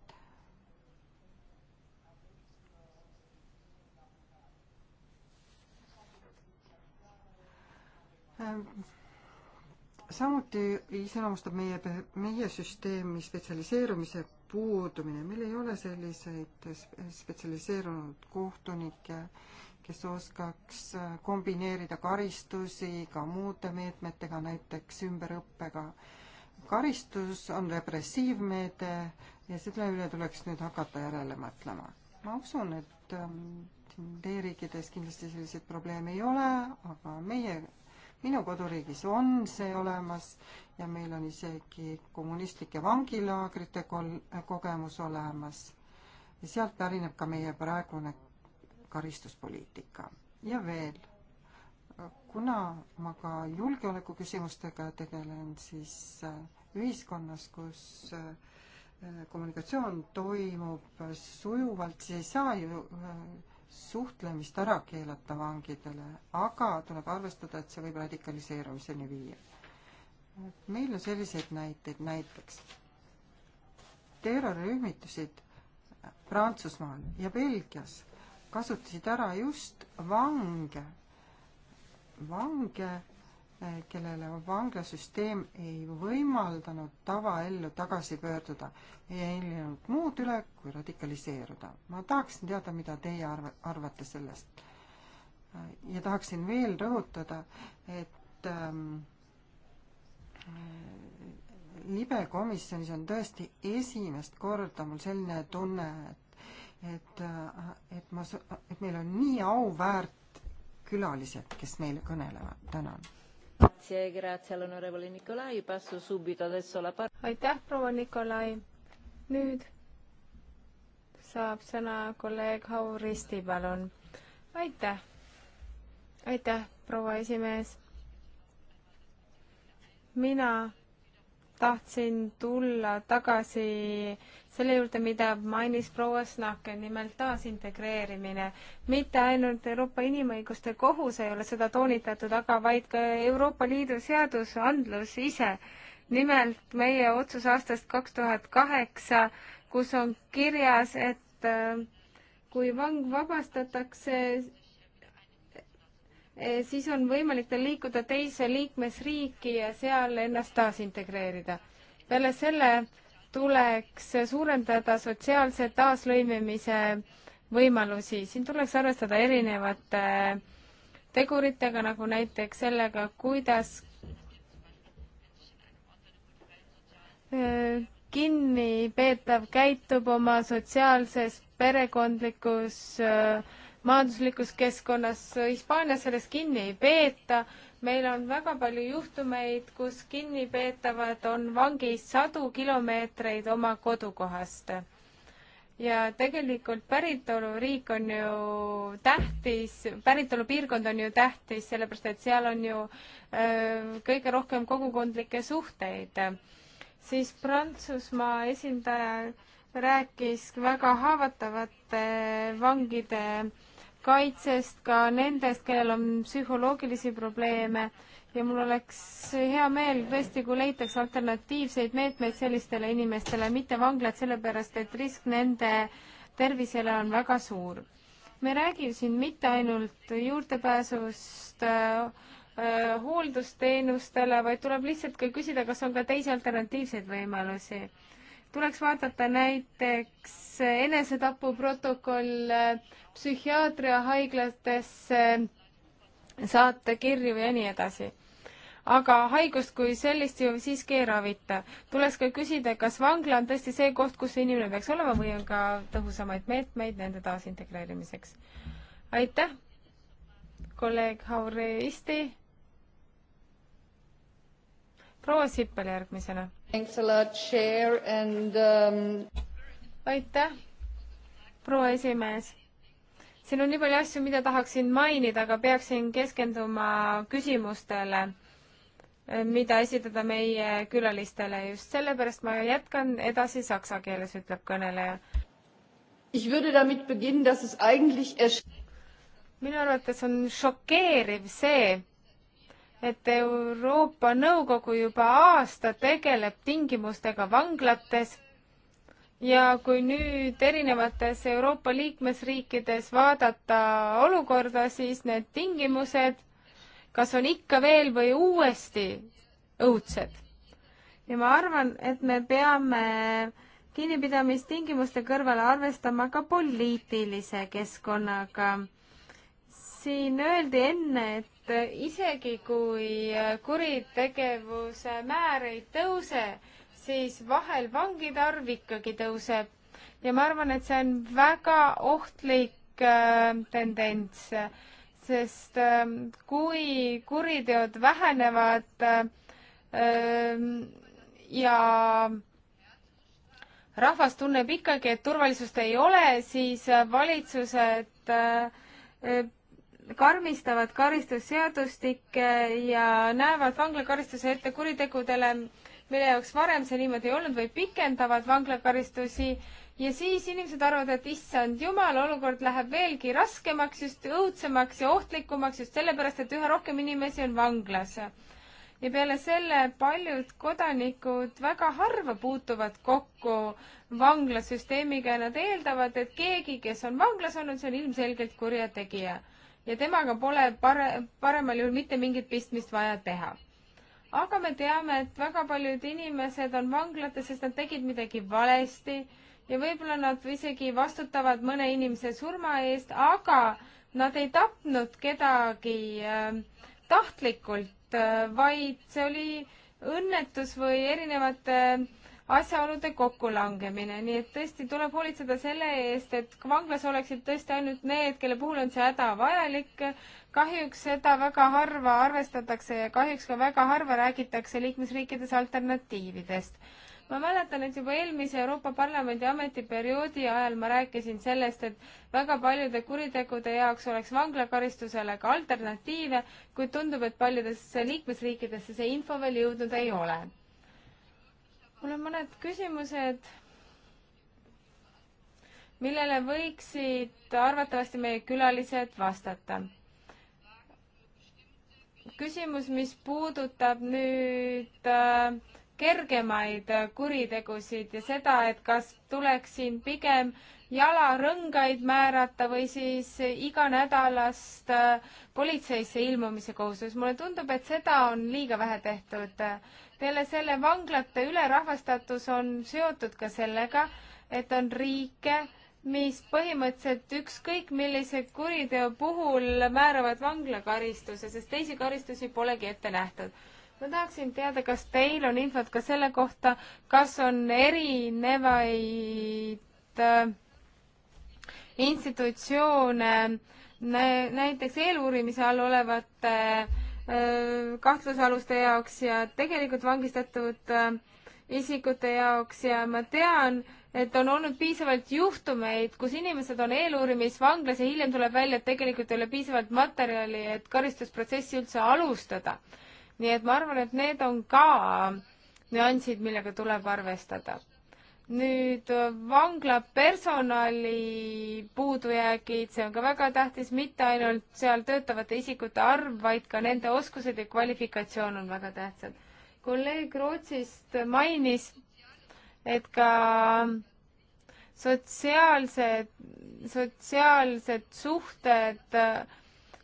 [SPEAKER 5] Um samuti iseloomustab meie, meie süsteemi spetsialiseerumise puudumine, meil ei ole selliseid spetsialiseerunud kohtunikke, kes oskaks äh, kombineerida karistusi ka muude meetmetega, näiteks ümberõppega. karistus on repressiivmeede ja selle üle tuleks nüüd hakata järele mõtlema. ma usun, et ähm, teie riikides kindlasti selliseid probleeme ei ole, aga meie minu koduriigis on see olemas ja meil on isegi kommunistlike vangilaagrite kol-, kogemus olemas. ja sealt pärineb ka meie praegune karistuspoliitika. ja veel, kuna ma ka julgeolekuküsimustega tegelen, siis äh, ühiskonnas, kus äh, kommunikatsioon toimub sujuvalt, siis ei saa ju äh, suhtlemist ära keelata vangidele, aga tuleb arvestada, et see võib radikaliseerumiseni viia. meil on selliseid näiteid, näiteks terrorirühmitusid Prantsusmaal ja Belgias kasutasid ära just vange, vange kellele vanglasüsteem ei võimaldanud tavaellu tagasi pöörduda, ei eelnenud muud üle kui radikaliseeruda. ma tahaksin teada, mida teie arv-, arvate sellest. ja tahaksin veel rõhutada, et ähm, libe komisjonis on tõesti esimest korda mul selline tunne, et, et, äh, et ma, et meil on nii auväärt külalised, kes meile kõnelevad, tänan
[SPEAKER 2] aitäh, proua Nikolai. nüüd saab sõna kolleeg Hauristi, palun. aitäh. aitäh, proua esimees. mina tahtsin tulla tagasi selle juurde, mida mainis proua Snake, nimelt taasintegreerimine. mitte ainult Euroopa Inimõiguste Kohus ei ole seda toonitatud, aga vaid ka Euroopa Liidu seadusandlus ise. nimelt meie otsus aastast kaks tuhat kaheksa, kus on kirjas, et äh, kui vang vabastatakse Eh, siis on võimalik tal liikuda teise liikmesriiki ja seal ennast taasintegreerida. peale selle tuleks suurendada sotsiaalse taaslõimimise võimalusi, siin tuleks arvestada erinevate teguritega, nagu näiteks sellega, kuidas eh, kinnipeetav käitub oma sotsiaalses perekondlikus äh, majanduslikus keskkonnas Hispaanias sellest kinni ei peeta. meil on väga palju juhtumeid, kus kinnipeetavad on vangis sadu kilomeetreid oma kodukohast. ja tegelikult päritoluriik on ju tähtis, päritolupiirkond on ju tähtis, sellepärast et seal on ju öö, äh, kõige rohkem kogukondlikke suhteid. siis Prantsusmaa esindaja rääkis väga haavatavate vangide öö, kaitsest, ka nendest, kellel on psühholoogilisi probleeme ja mul oleks hea meel tõesti, kui leitakse alternatiivseid meetmeid sellistele inimestele, mitte vanglad, sellepärast et risk nende tervisele on väga suur. me räägime siin mitte ainult juurdepääsust äh, äh, hooldusteenustele, vaid tuleb lihtsalt ka küsida, kas on ka teisi alternatiivseid võimalusi tuleks vaadata näiteks enesetapuprotokoll psühhiaatriahaiglatesse saata kirju ja nii edasi. aga haigust kui sellist ju siiski ei ravita. tuleks ka küsida, kas vangla on tõesti see koht, kus see inimene peaks olema või on ka tõhusamaid meetmeid nende taasintegreerimiseks. aitäh, kolleeg Hauri Isti. proua Sippel järgmisena Um, aitäh, proua esimees. siin on nii palju asju, mida tahaksin mainida, aga peaksin keskenduma küsimustele, eh, mida esitada meie külalistele. just sellepärast ma jätkan edasi saksa keeles, ütleb kõneleja. minu arvates on šokeeriv see, et Euroopa Nõukogu juba aasta tegeleb tingimustega vanglates ja kui nüüd erinevates Euroopa liikmesriikides vaadata olukorda, siis need tingimused kas on ikka veel või uuesti õudsed. ja ma arvan, et me peame kinnipidamistingimuste kõrval arvestama ka poliitilise keskkonnaga. siin öeldi enne, et et isegi kui kuritegevuse määr ei tõuse, siis vahel vangide arv ikkagi tõuseb ja ma arvan, et see on väga ohtlik äh, tendents, sest äh, kui kuriteod vähenevad äh, ja rahvas tunneb ikkagi, et turvalisust ei ole, siis valitsused äh, karmistavad karistusseadustikke ja näevad vanglakaristuse ette kuritegudele, mille jaoks varem see niimoodi ei olnud või pikendavad vanglakaristusi ja siis inimesed arvavad, et issand jumal, olukord läheb veelgi raskemaks, just õudsemaks ja ohtlikumaks just sellepärast, et üha rohkem inimesi on vanglas. ja peale selle paljud kodanikud väga harva puutuvad kokku vanglasüsteemiga ja nad eeldavad, et keegi, kes on vanglas olnud, see on ilmselgelt kurjategija ja temaga pole pare-, paremal juhul mitte mingit pistmist vaja teha. aga me teame, et väga paljud inimesed on vanglates, sest nad tegid midagi valesti ja võib-olla nad isegi vastutavad mõne inimese surma eest, aga nad ei tapnud kedagi äh, tahtlikult äh,, vaid see oli õnnetus või erinevate äh, asjaolude kokkulangemine, nii et tõesti tuleb hoolitseda selle eest, et vanglas oleksid tõesti ainult need, kelle puhul on see hädavajalik. kahjuks seda väga harva arvestatakse ja kahjuks ka väga harva räägitakse liikmesriikides alternatiividest ma mäletan, et juba eelmise Euroopa Parlamendi ametiperioodi ajal ma rääkisin sellest, et väga paljude kuritegude jaoks oleks vanglakaristusele ka alternatiive, kuid tundub, et paljudesse liikmesriikidesse see info veel jõudnud ei ole mul on mõned küsimused, millele võiksid arvatavasti meie külalised vastata. küsimus, mis puudutab nüüd äh, kergemaid kuritegusid ja seda, et kas tuleks siin pigem jalarõngaid määrata või siis iganädalast äh, politseisse ilmumise kohustus. mulle tundub, et seda on liiga vähe tehtud peale selle vanglate ülerahvastatus on seotud ka sellega, et on riike, mis põhimõtteliselt ükskõik millise kuriteo puhul määravad vanglakaristuse, sest teisi karistusi polegi ette nähtud. ma tahaksin teada, kas teil on infot ka selle kohta, kas on erinevaid äh, institutsioone, näiteks eeluurimise all olevate äh, Äh, kahtlusaluste jaoks ja tegelikult vangistatud äh, isikute jaoks ja ma tean, et on olnud piisavalt juhtumeid, kus inimesed on eeluurimisvanglas ja hiljem tuleb välja, et tegelikult ei ole piisavalt materjali, et karistusprotsessi üldse alustada. nii et ma arvan, et need on ka nüansid, millega tuleb arvestada nüüd äh, vangla personali puudujäägid, see on ka väga tähtis, mitte ainult seal töötavate isikute arv, vaid ka nende oskused ja kvalifikatsioon on väga tähtsad. kolleeg Rootsist mainis, et ka sotsiaalsed, sotsiaalsed suhted äh,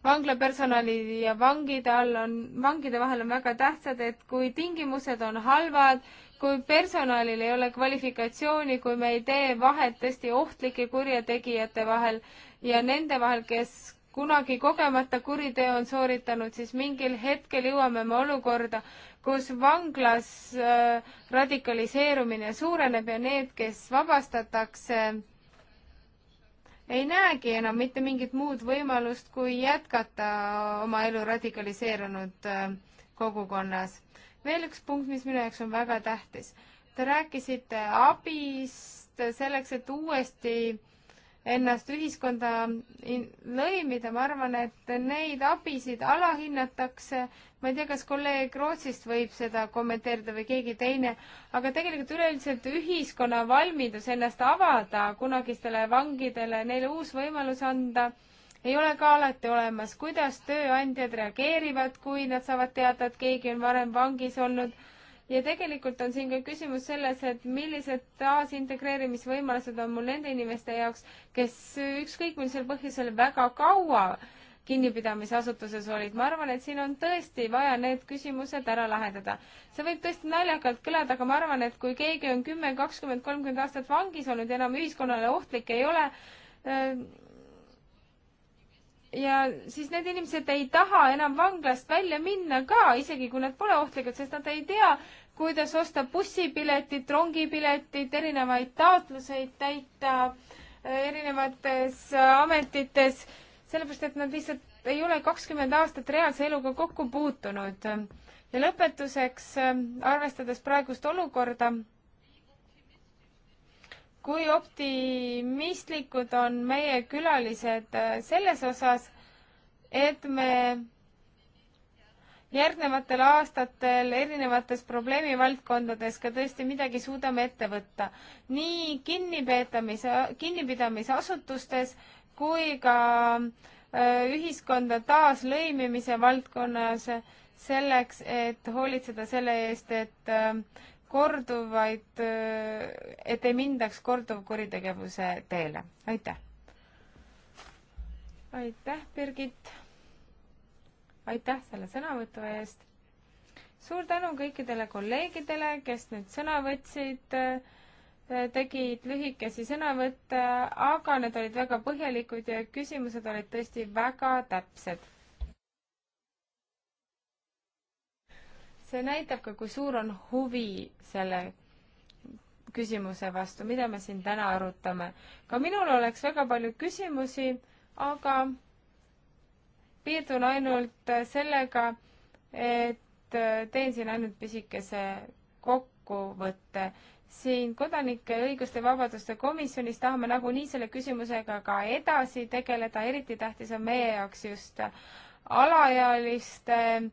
[SPEAKER 2] vanglapersonali ja vangide all on, vangide vahel on väga tähtsad, et kui tingimused on halvad kui personalil ei ole kvalifikatsiooni, kui me ei tee vahet tõesti ohtlike kurjategijate vahel ja nende vahel, kes kunagi kogemata kuriteo on sooritanud, siis mingil hetkel jõuame me olukorda, kus vanglas äh, radikaliseerumine suureneb ja need, kes vabastatakse äh,, ei näegi enam mitte mingit muud võimalust, kui jätkata oma elu radikaliseerunud äh, kogukonnas veel üks punkt, mis minu jaoks on väga tähtis. Te rääkisite abist selleks, et uuesti ennast ühiskonda lõimida, ma arvan, et neid abisid alahinnatakse. ma ei tea, kas kolleeg Rootsist võib seda kommenteerida või keegi teine, aga tegelikult üleüldiselt ühiskonna valmidus ennast avada kunagistele vangidele, neile uus võimalus anda ei ole ka alati olemas, kuidas tööandjad reageerivad, kui nad saavad teada, et keegi on varem vangis olnud. ja tegelikult on siin ka küsimus selles, et millised taasintegreerimisvõimalused on mul nende inimeste jaoks, kes ükskõik millisel põhjusel väga kaua kinnipidamisasutuses olid. ma arvan, et siin on tõesti vaja need küsimused ära lahendada. see võib tõesti naljakalt kõlada, aga ma arvan, et kui keegi on kümme, kakskümmend, kolmkümmend aastat vangis olnud ja enam ühiskonnale ohtlik ei ole, ja siis need inimesed ei taha enam vanglast välja minna ka, isegi kui nad pole ohtlikud, sest nad ei tea, kuidas osta bussipiletit, rongipiletit, erinevaid taotluseid täita eh, erinevates eh, ametites, sellepärast et nad lihtsalt ei ole kakskümmend aastat reaalse eluga kokku puutunud. ja lõpetuseks, eh, arvestades praegust olukorda, kui optimistlikud on meie külalised äh, selles osas, et me järgnevatel aastatel erinevates probleemivaldkondades ka tõesti midagi suudame ette võtta. nii kinnipeetamise, kinnipidamisasutustes kui ka äh, ühiskonda taaslõimimise valdkonnas selleks, et hoolitseda selle eest, et äh, korduvaid, äh, et ei mindaks korduvkuritegevuse teele. aitäh! aitäh, Birgit! aitäh selle sõnavõtu eest! suur tänu kõikidele kolleegidele, kes nüüd sõna võtsid, äh, tegid lühikesi sõnavõtte, aga need olid väga põhjalikud ja küsimused olid tõesti väga täpsed see näitab ka, kui suur on huvi selle küsimuse vastu, mida me siin täna arutame. ka minul oleks väga palju küsimusi, aga piirdun ainult sellega, et teen siin ainult pisikese kokkuvõtte. siin Kodanike õiguste ja vabaduste komisjonis tahame nagunii selle küsimusega ka edasi tegeleda, eriti tähtis on meie jaoks just alaealiste äh,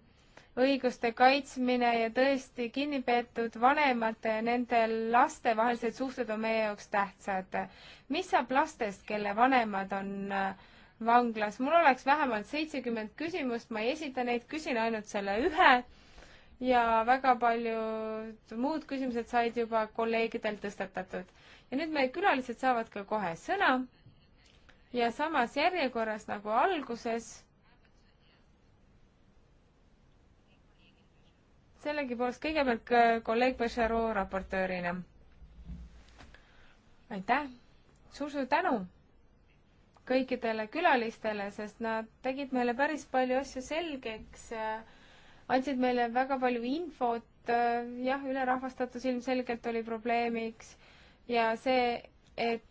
[SPEAKER 2] õiguste kaitsmine ja tõesti kinnipeetud vanemate ja nende laste vahelised suhted on meie jaoks tähtsad. mis saab lastest, kelle vanemad on äh, vanglas? mul oleks vähemalt seitsekümmend küsimust, ma ei esita neid, küsin ainult selle ühe ja väga paljud muud küsimused said juba kolleegidel tõstatatud. ja nüüd meie külalised saavad ka kohe sõna ja samas järjekorras nagu alguses sellegipoolest kõigepealt kolleeg Becharo raportöörina. aitäh, suur-suur tänu kõikidele külalistele, sest nad tegid meile päris palju asju selgeks, andsid meile väga palju infot, jah, ülerahvastatus ilmselgelt oli probleemiks ja see, et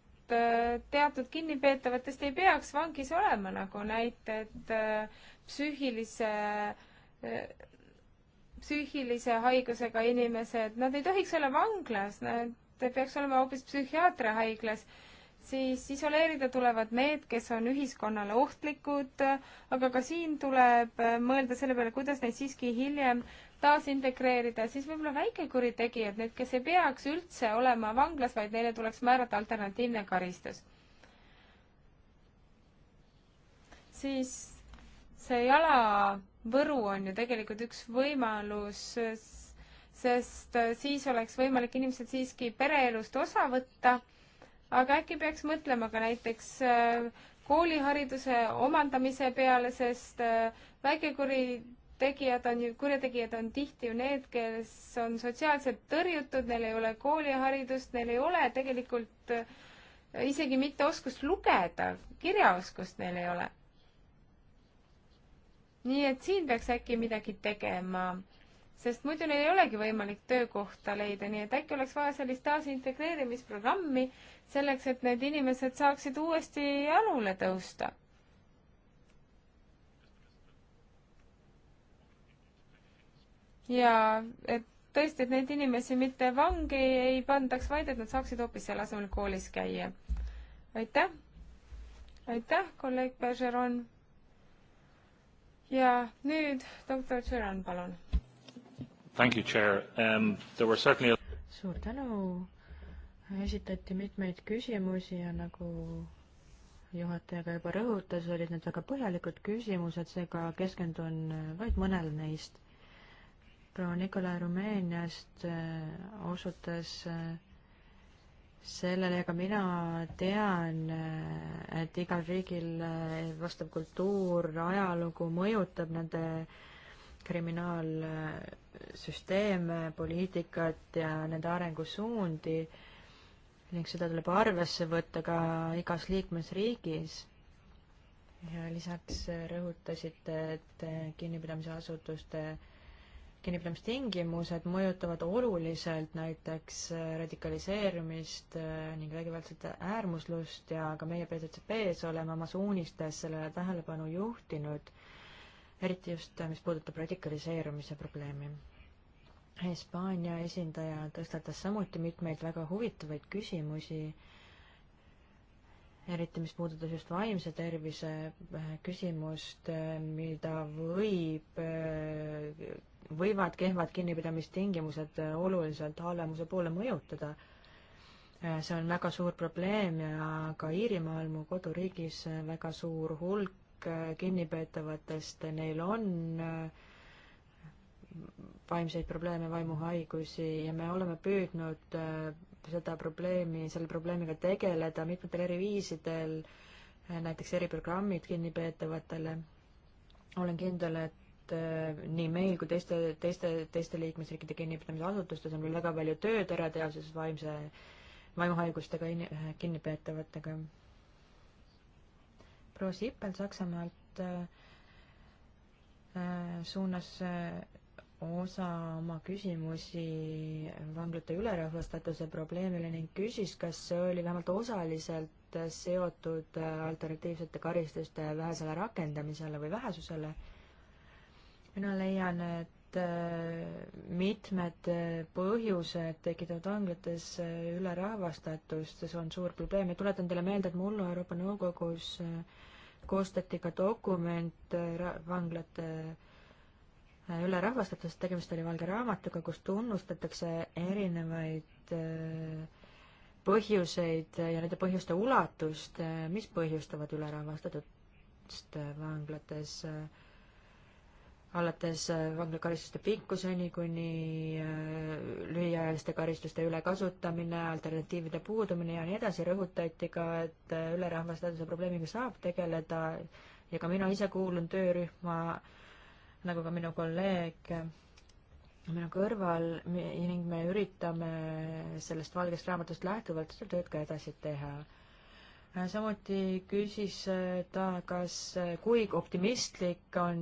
[SPEAKER 2] teatud kinnipeetavatest ei peaks vangis olema, nagu näited äh, psüühilise äh, psüühilise haigusega inimesed, nad ei tohiks olla vanglas, nad peaks olema hoopis psühhiaatriahaiglas, siis isoleerida tulevad need, kes on ühiskonnale ohtlikud, aga ka siin tuleb äh, mõelda selle peale, kuidas neid siiski hiljem taasintegreerida, siis võib-olla väikekuritegijad, need, kes ei peaks üldse olema vanglas, vaid neile tuleks määrata alternatiivne karistus. siis see jala Võru on ju tegelikult üks võimalus, sest siis oleks võimalik inimesed siiski pereelust osa võtta, aga äkki peaks mõtlema ka näiteks äh, koolihariduse omandamise peale, sest äh, väikekurtegijad on ju, kurjategijad on tihti ju need, kes on sotsiaalselt tõrjutud, neil ei ole kooliharidust, neil ei ole tegelikult äh, isegi mitte oskust lugeda, kirjaoskust neil ei ole nii et siin peaks äkki midagi tegema, sest muidu neil ei olegi võimalik töökohta leida, nii et äkki oleks vaja sellist taasintegreerimisprogrammi selleks, et need inimesed saaksid uuesti jalule tõusta. ja et tõesti, et neid inimesi mitte vangi ei pandaks, vaid et nad saaksid hoopis selle asemel koolis käia. aitäh! aitäh, kolleeg Bergeron! ja nüüd doktor Tšeran, palun. Thank you, chair um,. There were certainly
[SPEAKER 3] suur tänu. esitati mitmeid küsimusi ja nagu juhatajaga juba rõhutas, olid need väga põhjalikud küsimused, seega keskendun vaid mõnel neist. proua Nikolai Rumeeniast eh, osutas äh, sellele ka mina tean, et igal riigil eh, vastav kultuur, ajalugu mõjutab nende kriminaalsüsteeme, poliitikat ja nende arengusuundi ning seda tuleb arvesse võtta ka igas liikmesriigis. ja lisaks rõhutasite, et kinnipidamise asutuste äh, kinnipidamistingimused mõjutavad oluliselt näiteks äh, radikaliseerumist äh, ning vägivaldset äärmuslust ja ka meie PCCP-s oleme oma suunistes sellele tähelepanu juhtinud, eriti just, äh, mis puudutab radikaliseerumise probleemi. Hispaania esindaja tõstatas samuti mitmeid väga huvitavaid küsimusi eriti mis puudutas just vaimse tervise äh, küsimust, äh, mida võib, äh, võivad kehvad kinnipidamistingimused oluliselt halvemuse poole mõjutada. see on väga suur probleem ja ka Iirimaal, mu koduriigis, väga suur hulk kinnipeetavatest, neil on vaimseid probleeme, vaimuhaigusi ja me oleme püüdnud seda probleemi, selle probleemiga tegeleda mitmetel eri viisidel, näiteks eriprogrammid kinnipeetavatele. olen kindel, et äh, nii meil kui teiste, teiste, teiste liikmesriikide kinnipidamise asutustes on veel väga palju tööd ära teha seoses vaimse, vaimuhaigustega kinnipeetavatega. proua Sippel Saksamaalt äh, äh, suunas osa oma küsimusi vanglate ülerahvastatuse probleemile ning küsis, kas see oli vähemalt osaliselt seotud alternatiivsete karistuste vähesele rakendamisele või vähesusele. mina leian, et äh, mitmed põhjused tekitavad vanglates äh, ülerahvastatust ja see on suur probleem ja tuletan teile meelde, et mullu Euroopa Nõukogus äh, koostati ka dokument vanglate Äh, ülerahvastatust, tegemist oli valge raamatuga, kus tunnustatakse erinevaid äh, põhjuseid ja nende põhjuste ulatust, äh, mis põhjustavad ülerahvastatust vanglates, alates vanglakaristuste pikkuseni kuni lühiajaliste karistuste ülekasutamine, alternatiivide puudumine ja nii edasi, rõhutati ka, et ülerahvastatuse probleemiga saab tegeleda ja ka mina ise kuulun töörühma äh, nagu ka minu kolleeg minu kõrval ning me üritame sellest valgest raamatust lähtuvalt seda tööd ka edasi teha. samuti küsis ta, kas, kui optimistlik on,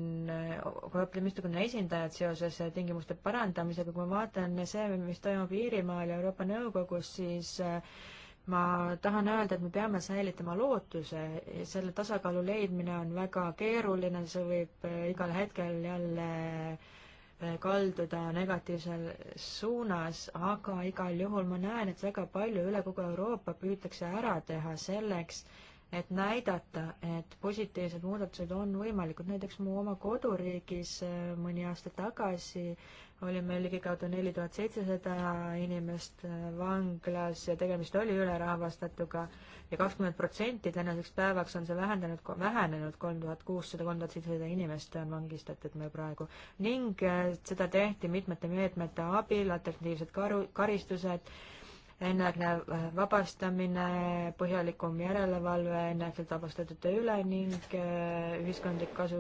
[SPEAKER 3] kui optimistlikud on esindajad seoses tingimuste parandamisega, kui ma vaatan see, mis toimub Iirimaal ja Euroopa Nõukogus, siis äh, ma tahan öelda, et me peame säilitama lootuse ja selle tasakaalu leidmine on väga keeruline, see võib eh, igal hetkel jälle eh, kalduda negatiivses suunas, aga igal juhul ma näen, et väga palju üle kogu Euroopa püütakse ära teha selleks, et näidata, et positiivsed muudatused on võimalikud, näiteks mu oma koduriigis äh, mõni aasta tagasi oli meil ligikaudu neli tuhat seitsesada inimest äh, vanglas ja tegemist oli ülerahvastatuga ja kakskümmend protsenti tänaseks päevaks on see vähendanud, vähenenud kolm tuhat kuussada, kolm tuhat seitsesada inimest on vangistatud meil praegu. ning äh, seda tehti mitmete meetmete abil, alternatiivsed karu, karistused, enneaegne äh, vabastamine, põhjalikum järelevalve enneaegselt vabastatute üle ning äh, ühiskondlik kasu,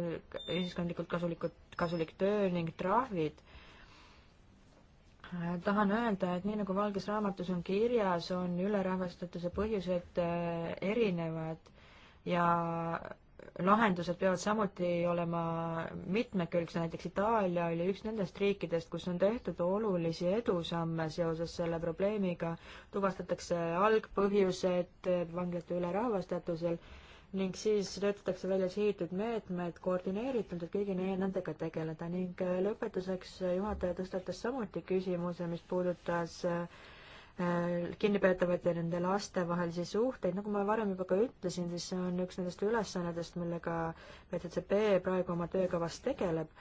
[SPEAKER 3] ühiskondlikult kasulikud, kasulik töö ning trahvid. Äh, tahan öelda, et nii nagu Valges Raamatus on kirjas, on ülerahvastatuse põhjused erinevad ja lahendused peavad samuti olema mitmekülgsed, näiteks Itaalia oli üks nendest riikidest, kus on tehtud olulisi edusamme seoses selle probleemiga, tuvastatakse algpõhjused vanglate ülerahvastatusel ning siis töötatakse välja sihitud meetmed koordineeritult, et kõigi nendega tegeleda ning lõpetuseks juhataja tõstatas samuti küsimuse, mis puudutas äh, Äh, kinnipeetavate ja nende laste vahelisi suhteid, nagu ma varem juba ka ütlesin, siis see on üks nendest ülesannetest, millega VTCP praegu oma töökavas tegeleb.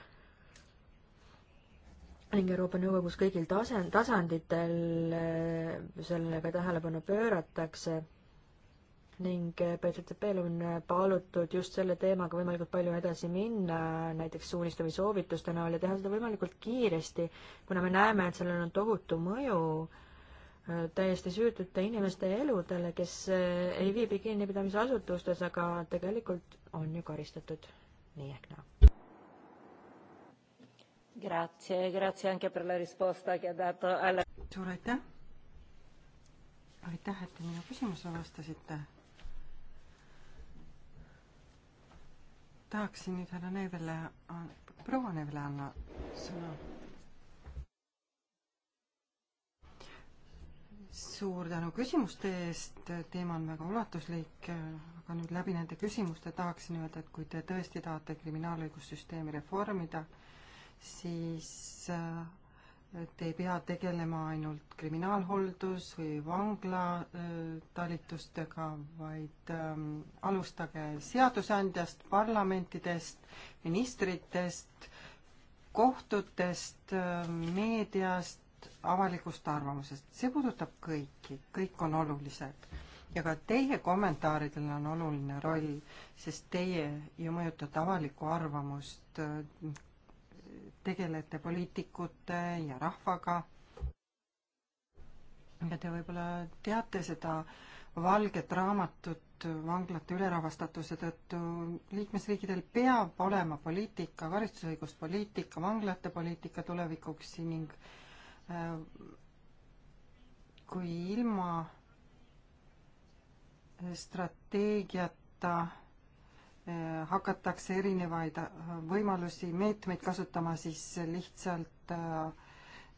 [SPEAKER 3] ning Euroopa Nõukogus kõigil tase, tasanditel äh, sellele tähelepanu pööratakse ning PTTP-l äh, on palutud just selle teemaga võimalikult palju edasi minna, näiteks suuniste või soovituste näol ja teha seda võimalikult kiiresti, kuna me näeme, et sellel on tohutu mõju äh, täiesti süütute inimeste eludele, kes eh, ei viibi kinnipidamisasutustes, aga tegelikult on ju karistatud nii ehk naa no..
[SPEAKER 1] Grazie, grazie anche per la risposta che ha dato alla... suur aitäh!
[SPEAKER 5] aitäh, et te minu küsimusele vastasite. tahaksin nüüd härra Neivele, proua Neivele anna sõna suur tänu küsimuste eest, teema on väga ulatuslik, aga nüüd läbi nende küsimuste tahaksin öelda, et kui te tõesti tahate kriminaalõigussüsteemi reformida, siis äh, te ei pea tegelema ainult kriminaalhooldus või vanglalitustega, äh, vaid ähm, alustage seadusandjast, parlamentidest, ministritest, kohtutest, äh, meediast, avalikust arvamusest, see puudutab kõiki, kõik on olulised. ja ka teie kommentaaridel on oluline roll, sest teie ju mõjutate avalikku arvamust, tegelete poliitikute ja rahvaga. ja te võib-olla teate seda valget raamatut vanglate ülerahvastatuse tõttu. liikmesriikidel peab olema poliitika, karistusõiguspoliitika, vanglate poliitika tulevikuks ning äh, Äh, kui ilma äh, strateegiata äh, hakatakse erinevaid võimalusi, meetmeid kasutama, siis lihtsalt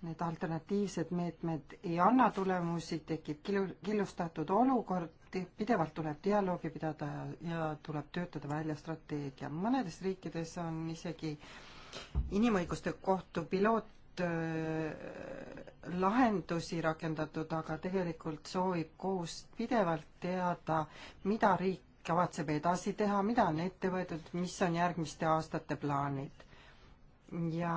[SPEAKER 5] need alternatiivsed meetmed ei anna tulemusi, tekib killustatud olukord, pidevalt tuleb dialoogi pidada ja tuleb töötada välja strateegia. mõnedes riikides on isegi inimõiguste kohtu piloot Äh, lahendusi rakendatud, aga tegelikult soovib kohus pidevalt teada, mida riik kavatseb edasi teha, mida on ette võetud, mis on järgmiste aastate plaanid. ja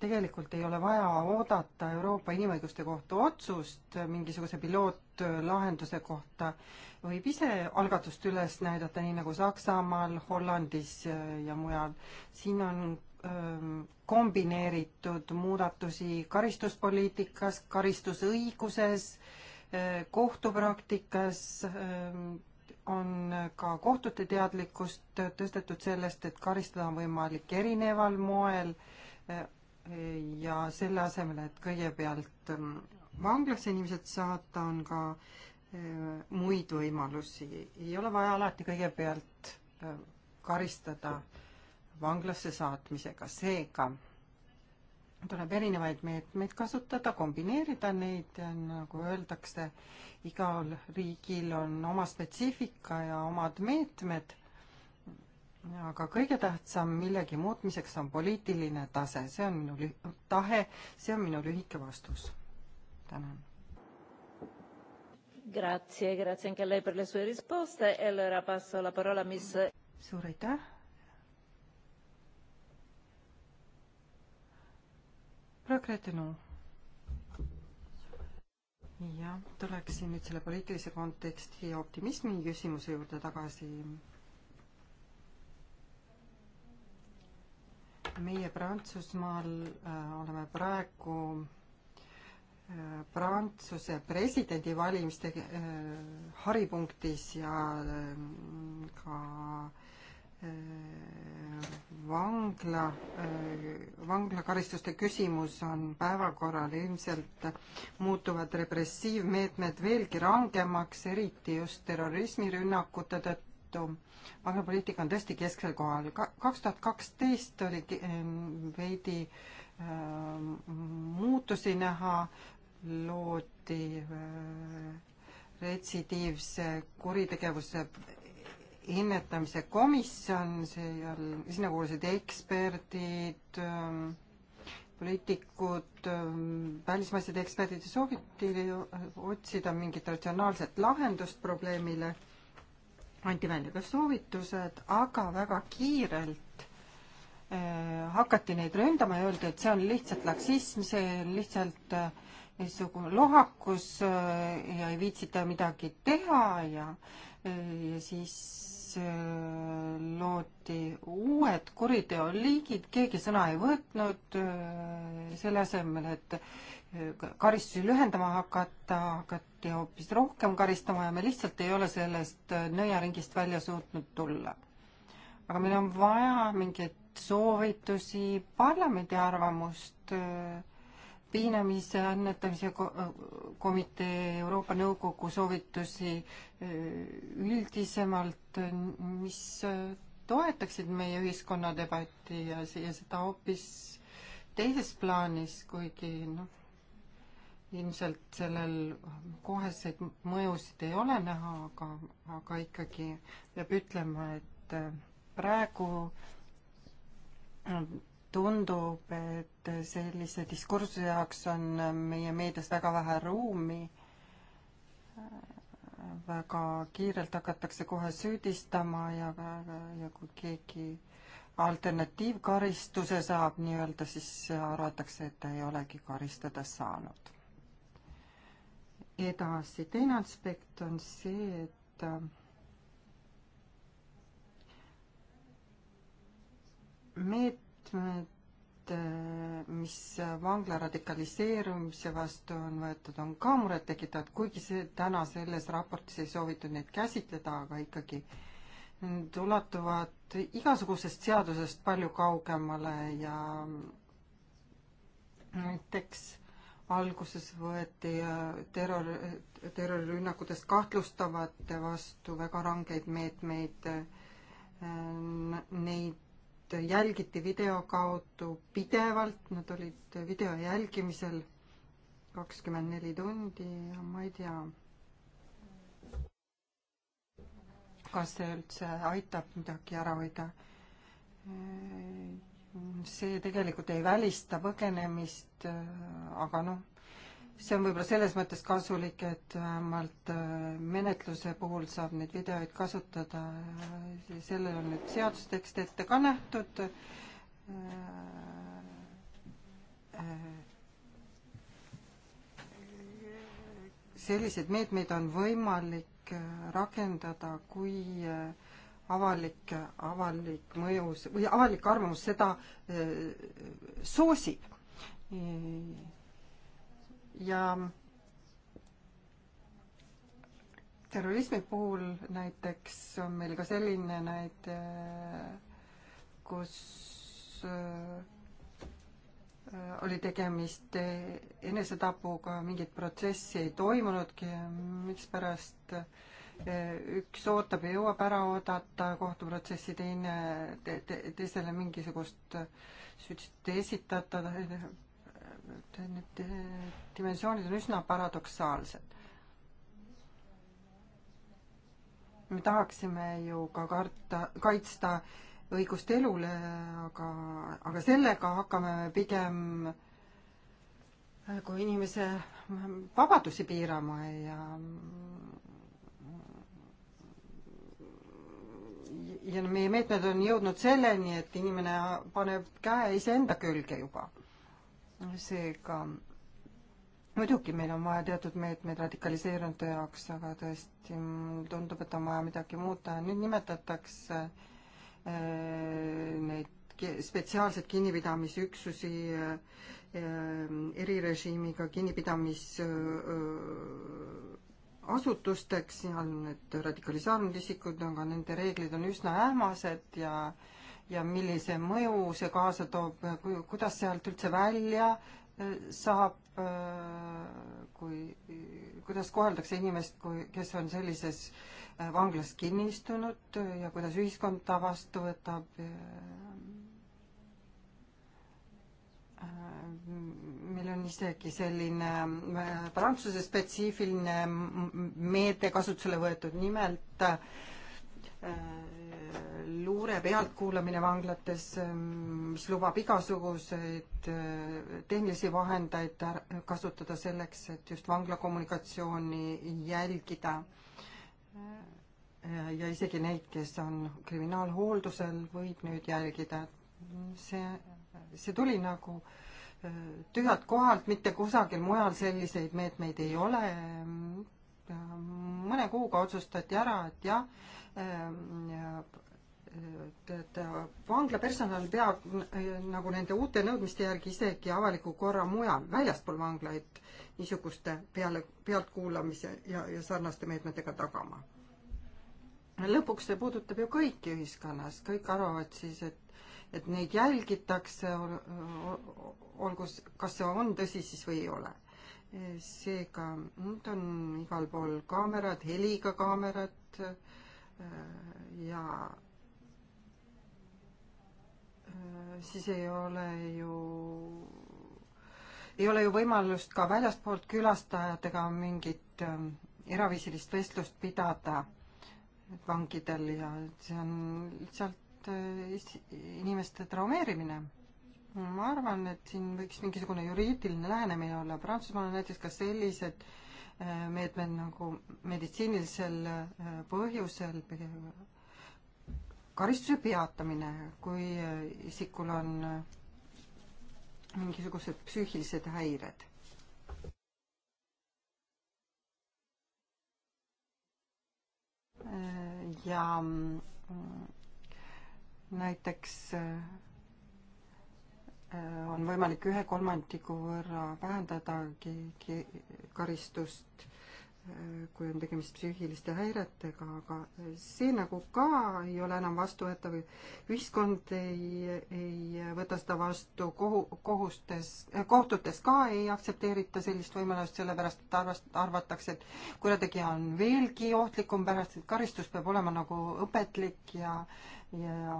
[SPEAKER 5] tegelikult ei ole vaja oodata Euroopa Inimõiguste Kohtu otsust mingisuguse pilootlahenduse kohta, võib ise algatust üles näidata, nii nagu Saksamaal, Hollandis äh, ja mujal. siin on Ähm, kombineeritud muudatusi karistuspoliitikas, karistusõiguses, äh, kohtupraktikas, ähm, on ka kohtute teadlikkust tõstetud sellest, et karistada on võimalik erineval moel äh, ja selle asemel, et kõigepealt ähm, vanglasse inimesed saata, on ka äh, muid võimalusi. ei ole vaja alati kõigepealt karistada äh, vanglasse saatmisega, seega tuleb erinevaid meetmeid kasutada, kombineerida neid, nagu öeldakse, igal riigil on oma spetsiifika ja omad meetmed, aga kõige tähtsam millegi muutmiseks on poliitiline tase, see on minu lüh-, tahe, see on minu lühike vastus. tänan.
[SPEAKER 1] Grazie, grazie anche a lei per le sue risposte e allora passo la parola a miss suur aitäh proua Gretenu.
[SPEAKER 5] jah, tuleksin nüüd selle poliitilise konteksti ja optimismi küsimuse juurde tagasi. meie Prantsusmaal äh, oleme praegu äh, Prantsuse presidendivalimiste äh, haripunktis ja äh, ka äh, Äh, vangla, äh, vanglakaristuste küsimus on päevakorral, ilmselt muutuvad repressiivmeetmed veelgi rangemaks, eriti just terrorismirünnakute tõttu. vanglapoliitika on tõesti kesksel kohal. kaks tuhat kaksteist oli äh, veidi äh, muutusi näha, loodi äh, retsidiivse kuritegevuse ennetamise komisjon, seal, sinna kuulusid eksperdid, ähm, poliitikud, ähm, välismaised eksperdid ja sooviti otsida mingit ratsionaalset lahendust probleemile. anti välja ka soovitused, aga väga kiirelt eh, hakati neid ründama ja öeldi, et see on lihtsalt laksism, see on lihtsalt eh, niisugune lohakus äh, ja ei viitsita midagi teha ja, äh, ja siis äh, loodi uued kuriteoliigid, keegi sõna ei võtnud, selle asemel, et karistusi lühendama hakata, hakati hoopis rohkem karistama ja me lihtsalt ei ole sellest nõiaringist välja suutnud tulla. aga meil on vaja mingeid soovitusi, parlamendi arvamust äh, piinamise annetamise komitee Euroopa Nõukogu soovitusi äh, üldisemalt, äh, mis äh, toetaksid meie ühiskonna debatti ja, ja seda hoopis teises plaanis, kuigi noh, ilmselt sellel koheseid mõjusid ei ole näha, aga, aga ikkagi peab ütlema, et praegu tundub, et sellise diskursuse jaoks on meie meedias väga vähe ruumi. väga kiirelt hakatakse kohe süüdistama ja, ja kui keegi alternatiivkaristuse saab nii-öelda, siis arvatakse, et ta ei olegi karistada saanud. edasi, teine aspekt on see, et äh, meet-, meetmed, eh, mis vangla radikaliseerumise vastu on võetud, on ka murettekitavad, kuigi see täna selles raportis ei soovitud neid käsitleda, aga ikkagi need ulatuvad igasugusest seadusest palju kaugemale ja näiteks alguses võeti terror, terrorirünnakutest kahtlustavate vastu väga rangeid meetmeid, eh, neid jälgiti video kaudu pidevalt, nad olid video jälgimisel kakskümmend neli tundi ja ma ei tea, kas see üldse aitab midagi ära hoida. see tegelikult ei välista põgenemist, aga noh see on võib-olla selles mõttes kasulik, et vähemalt äh, menetluse puhul saab neid videoid kasutada, äh, sellel on nüüd seadustekst ette ka nähtud. Äh, selliseid meetmeid on võimalik rakendada, kui avalik, avalik mõju või avalik arvamus seda soosib ja terrorismi puhul näiteks on meil ka selline näide, kus äh, oli tegemist enesetapuga, mingit protsessi ei toimunudki, mikspärast äh, üks ootab ja jõuab ära oodata kohtuprotsessi, teine te,, te, teisele mingisugust süüdistust ei esitata, need dimensioonid on üsna paradoksaalsed. me tahaksime ju ka karta, kaitsta õigust elule, aga, aga sellega hakkame pigem kui inimese vabadusi piirama ja ja meie meetmed on jõudnud selleni, et inimene paneb käe iseenda külge juba seega muidugi meil on vaja teatud meetmeid radikaliseerunute jaoks, aga tõesti tundub, et on vaja midagi muuta. nüüd nimetatakse eh, neid spetsiaalseid kinnipidamisüksusi eh, eh, erirežiimiga kinnipidamisasutusteks, seal need radikaliseerunud isikud, aga nende reeglid on üsna ähmased ja äh, ja millise mõju see kaasa toob, kuidas sealt üldse välja eh, saab, eh, kui, kuidas koheldakse inimest, kui, kes on sellises eh, vanglas kinni istunud ja kuidas ühiskond ta vastu võtab? meil on isegi selline Prantsuse spetsiifiline meede kasutusele võetud, nimelt luure pealtkuulamine vanglates, mis lubab igasuguseid äh, tehnilisi vahendeid kasutada selleks, et just vangla kommunikatsiooni jälgida. Äh, ja isegi neid, kes on kriminaalhooldusel, võib nüüd jälgida. see, see tuli nagu äh, tühjalt kohalt, mitte kusagil mujal selliseid meetmeid ei ole mõne kuuga otsustati ära, et jah, et vanglapersonal peab eh, nagu nende uute nõudmiste järgi isegi avaliku korra mujal, väljaspool vanglaid niisuguste peale, pealtkuulamise ja, ja sarnaste meetmetega tagama. lõpuks see puudutab ju kõiki ühiskonnas, kõik arvavad siis, et et neid jälgitakse, olgu, kas see on tõsi siis või ei ole. seega nüüd on igal pool kaamerad, heliga kaamerad eh, ja Äh, siis ei ole ju, ei ole ju võimalust ka väljastpoolt külastajatega mingit ähm, eraviisilist vestlust pidada vangidel ja see on lihtsalt äh, inimeste traumeerimine. ma arvan, et siin võiks mingisugune juriidiline lähenemine olla, Prantsusmaal on näiteks ka sellised äh, meetmed nagu meditsiinilisel põhjusel karistuse peatamine, kui isikul on mingisugused psüühilised häired. ja näiteks äh, on võimalik ühe kolmandiku võrra vähendada karistust kui on tegemist psüühiliste häiretega, aga see nagu ka ei ole enam vastuvõetav. ühiskond ei, ei võta seda vastu, kohu, kohustes, kohtutes ka ei aktsepteerita sellist võimalust, sellepärast et arvast-, arvatakse, et kurjategija on veelgi ohtlikum pärast, et karistus peab olema nagu õpetlik ja ja,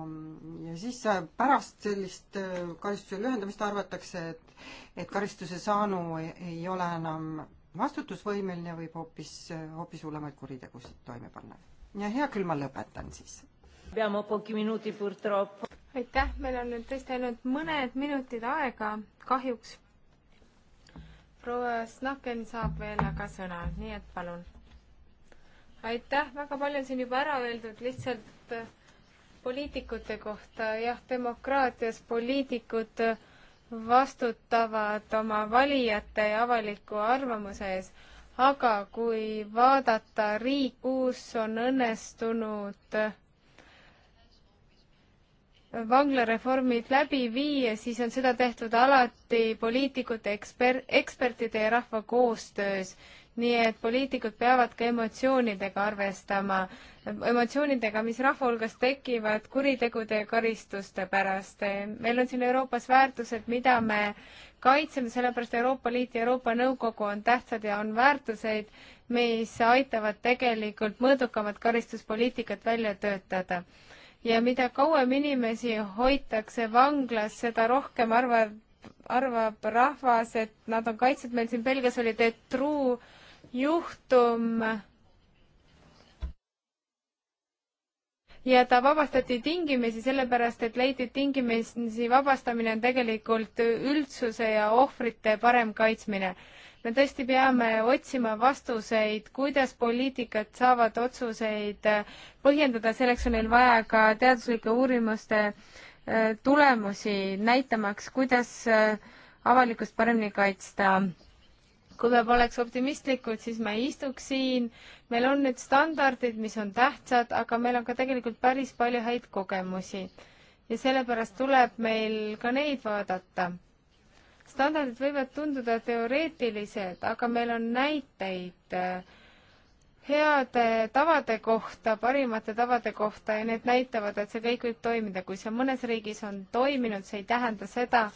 [SPEAKER 5] ja siis pärast sellist äh, karistuse lühendamist arvatakse, et et karistuse saanu ei, ei ole enam vastutusvõimeline, võib hoopis, hoopis hullemaid kuritegusid toime panna. ja hea küll, ma lõpetan siis.
[SPEAKER 2] aitäh, meil on nüüd tõesti ainult mõned minutid aega, kahjuks. proua Snaken saab veel aga sõna, nii et palun. aitäh, väga palju on siin juba ära öeldud, lihtsalt äh, poliitikute kohta, jah, demokraatias poliitikud äh, vastutavad oma valijate ja avaliku arvamuse ees, aga kui vaadata riik, kus on õnnestunud vanglareformid läbi viia, siis on seda tehtud alati poliitikute, eksper-, ekspertide ja rahva koostöös nii et poliitikud peavad ka emotsioonidega arvestama, emotsioonidega, mis rahva hulgas tekivad kuritegude ja karistuste pärast. meil on siin Euroopas väärtused, mida me kaitseme, sellepärast Euroopa Liit ja Euroopa Nõukogu on tähtsad ja on väärtuseid, mis aitavad tegelikult mõõdukamat karistuspoliitikat välja töötada. ja mida kauem inimesi hoitakse vanglas, seda rohkem arvab arvab rahvas, et nad on kaitsnud, meil siin Belgias oli Detruu juhtum ja ta vabastati tingimisi sellepärast, et leiti, et tingimisi vabastamine on tegelikult üldsuse ja ohvrite parem kaitsmine. me tõesti peame otsima vastuseid, kuidas poliitikad saavad otsuseid äh, põhjendada, selleks on neil vaja ka teaduslike uurimuste äh, tulemusi, näitamaks, kuidas äh, avalikkust paremini kaitsta kui me poleks optimistlikud, siis me ei istuks siin. meil on need standardid, mis on tähtsad, aga meil on ka tegelikult päris palju häid kogemusi ja sellepärast tuleb meil ka neid vaadata. standardid võivad tunduda teoreetilised, aga meil on näiteid äh, heade tavade kohta, parimate tavade kohta ja need näitavad, et see kõik võib toimida. kui see mõnes riigis on toiminud, see ei tähenda seda,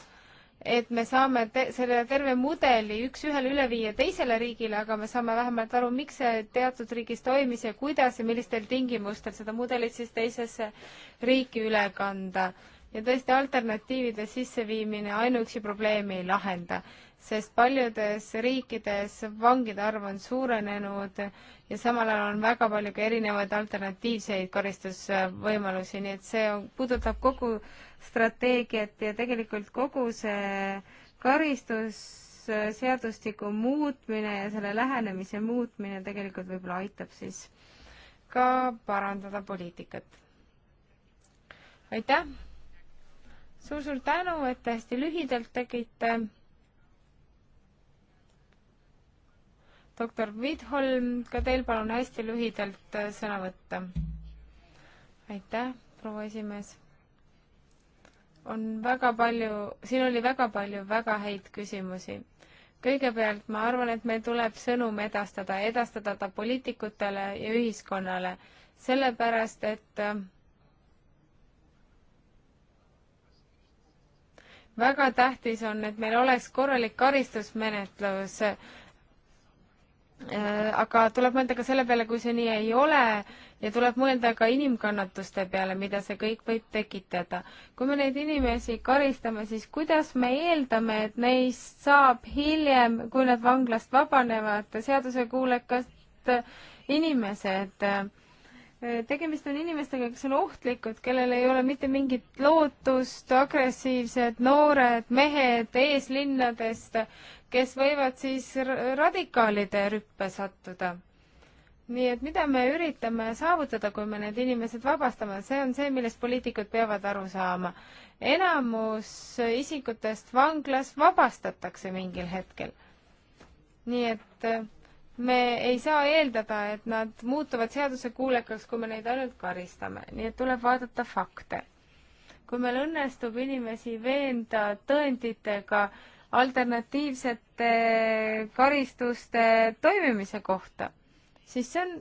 [SPEAKER 2] et me saame te selle terve mudeli üks-ühele üle viia teisele riigile, aga me saame vähemalt aru, miks see teatud riigis toimis ja kuidas ja millistel tingimustel seda mudelit siis teisesse riiki üle kanda ja tõesti alternatiivide sisseviimine ainuüksi probleemi ei lahenda, sest paljudes riikides vangide arv on suurenenud ja samal ajal on väga palju ka erinevaid alternatiivseid karistusvõimalusi, nii et see on, puudutab kogu strateegiat ja tegelikult kogu see karistusseadustiku muutmine ja selle lähenemise muutmine tegelikult võib-olla aitab siis ka parandada poliitikat. aitäh! suur-suur tänu, et te hästi lühidalt tegite. doktor Vidholm, ka teil palun hästi lühidalt äh, sõna võtta. aitäh, proua esimees. on väga palju, siin oli väga palju väga häid küsimusi. kõigepealt ma arvan, et meil tuleb sõnum edastada, edastada ta poliitikutele ja ühiskonnale, sellepärast et äh, väga tähtis on, et meil oleks korralik karistusmenetlus äh, aga tuleb mõelda ka selle peale, kui see nii ei ole ja tuleb mõelda ka inimkannatuste peale, mida see kõik võib tekitada. kui me neid inimesi karistame, siis kuidas me eeldame, et neist saab hiljem, kui nad vanglast vabanevad, seadusekuulekad inimesed? tegemist on inimestega, kes on ohtlikud, kellel ei ole mitte mingit lootust, agressiivsed noored mehed eeslinnadest, kes võivad siis radikaalide rüppe sattuda. nii et mida me üritame saavutada, kui me need inimesed vabastame, see on see, millest poliitikud peavad aru saama. enamus isikutest vanglas vabastatakse mingil hetkel. nii et äh, me ei saa eeldada, et nad muutuvad seadusekuulekaks, kui me neid ainult karistame, nii et tuleb vaadata fakte. kui meil õnnestub inimesi veenda tõenditega alternatiivsete karistuste toimimise kohta, siis see on,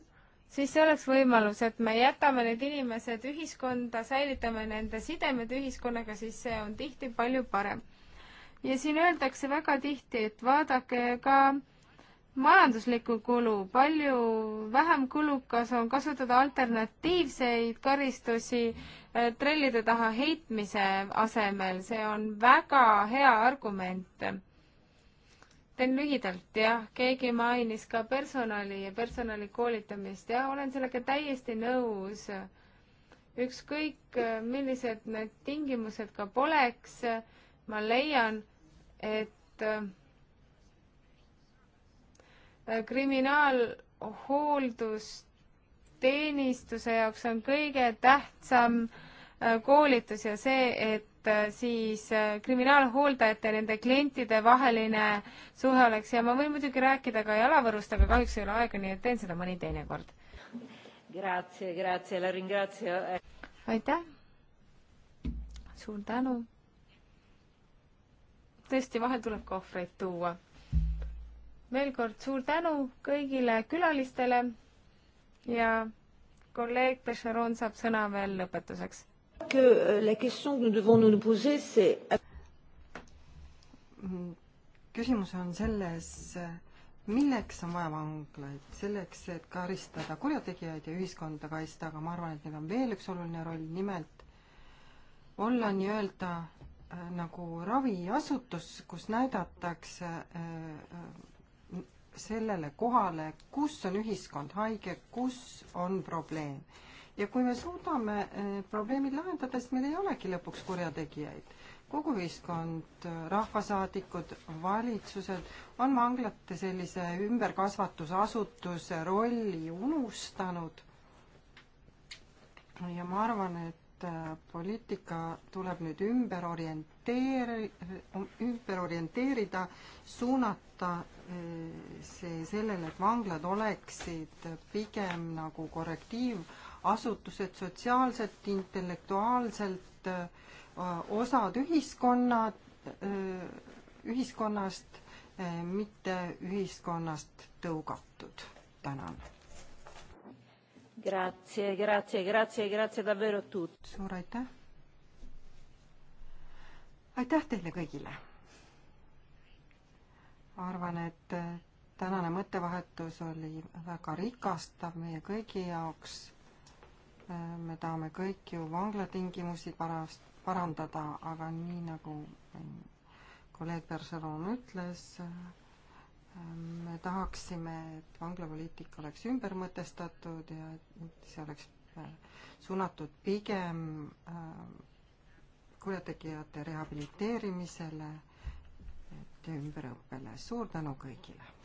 [SPEAKER 2] siis see oleks võimalus, et me jätame need inimesed ühiskonda, säilitame nende sidemed ühiskonnaga, siis see on tihti palju parem. ja siin öeldakse väga tihti, et vaadake ka äh, majanduslikku kulu, palju vähem kulukas on kasutada alternatiivseid karistusi eh, trellide taha heitmise asemel, see on väga hea argument. teen lühidalt, jah, keegi mainis ka personali ja personali koolitamist, jah, olen sellega täiesti nõus. ükskõik, eh, millised need tingimused ka poleks, ma leian, et eh, kriminaalhooldusteenistuse jaoks on kõige tähtsam äh, koolitus ja see, et äh, siis äh, kriminaalhooldajate ja nende klientide vaheline suhe oleks ja ma võin muidugi rääkida ka jalavõrust, aga kahjuks ei ole aega, nii et teen seda mõni teinekord. Eh. aitäh. suur tänu. tõesti, vahel tuleb ka ohvreid tuua veel kord suur tänu kõigile külalistele ja kolleeg Becharon saab sõna veel lõpetuseks.
[SPEAKER 1] Euh,
[SPEAKER 5] küsimus on selles, milleks on vaja vanglaid, selleks, et karistada kurjategijaid ja ühiskonda kaitsta, aga ma arvan, et neil on veel üks oluline roll, nimelt olla nii-öelda äh, nagu raviasutus, kus näidatakse äh, sellele kohale, kus on ühiskond haige, kus on probleem. ja kui me suudame eh, probleemid lahendada, siis meil ei olegi lõpuks kurjategijaid. kogu ühiskond, eh, rahvasaadikud, valitsused on vanglate sellise ümberkasvatusasutuse rolli unustanud. ja ma arvan, et et äh, poliitika tuleb nüüd ümber orienteeri-, ümber orienteerida, suunata äh, see sellele, et vanglad oleksid pigem nagu korrektiivasutused sotsiaalselt, intellektuaalselt äh, osad ühiskonna, ühiskonnast, mitte ühiskonnast tõugatud.
[SPEAKER 1] tänan Grazie, grazie, grazie, grazie davvero tut-. suur aitäh.
[SPEAKER 5] aitäh teile kõigile. arvan, et äh, tänane mõttevahetus oli väga rikastav meie kõigi jaoks. Äh, me tahame kõik ju vanglatingimusi parast-, parandada, aga nii nagu äh, kolleeg Bergeron ütles, Ehm, me tahaksime, et vanglapoliitika oleks ümber mõtestatud ja et see oleks äh, suunatud pigem ähm, kurjategijate rehabiliteerimisele, et ümberõppele. suur tänu kõigile!